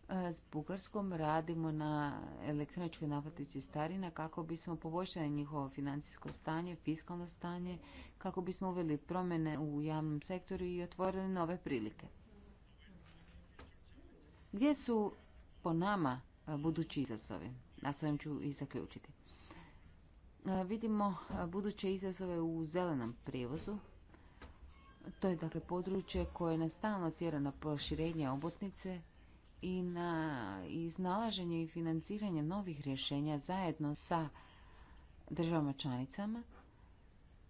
E, s Bugarskom radimo na elektroničkoj naplati starina kako bismo poboljšali njihovo financijsko stanje, fiskalno stanje, kako bismo uveli promjene u javnom sektoru i otvorili nove prilike. Gdje su po nama e, budući izazovi? Na s ću i zaključiti. E, vidimo buduće izazove u zelenom prijevozu. To je dakle područje koje nas stalno tjera na proširenje obotnice, i na iznalaženje i financiranje novih rješenja zajedno sa državama članicama.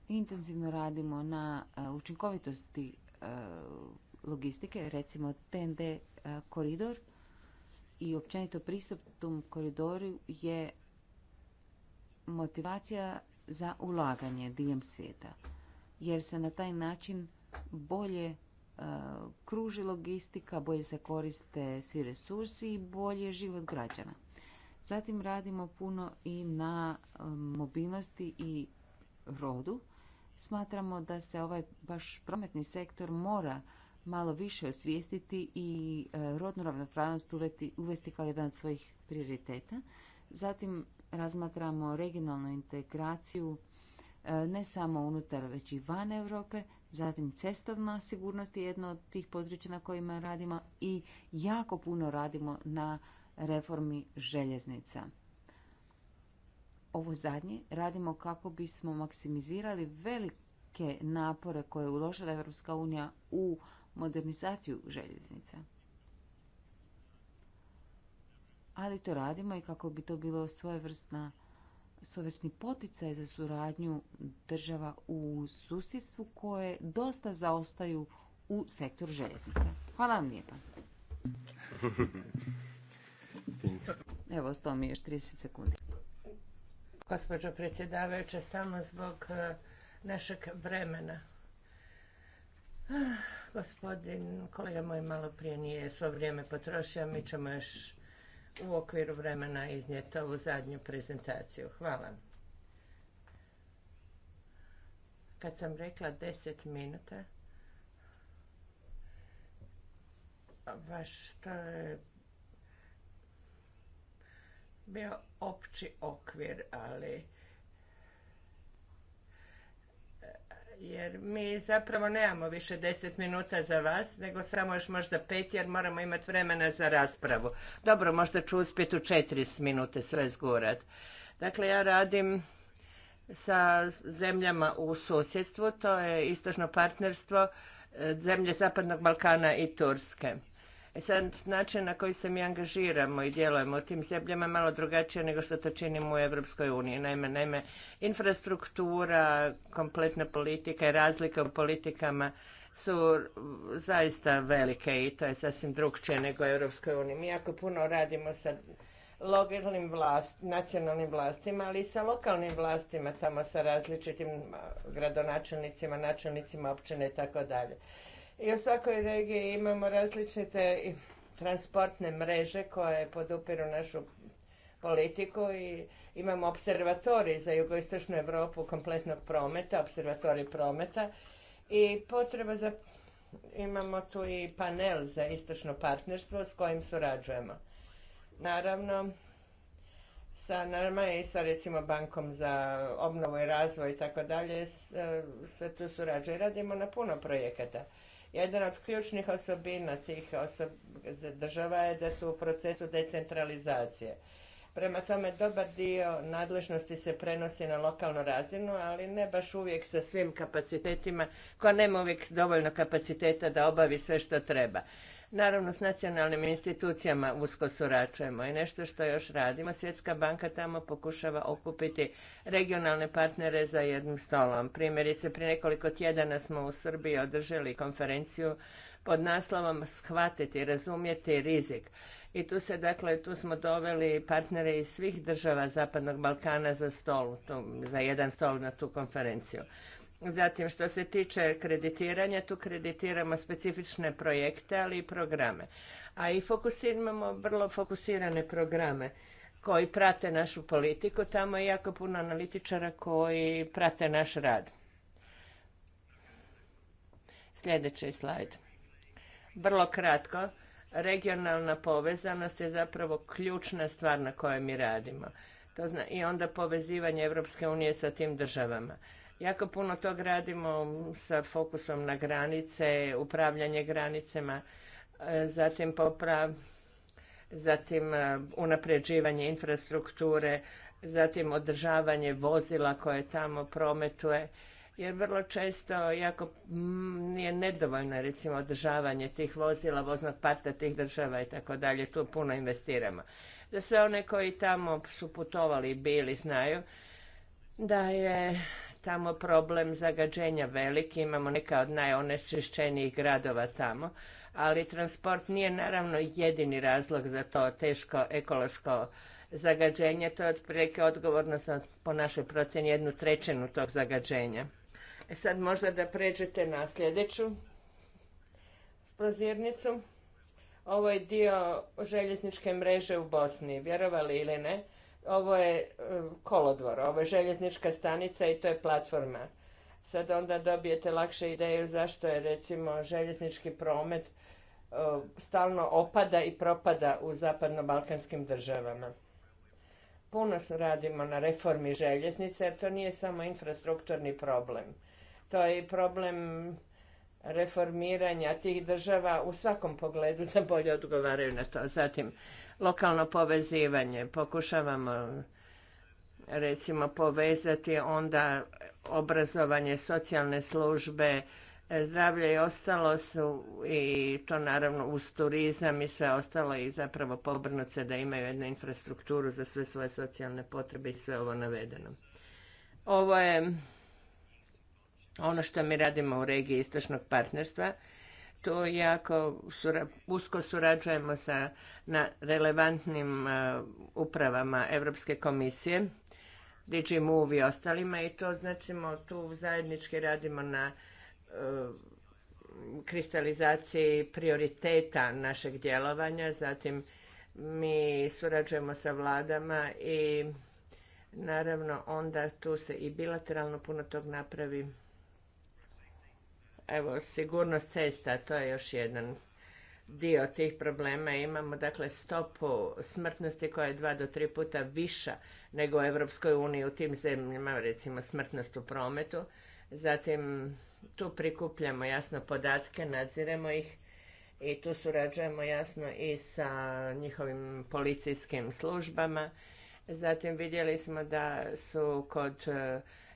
Intenzivno radimo na e, učinkovitosti e, logistike, recimo TND e, koridor i općenito pristup tom koridoru je motivacija za ulaganje diljem svijeta jer se na taj način bolje kruži logistika, bolje se koriste svi resursi i bolje život građana. Zatim radimo puno i na e, mobilnosti i rodu. Smatramo da se ovaj baš prometni sektor mora malo više osvijestiti i e, rodnu ravnopravnost uvesti kao jedan od svojih prioriteta. Zatim razmatramo regionalnu integraciju e, ne samo unutar već i van Europe Zatim cestovna sigurnost je jedno od tih područja na kojima radimo i jako puno radimo na reformi željeznica. Ovo zadnje radimo kako bismo maksimizirali velike napore koje je uložila Europska unija u modernizaciju željeznica. Ali to radimo i kako bi to bilo svojevrsna svojevrsni poticaj za suradnju država u susjedstvu koje dosta zaostaju u sektor željeznica. Hvala vam lijepa. Evo, ostalo mi još 30 sekundi. Gospođo predsjedavajuća, samo zbog eh, našeg vremena. Ah, gospodin, kolega moj malo prije nije svo vrijeme potrošio, mi ćemo još u okviru vremena iznijeti u zadnju prezentaciju. Hvala. Kad sam rekla deset minuta, baš to je bio opći okvir, ali jer mi zapravo nemamo više deset minuta za vas, nego samo još možda pet, jer moramo imati vremena za raspravu. Dobro, možda ću uspjeti u četiri minute sve zgurat. Dakle, ja radim sa zemljama u susjedstvu, to je istočno partnerstvo eh, zemlje Zapadnog Balkana i Turske. E sad, način na koji se mi angažiramo i djelujemo u tim zemljama je malo drugačije nego što to činimo u Europskoj uniji. Naime, naime, infrastruktura, kompletna politika i razlika u politikama su zaista velike i to je sasvim drugčije nego u Europskoj uniji. Mi jako puno radimo sa lokalnim vlast, nacionalnim vlastima, ali i sa lokalnim vlastima, tamo sa različitim gradonačelnicima, načelnicima općine i tako dalje. I u svakoj regiji imamo različite transportne mreže koje podupiru našu politiku i imamo observatorij za jugoistočnu Europu kompletnog prometa, observatori prometa i potreba za imamo tu i panel za istočno partnerstvo s kojim surađujemo. Naravno, sa nama i sa recimo bankom za obnovu i razvoj i tako dalje e, sve tu surađuje. Radimo na puno projekata. Jedna od ključnih osobina tih država je da su u procesu decentralizacije. Prema tome, dobar dio nadležnosti se prenosi na lokalnu razinu, ali ne baš uvijek sa svim kapacitetima, koja nema uvijek dovoljno kapaciteta da obavi sve što treba. Naravno, s nacionalnim institucijama usko surađujemo i nešto što još radimo. Svjetska banka tamo pokušava okupiti regionalne partnere za jednim stolom. Primjerice, prije nekoliko tjedana smo u Srbiji održali konferenciju pod naslovom Shvatiti, razumjeti rizik. I tu se, dakle, tu smo doveli partnere iz svih država Zapadnog Balkana za stol, za jedan stol na tu konferenciju. Zatim, što se tiče kreditiranja, tu kreditiramo specifične projekte, ali i programe. A i imamo vrlo fokusirane programe koji prate našu politiku. Tamo je jako puno analitičara koji prate naš rad. Sljedeći slajd. Vrlo kratko, regionalna povezanost je zapravo ključna stvar na kojoj mi radimo. To I onda povezivanje Europske unije sa tim državama. Jako puno tog radimo sa fokusom na granice, upravljanje granicama, e, zatim poprav, zatim e, unapređivanje infrastrukture, zatim održavanje vozila koje tamo prometuje jer vrlo često jako nije nedovoljno recimo održavanje tih vozila, voznog parta tih država i tako dalje, tu puno investiramo. Za sve one koji tamo su putovali i bili znaju da je tamo problem zagađenja veliki, imamo neka od najonečišćenijih gradova tamo, ali transport nije naravno jedini razlog za to teško ekološko zagađenje, to je otprilike odgovorno po našoj procjeni jednu trećinu tog zagađenja. E sad možda da pređete na sljedeću prozirnicu. Ovo je dio željezničke mreže u Bosni, vjerovali ili ne. Ovo je um, kolodvor, ovo je željeznička stanica i to je platforma. Sad onda dobijete lakše ideju zašto je recimo željeznički promet um, stalno opada i propada u zapadno-balkanskim državama. Puno radimo na reformi željeznice jer to nije samo infrastrukturni problem. To je i problem reformiranja tih država u svakom pogledu da bolje odgovaraju na to. Zatim, lokalno povezivanje. Pokušavamo recimo povezati onda obrazovanje, socijalne službe, zdravlje i ostalo su i to naravno uz turizam i sve ostalo i zapravo pobrnut se da imaju jednu infrastrukturu za sve svoje socijalne potrebe i sve ovo navedeno. Ovo je ono što mi radimo u regiji istočnog partnerstva tu jako usko surađujemo sa na relevantnim e, upravama Europske komisije, DG i ostalima i to značimo tu zajednički radimo na e, kristalizaciji prioriteta našeg djelovanja, zatim mi surađujemo sa vladama i naravno onda tu se i bilateralno puno tog napravi Evo, sigurnost cesta, to je još jedan dio tih problema. Imamo dakle stopu smrtnosti koja je dva do tri puta viša nego u Europskoj uniji u tim zemljama, recimo smrtnost u prometu. Zatim tu prikupljamo jasno podatke, nadziremo ih i tu surađujemo jasno i sa njihovim policijskim službama. Zatim vidjeli smo da su kod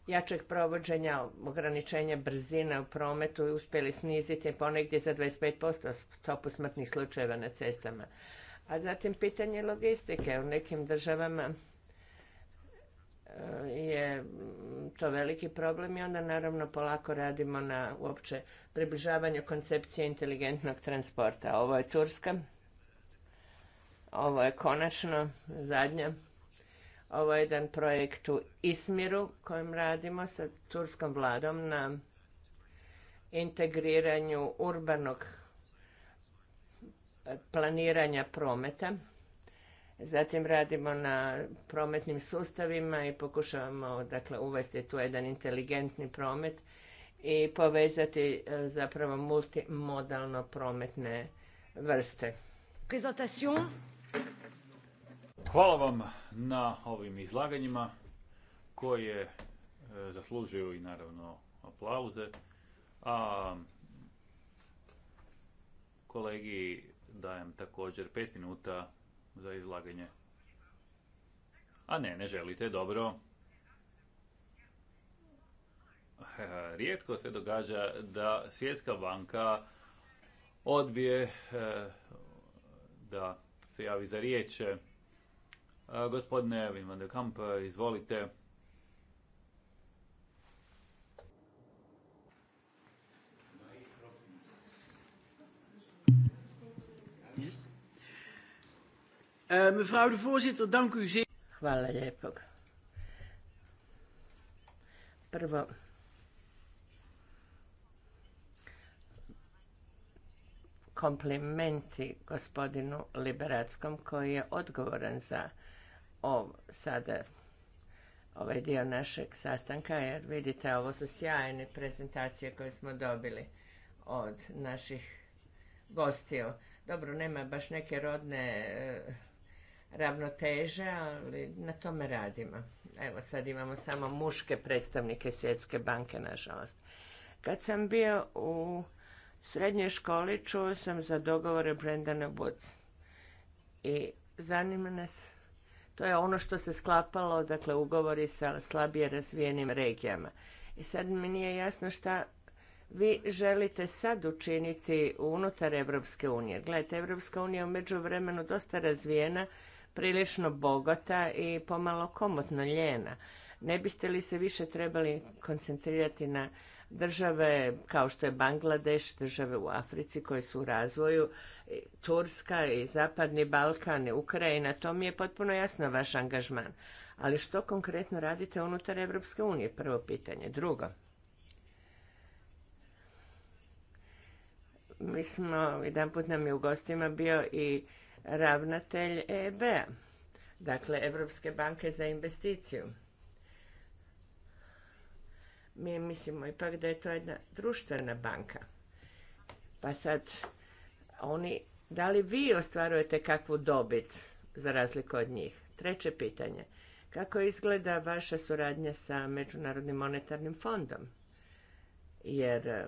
jačeg provođenja, ograničenja brzina u prometu i uspjeli sniziti ponegdje za 25% stopu smrtnih slučajeva na cestama. A zatim pitanje logistike. U nekim državama e, je to veliki problem i onda naravno polako radimo na uopće približavanju koncepcije inteligentnog transporta. Ovo je Turska, ovo je konačno zadnja ovo je jedan projekt u Ismiru kojim radimo sa turskom vladom na integriranju urbanog planiranja prometa. Zatim radimo na prometnim sustavima i pokušavamo dakle, uvesti tu jedan inteligentni promet i povezati e, zapravo multimodalno prometne vrste. Prezentation Hvala vam na ovim izlaganjima koje e, zaslužuju i naravno aplauze. A kolegi dajem također pet minuta za izlaganje. A ne, ne želite, dobro. E, rijetko se događa da Svjetska banka odbije e, da se javi za riječ E, gospodine Evin van der Kamp, e, izvolite. E, mevrouw de voorzitter, dank Hvala lijepo. Prvo, komplimenti gospodinu Liberackom koji je odgovoran za ovo sada ovaj dio našeg sastanka, jer vidite, ovo su sjajne prezentacije koje smo dobili od naših gostiju. Dobro, nema baš neke rodne eh, ravnoteže, ali na tome radimo. Evo, sad imamo samo muške predstavnike Svjetske banke, nažalost. Kad sam bio u srednjoj školi, čuo sam za dogovore Brendana Woods. I zanima nas to je ono što se sklapalo, dakle, ugovori sa slabije razvijenim regijama. I sad mi nije jasno šta vi želite sad učiniti unutar Evropske unije. Gledajte, Evropska unija je u vremenu dosta razvijena, prilično bogata i pomalo komotno ljena. Ne biste li se više trebali koncentrirati na Države kao što je Bangladeš, države u Africi koje su u razvoju, Turska i Zapadni Balkan i Ukrajina, to mi je potpuno jasno vaš angažman. Ali što konkretno radite unutar Evropske unije? Prvo pitanje. Drugo, mi smo, jedan put nam je u gostima bio i ravnatelj EBA, dakle Europske banke za investiciju. Mi mislimo ipak da je to jedna društvena banka. Pa sad, oni, da li vi ostvarujete kakvu dobit za razliku od njih? Treće pitanje. Kako izgleda vaša suradnja sa Međunarodnim monetarnim fondom? Jer eh,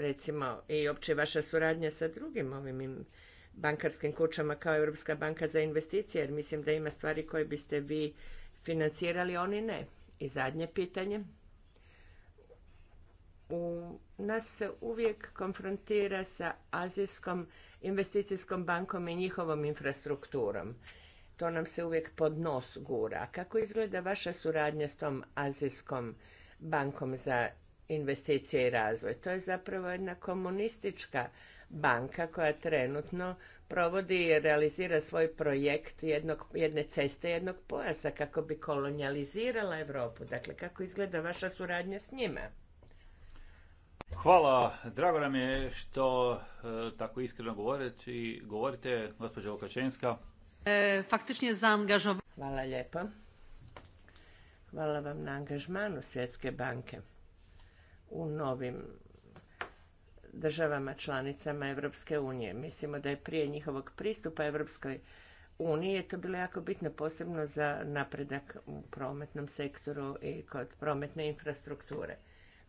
recimo i opće vaša suradnja sa drugim ovim bankarskim kućama kao Europska banka za investicije, jer mislim da ima stvari koje biste vi financirali, oni ne. I zadnje pitanje. U, nas se uvijek konfrontira sa Azijskom investicijskom bankom i njihovom infrastrukturom. To nam se uvijek pod nos gura. A kako izgleda vaša suradnja s tom Azijskom bankom za investicije i razvoj? To je zapravo jedna komunistička banka koja trenutno provodi i realizira svoj projekt jednog, jedne ceste, jednog pojasa kako bi kolonijalizirala Europu. Dakle, kako izgleda vaša suradnja s njima? Hvala, drago nam je što e, tako iskreno govoreći, govorite, gospođa Lukačenska. E, je Hvala lijepo. Hvala vam na angažmanu Svjetske banke u novim državama članicama Europske unije. Mislimo da je prije njihovog pristupa Europskoj uniji to bilo jako bitno posebno za napredak u prometnom sektoru i kod prometne infrastrukture.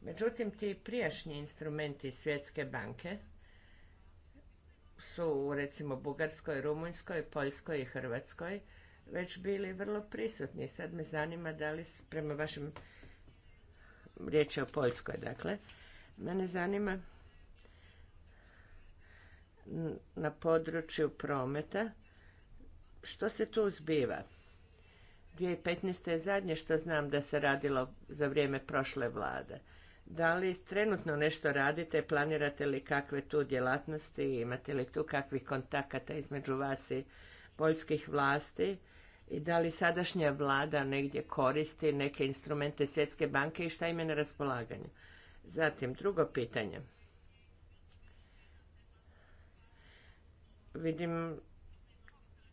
Međutim, ti prijašnji instrumenti Svjetske banke su u recimo Bugarskoj, Rumunjskoj, Poljskoj i Hrvatskoj već bili vrlo prisutni. Sad me zanima da li prema vašim riječ je o Poljskoj, dakle. Mene zanima na području prometa. Što se tu zbiva? 2015. je zadnje što znam da se radilo za vrijeme prošle vlade. Da li trenutno nešto radite, planirate li kakve tu djelatnosti, imate li tu kakvih kontakata između vas i poljskih vlasti i da li sadašnja vlada negdje koristi neke instrumente Svjetske banke i šta im je na raspolaganju? Zatim, drugo pitanje. vidim,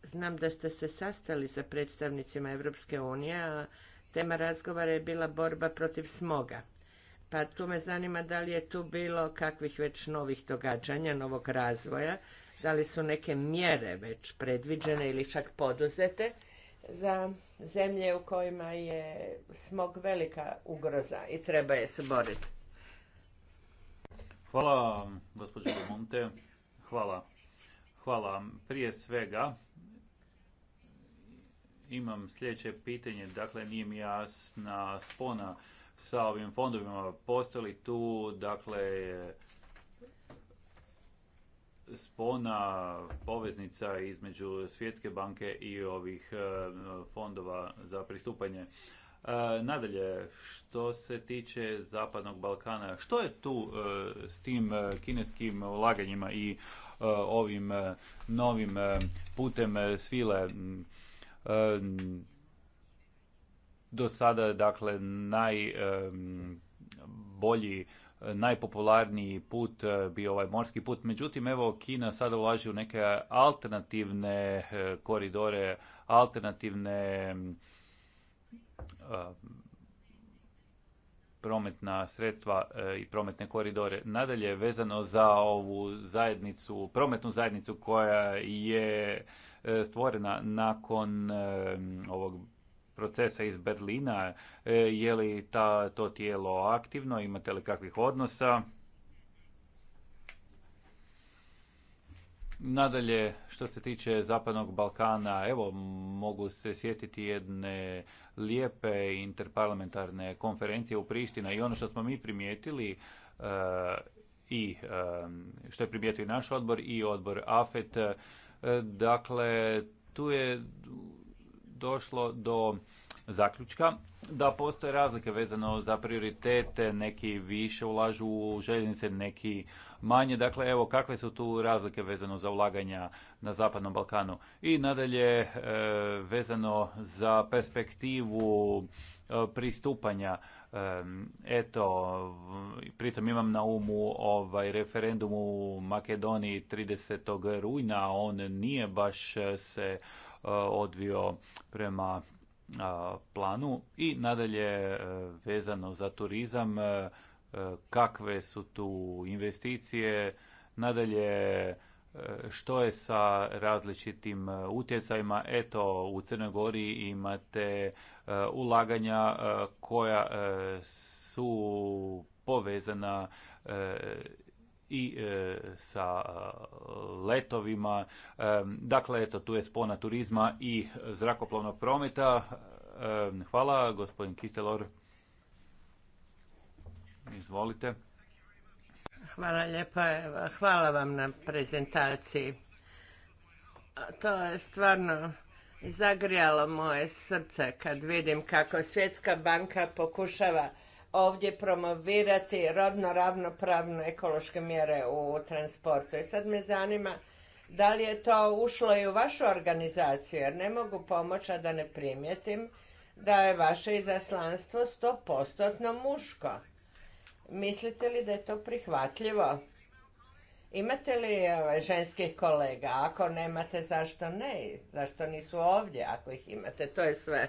znam da ste se sastali sa predstavnicima Europske unije, a tema razgovara je bila borba protiv smoga. Pa tu me zanima da li je tu bilo kakvih već novih događanja, novog razvoja, da li su neke mjere već predviđene ili čak poduzete za zemlje u kojima je smog velika ugroza i treba je se boriti. Hvala, gospođo Monte. Hvala Hvala vam. Prije svega, imam sljedeće pitanje, dakle nije mi jasna spona sa ovim fondovima. Postoji li tu, dakle, spona, poveznica između Svjetske banke i ovih e, fondova za pristupanje. E, nadalje, što se tiče Zapadnog Balkana, što je tu e, s tim kineskim ulaganjima i E, ovim e, novim e, putem svile do sada dakle najbolji najpopularniji put bio ovaj morski put. Međutim, evo Kina sada ulaži u neke alternativne koridore, alternativne prometna sredstva e, i prometne koridore. Nadalje, vezano za ovu zajednicu, prometnu zajednicu koja je e, stvorena nakon e, ovog procesa iz Berlina, je li ta, to tijelo aktivno, imate li kakvih odnosa? Nadalje, što se tiče Zapadnog Balkana, evo mogu se sjetiti jedne lijepe interparlamentarne konferencije u Priština i ono što smo mi primijetili e, i e, što je primijetio i naš odbor i odbor AFET, e, dakle tu je došlo do zaključka da postoje razlike vezano za prioritete, neki više ulažu u željeznice, neki manje. Dakle, evo kakve su tu razlike vezano za ulaganja na Zapadnom Balkanu. I nadalje e, vezano za perspektivu e, pristupanja. E, eto, pritom imam na umu ovaj referendum u Makedoniji 30. rujna, on nije baš se odvio prema planu i nadalje vezano za turizam kakve su tu investicije, nadalje e, što je sa različitim e, utjecajima. Eto, u Crnoj Gori imate e, ulaganja koja su povezana i sa letovima. Dakle, eto, tu je spona turizma i zrakoplovnog prometa. Hvala, gospodin Kistelor. Izvolite. Hvala lijepa. Hvala vam na prezentaciji. To je stvarno zagrijalo moje srce kad vidim kako Svjetska banka pokušava ovdje promovirati rodno ravnopravne ekološke mjere u transportu. I e, sad me zanima da li je to ušlo i u vašu organizaciju, jer ne mogu pomoći, a da ne primijetim da je vaše izaslanstvo 100% muško. Mislite li da je to prihvatljivo? Imate li ovaj, ženskih kolega? Ako nemate, zašto ne? Zašto nisu ovdje ako ih imate? To je sve.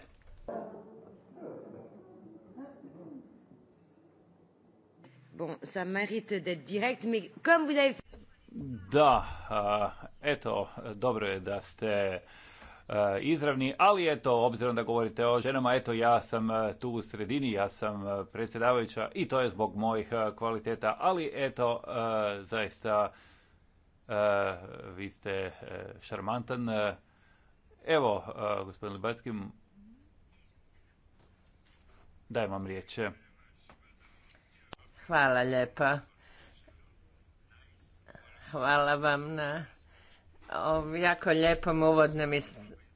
Bon, ça mérite d'être direct, mais comme vous avez... Da, eto, dobro je da ste E, izravni, ali eto, obzirom da govorite o ženama, eto ja sam e, tu u sredini, ja sam e, predsjedavajuća i to je zbog mojih kvaliteta, ali eto, zaista vi ste šarmantan. Evo, gospodin Libacki, dajem vam riječ. Hvala lijepa. Hvala vam na jako lijepom uvodnom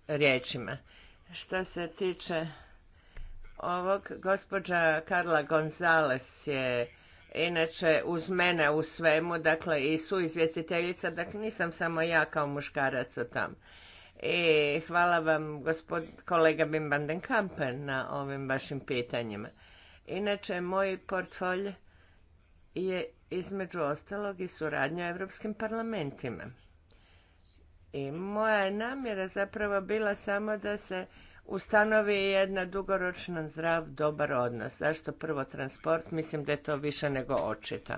riječima. Što se tiče ovog, gospođa Karla Gonzales je inače uz mene u svemu, dakle i izvjestiteljica, dakle nisam samo ja kao muškarac o tam. I hvala vam gospod, kolega Bim van den Kampen na ovim vašim pitanjima. Inače, moj portfolj je između ostalog i suradnja europskim parlamentima. I moja je namjera zapravo bila samo da se ustanovi jedna dugoročna zdrav, dobar odnos. Zašto prvo transport? Mislim da je to više nego očito.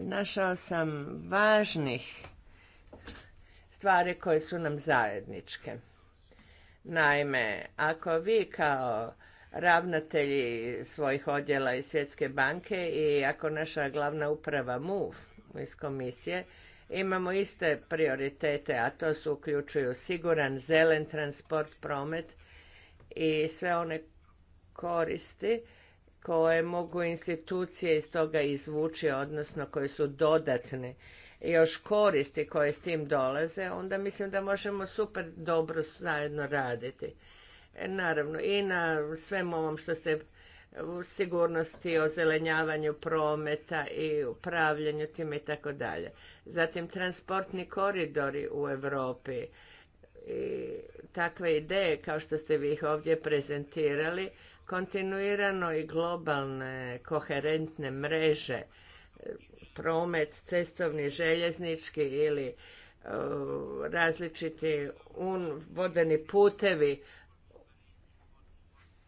Našao sam važnih stvari koje su nam zajedničke. Naime, ako vi kao ravnatelji svojih odjela iz Svjetske banke i ako naša glavna uprava MUF iz komisije imamo iste prioritete, a to su uključuju siguran, zelen transport, promet i sve one koristi koje mogu institucije iz toga izvući, odnosno koje su dodatne još koristi koje s tim dolaze, onda mislim da možemo super dobro zajedno raditi. Naravno, i na svemu ovom što ste u sigurnosti, o zelenjavanju prometa i upravljanju tim i tako dalje. Zatim transportni koridori u Europi i takve ideje kao što ste vi ih ovdje prezentirali, kontinuirano i globalne koherentne mreže, promet, cestovni, željeznički ili e, različiti un, vodeni putevi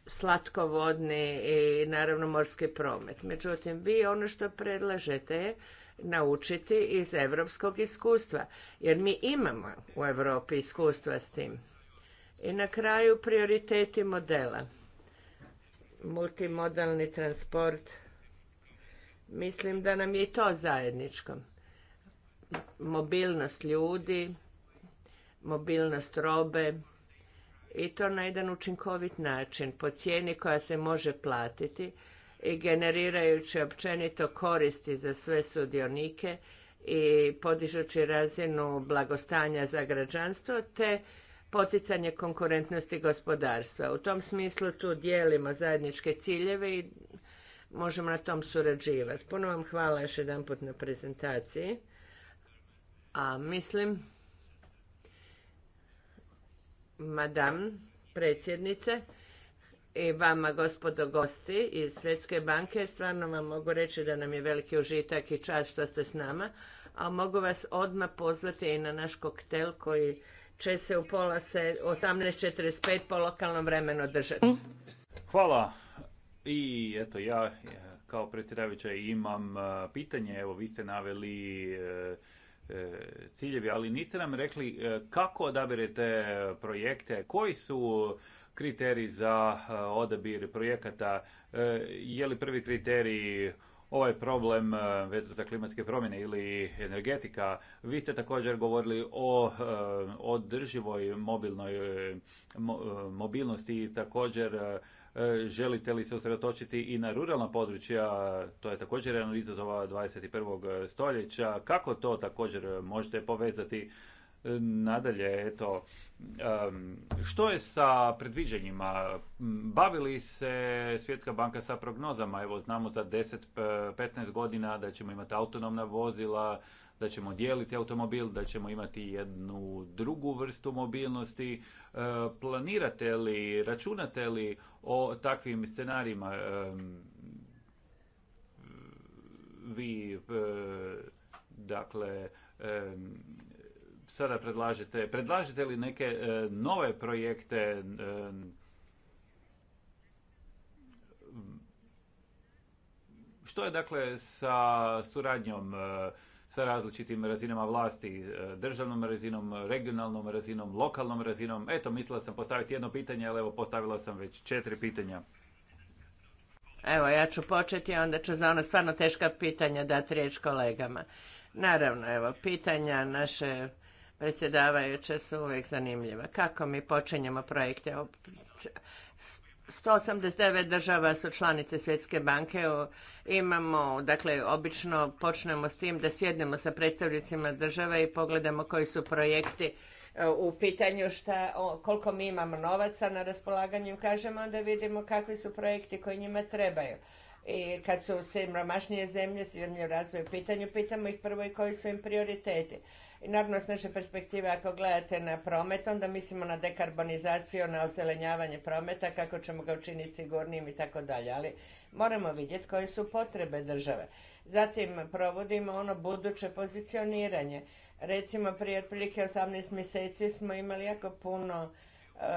slatkovodni i naravno morski promet. Međutim, vi ono što predlažete je naučiti iz europskog iskustva, jer mi imamo u Europi iskustva s tim. I na kraju prioriteti modela. Multimodalni transport. Mislim da nam je i to zajedničko. Mobilnost ljudi, mobilnost robe, i to na jedan učinkovit način po cijeni koja se može platiti i generirajući općenito koristi za sve sudionike i podižući razinu blagostanja za građanstvo te poticanje konkurentnosti gospodarstva. U tom smislu tu dijelimo zajedničke ciljeve i možemo na tom surađivati. Puno vam hvala još jedanput na prezentaciji. A mislim madam predsjednice i vama gospodo gosti iz Svjetske banke. Stvarno vam mogu reći da nam je veliki užitak i čast što ste s nama, a mogu vas odmah pozvati i na naš koktel koji će se u pola se 18.45 po lokalnom vremenu držati. Hvala. I eto ja kao predsjedavića imam eh, pitanje, evo vi ste naveli eh, E, ciljevi, ali niste nam rekli e, kako odabirete projekte, koji su kriteriji za e, odabir projekata, je li prvi kriterij ovaj problem eh, vezano za klimatske promjene ili energetika. Vi ste također govorili o eh, održivoj mobilnoj eh, mobilnosti i također želite li se usredotočiti i na ruralna područja, to je također jedan izazova 21. stoljeća. Kako to također možete povezati Nadalje, eto, što je sa predviđanjima? Bavili se Svjetska banka sa prognozama? Evo, znamo za 10-15 godina da ćemo imati autonomna vozila, da ćemo dijeliti automobil, da ćemo imati jednu drugu vrstu mobilnosti. E, planirate li, računate li o takvim scenarijima? Vi, e, dakle, sada predlažete? Predlažete li neke e, nove projekte e, Što je dakle sa suradnjom e, sa različitim razinama vlasti, državnom razinom, regionalnom razinom, lokalnom razinom? Eto, mislila sam postaviti jedno pitanje, ali evo postavila sam već četiri pitanja. Evo, ja ću početi, onda ću za ono stvarno teška pitanja dati riječ kolegama. Naravno, evo, pitanja naše predsjedavajuća su uvijek zanimljiva. Kako mi počinjemo projekte? 189 država su članice Svjetske banke. Imamo, dakle, obično počnemo s tim da sjednemo sa predstavnicima države i pogledamo koji su projekti e, u pitanju šta, koliko mi imamo novaca na raspolaganju, kažemo da vidimo kakvi su projekti koji njima trebaju i kad su siromašnije zemlje, zemlje u razvoju pitanju, pitamo ih prvo i koji su im prioriteti. I naravno s naše perspektive ako gledate na promet, onda mislimo na dekarbonizaciju, na ozelenjavanje prometa, kako ćemo ga učiniti sigurnijim i tako dalje. Ali moramo vidjeti koje su potrebe države. Zatim provodimo ono buduće pozicioniranje. Recimo prije otprilike 18 mjeseci smo imali jako puno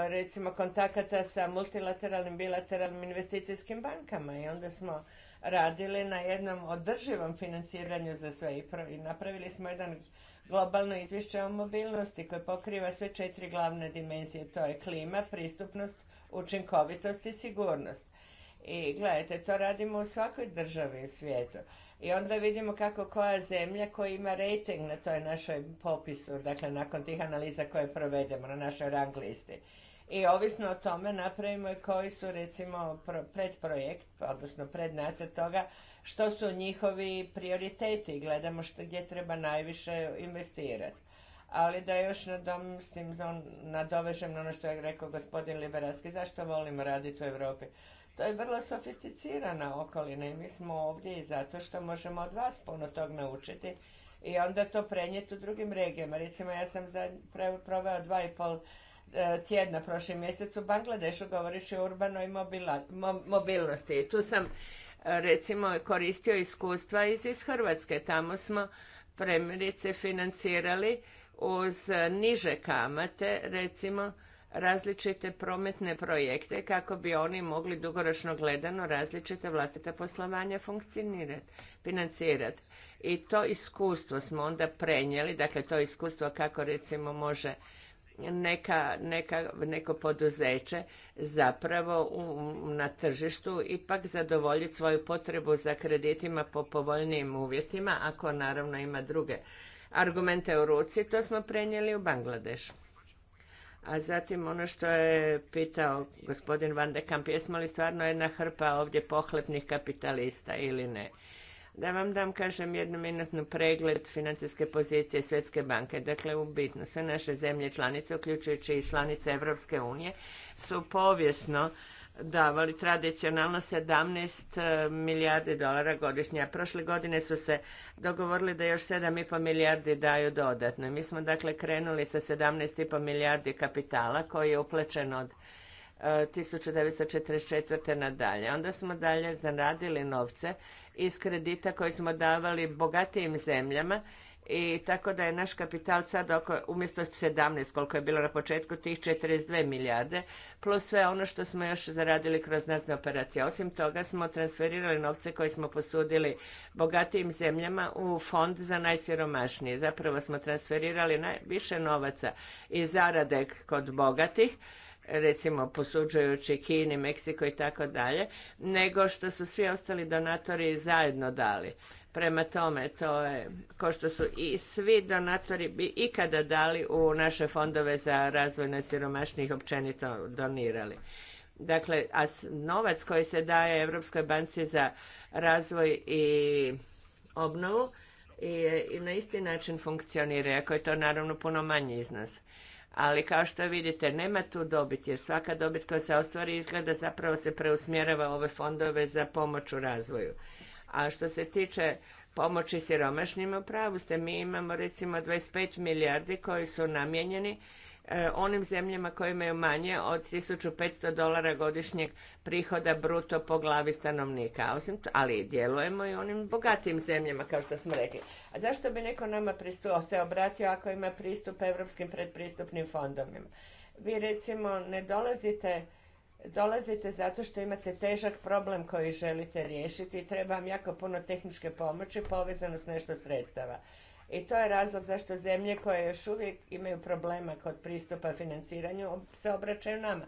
recimo kontakata sa multilateralnim, bilateralnim investicijskim bankama i onda smo radili na jednom održivom financiranju za sve i napravili smo jedan globalno izvješće o mobilnosti koje pokriva sve četiri glavne dimenzije, to je klima, pristupnost, učinkovitost i sigurnost. I gledajte, to radimo u svakoj državi u svijetu. I onda vidimo kako koja zemlja koja ima rating na toj našoj popisu, dakle nakon tih analiza koje provedemo na našoj rang listi. I ovisno o tome napravimo i koji su recimo predprojekt, odnosno prednacrt toga što su njihovi prioriteti i gledamo što, gdje treba najviše investirati. Ali da još nadovežem na ono što je rekao gospodin Liberalski, zašto volimo raditi u Europi? To je vrlo sofisticirana okolina i mi smo ovdje i zato što možemo od vas puno tog naučiti i onda to prenijeti u drugim regijama. Recimo ja sam proveo dva i pol e, tjedna prošli mjesec u Bangladešu govoreći o urbanoj mobilnosti. I tu sam e, recimo koristio iskustva iz, iz Hrvatske. Tamo smo premjerice financirali uz e, niže kamate recimo različite prometne projekte kako bi oni mogli dugoročno gledano različite vlastite poslovanja funkcionirati, financirati. I to iskustvo smo onda prenijeli, dakle to iskustvo kako recimo može neka, neka, neko poduzeće zapravo na tržištu ipak zadovoljiti svoju potrebu za kreditima po povoljnijim uvjetima, ako naravno ima druge argumente u ruci, to smo prenijeli u Bangladeš. A zatim ono što je pitao gospodin Van de Kamp, jesmo li stvarno jedna hrpa ovdje pohlepnih kapitalista ili ne? Da vam dam, kažem, jednominutnu pregled financijske pozicije Svjetske banke. Dakle, u bitno, sve naše zemlje članice, uključujući i članice Evropske unije, su povijesno davali tradicionalno 17 e, milijardi dolara godišnje, a prošle godine su se dogovorili da još 7,5 milijardi daju dodatno. Mi smo dakle krenuli sa 17,5 milijardi kapitala koji je uplečen od 1944. E, nadalje. Onda smo dalje zaradili novce iz kredita koji smo davali bogatijim zemljama i tako da je naš kapital sad oko, umjesto 17 koliko je bilo na početku, tih 42 milijarde, plus sve ono što smo još zaradili kroz nazne operacije. Osim toga smo transferirali novce koje smo posudili bogatijim zemljama u fond za najsiromašnije. Zapravo smo transferirali najviše novaca i zarade kod bogatih, recimo posuđujući Kini, Meksiko i tako dalje, nego što su svi ostali donatori zajedno dali. Prema tome, to je, kao što su i svi donatori bi ikada dali u naše fondove za razvoj najsiromašnijih općenito donirali. Dakle, a novac koji se daje Europskoj banci za razvoj i obnovu i na isti način funkcionira, ako je to naravno puno manji iznos. Ali kao što vidite, nema tu dobit, jer svaka dobit koja se ostvari izgleda zapravo se preusmjerava ove fondove za pomoć u razvoju. A što se tiče pomoći siromašnima, pravu ste, mi imamo recimo 25 milijardi koji su namijenjeni e, onim zemljama koje imaju manje od 1500 dolara godišnjeg prihoda bruto po glavi stanovnika. Osim ali djelujemo i onim bogatim zemljama, kao što smo rekli. A zašto bi neko nama pristup, se obratio ako ima pristup europskim predpristupnim fondovima? Vi recimo ne dolazite dolazite zato što imate težak problem koji želite riješiti i treba vam jako puno tehničke pomoći povezano s nešto sredstava. I to je razlog zašto zemlje koje još uvijek imaju problema kod pristupa financiranju se obraćaju nama.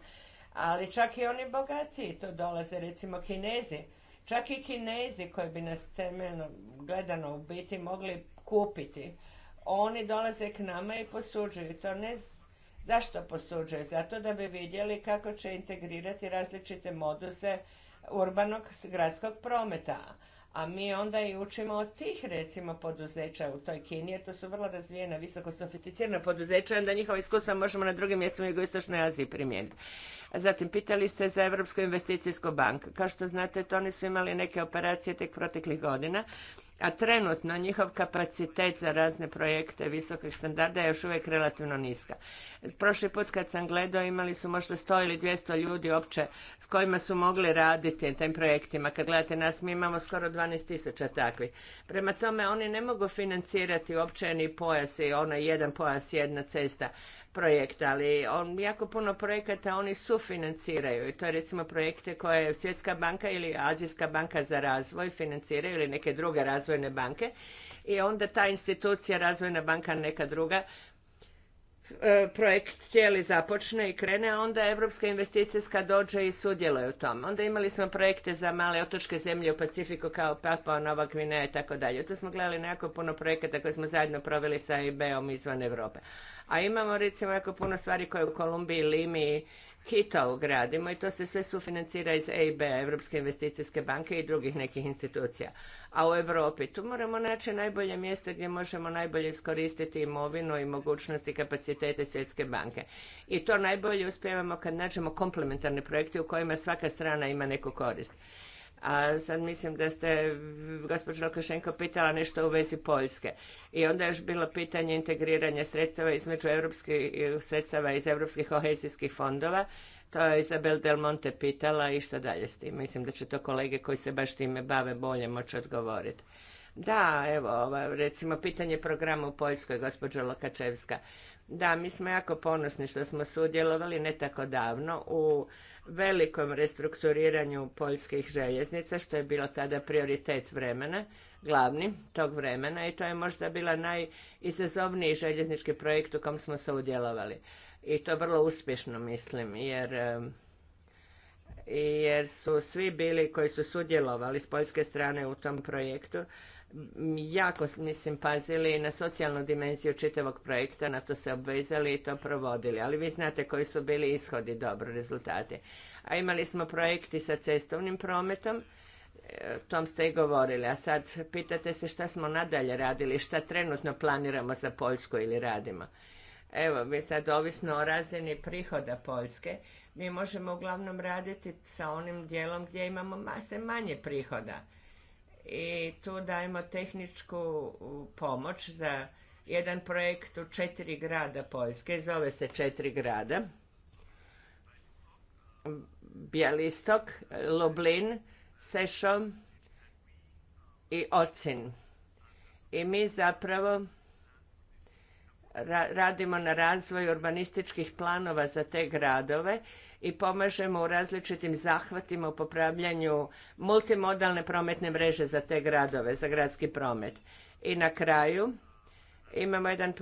Ali čak i oni bogatiji to dolaze, recimo Kinezi. Čak i Kinezi koji bi nas temeljno gledano u biti mogli kupiti, oni dolaze k nama i posuđuju. To ne Zašto posuđuje? Zato da bi vidjeli kako će integrirati različite moduse urbanog gradskog prometa. A mi onda i učimo od tih, recimo, poduzeća u toj Kini, jer to su vrlo razvijena, visoko sofisticirana poduzeća, onda njihova iskustva možemo na drugim mjestima u Jugoistočnoj Aziji primijeniti. Zatim, pitali ste za Europsku investicijsku banku. Kao što znate, to oni su imali neke operacije tek proteklih godina a trenutno njihov kapacitet za razne projekte visokih standarda je još uvijek relativno niska. Prošli put kad sam gledao imali su možda 100 ili 200 ljudi opće s kojima su mogli raditi tim projektima. Kad gledate nas, mi imamo skoro tisuća takvih. Prema tome, oni ne mogu financirati općeni ni pojas i onaj jedan pojas, jedna cesta projekta, ali on, jako puno projekata oni sufinanciraju i to je recimo projekte koje Svjetska banka ili Azijska banka za razvoj financiraju ili neke druge razvojne banke i onda ta institucija, razvojna banka neka druga, E, projekt cijeli započne i krene, a onda Europska investicijska dođe i sudjeluje u tom. Onda imali smo projekte za male otočke zemlje u Pacifiku kao Papua Nova Gvineja i tako dalje. Tu smo gledali nekako puno projekata koje smo zajedno proveli sa ib om izvan Europe. A imamo recimo jako puno stvari koje u Kolumbiji, Limiji kita ugradimo i to se sve sufinancira iz eib Europske investicijske banke i drugih nekih institucija. A u Europi tu moramo naći najbolje mjesto gdje možemo najbolje iskoristiti imovinu i mogućnosti kapacitete Svjetske banke. I to najbolje uspijevamo kad nađemo komplementarne projekte u kojima svaka strana ima neku korist. A sad mislim da ste gospođa Lukašenko pitala nešto u vezi Poljske. I onda je još bilo pitanje integriranja sredstava između europskih sredstava iz europskih kohezijskih fondova. To je Isabel Del Monte pitala i što dalje s tim. Mislim da će to kolege koji se baš time bave bolje moći odgovoriti. Da, evo, ova, recimo pitanje programa u Poljskoj, gospođa Lokačevska. Da, mi smo jako ponosni što smo sudjelovali ne tako davno u velikom restrukturiranju poljskih željeznica, što je bilo tada prioritet vremena, glavni tog vremena i to je možda bila najizazovniji željeznički projekt u kom smo se udjelovali. I to vrlo uspješno mislim, jer jer su svi bili koji su sudjelovali s poljske strane u tom projektu jako, mislim, pazili na socijalnu dimenziju čitavog projekta, na to se obvezali i to provodili. Ali vi znate koji su bili ishodi, dobro, rezultati. A imali smo projekti sa cestovnim prometom, e, tom ste i govorili. A sad pitate se šta smo nadalje radili, šta trenutno planiramo za Poljsku ili radimo. Evo, vi sad ovisno o razini prihoda Poljske, mi možemo uglavnom raditi sa onim dijelom gdje imamo mase manje prihoda i tu dajemo tehničku pomoć za jedan projekt u četiri grada Poljske, zove se četiri grada. Bjelistok, Lublin, sešom i Ocin. I mi zapravo radimo na razvoju urbanističkih planova za te gradove i pomažemo u različitim zahvatima u popravljanju multimodalne prometne mreže za te gradove, za gradski promet. I na kraju imamo jedan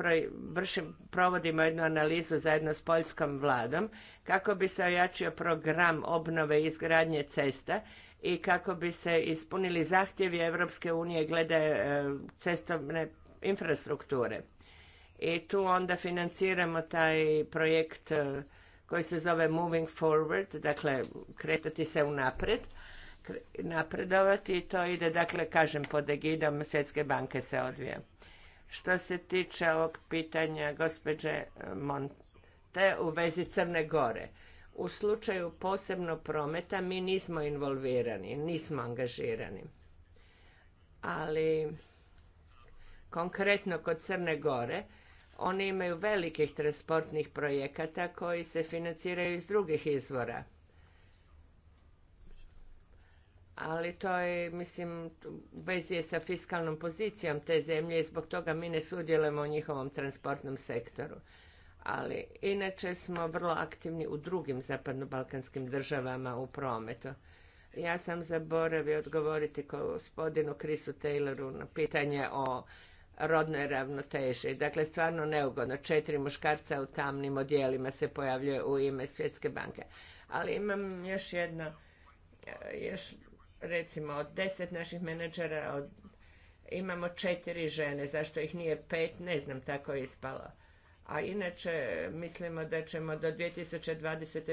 vršim, provodimo jednu analizu zajedno s poljskom vladom kako bi se ojačio program obnove i izgradnje cesta i kako bi se ispunili zahtjevi Europske unije glede e, cestovne infrastrukture i tu onda financiramo taj projekt eh, koji se zove Moving Forward, dakle kretati se unaprijed, napredovati i to ide, dakle, kažem, pod egidom Svjetske banke se odvija. Što se tiče ovog pitanja gospođe eh, Monte u vezi Crne Gore, u slučaju posebno prometa mi nismo involvirani, nismo angažirani. Ali konkretno kod Crne Gore, oni imaju velikih transportnih projekata koji se financiraju iz drugih izvora. Ali to je, mislim, vezije vezi je sa fiskalnom pozicijom te zemlje i zbog toga mi ne sudjelujemo u njihovom transportnom sektoru. Ali inače smo vrlo aktivni u drugim zapadno-Balkanskim državama u prometu. Ja sam zaboravio odgovoriti gospodinu Krisu Tayloru na pitanje o rodnoj ravnoteži. Dakle, stvarno neugodno. Četiri muškarca u tamnim odjelima se pojavljuje u ime Svjetske banke. Ali imam još jedno, e, još recimo od deset naših menadžera imamo četiri žene. Zašto ih nije pet, ne znam, tako je ispalo. A inače, mislimo da ćemo do 2020.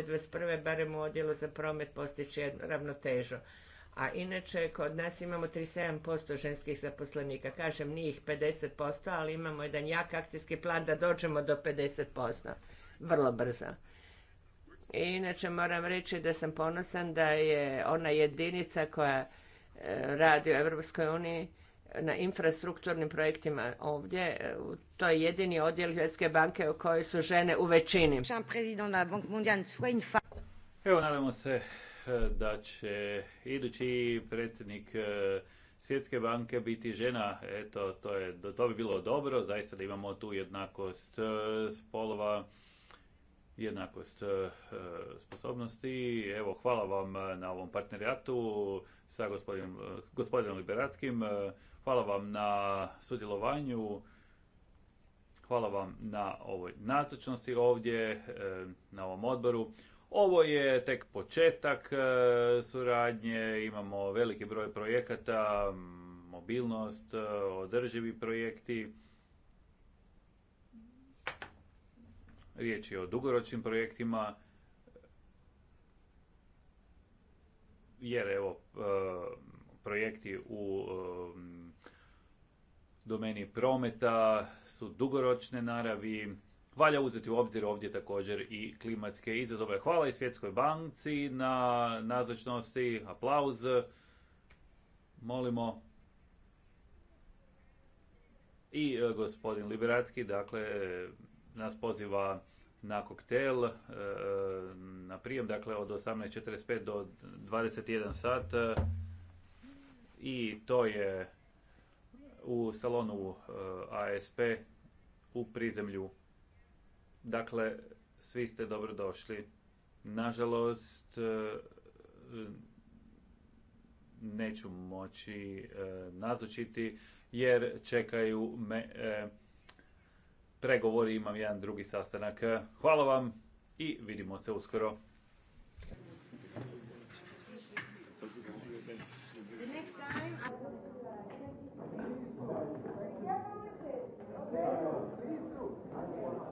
2021. barem u odjelu za promet postići ravnotežu a inače kod nas imamo 37% ženskih zaposlenika. Kažem, nije ih 50%, ali imamo jedan jak akcijski plan da dođemo do 50%. Vrlo brzo. I inače moram reći da sam ponosan da je ona jedinica koja e, radi u Europskoj uniji na infrastrukturnim projektima ovdje. E, to je jedini odjel Hrvatske banke u kojoj su žene u većini. Evo, nadamo se da će idući predsjednik e, Svjetske banke biti žena, eto, to, je, to bi bilo dobro, zaista da imamo tu jednakost e, spolova, jednakost e, sposobnosti. Evo, hvala vam na ovom partnerijatu sa gospodinom, gospodinom Liberatskim hvala vam na sudjelovanju, hvala vam na ovoj nazočnosti ovdje, na ovom odboru. Ovo je tek početak e, suradnje, imamo veliki broj projekata, mobilnost, e, održivi projekti. Riječ je o dugoročnim projektima, jer evo, e, projekti u domeni prometa su dugoročne naravi, Valja uzeti u obzir ovdje također i klimatske izazove. Hvala i Svjetskoj banci na nazočnosti, aplauz. Molimo i e, gospodin Liberacki, dakle, nas poziva na koktel, e, na prijem, dakle, od 18.45 do 21 sat. I to je u salonu e, ASP u prizemlju Dakle, svi ste dobrodošli. Nažalost, e, neću moći e, nazočiti jer čekaju me e, pregovori, imam jedan drugi sastanak. Hvala vam i vidimo se uskoro.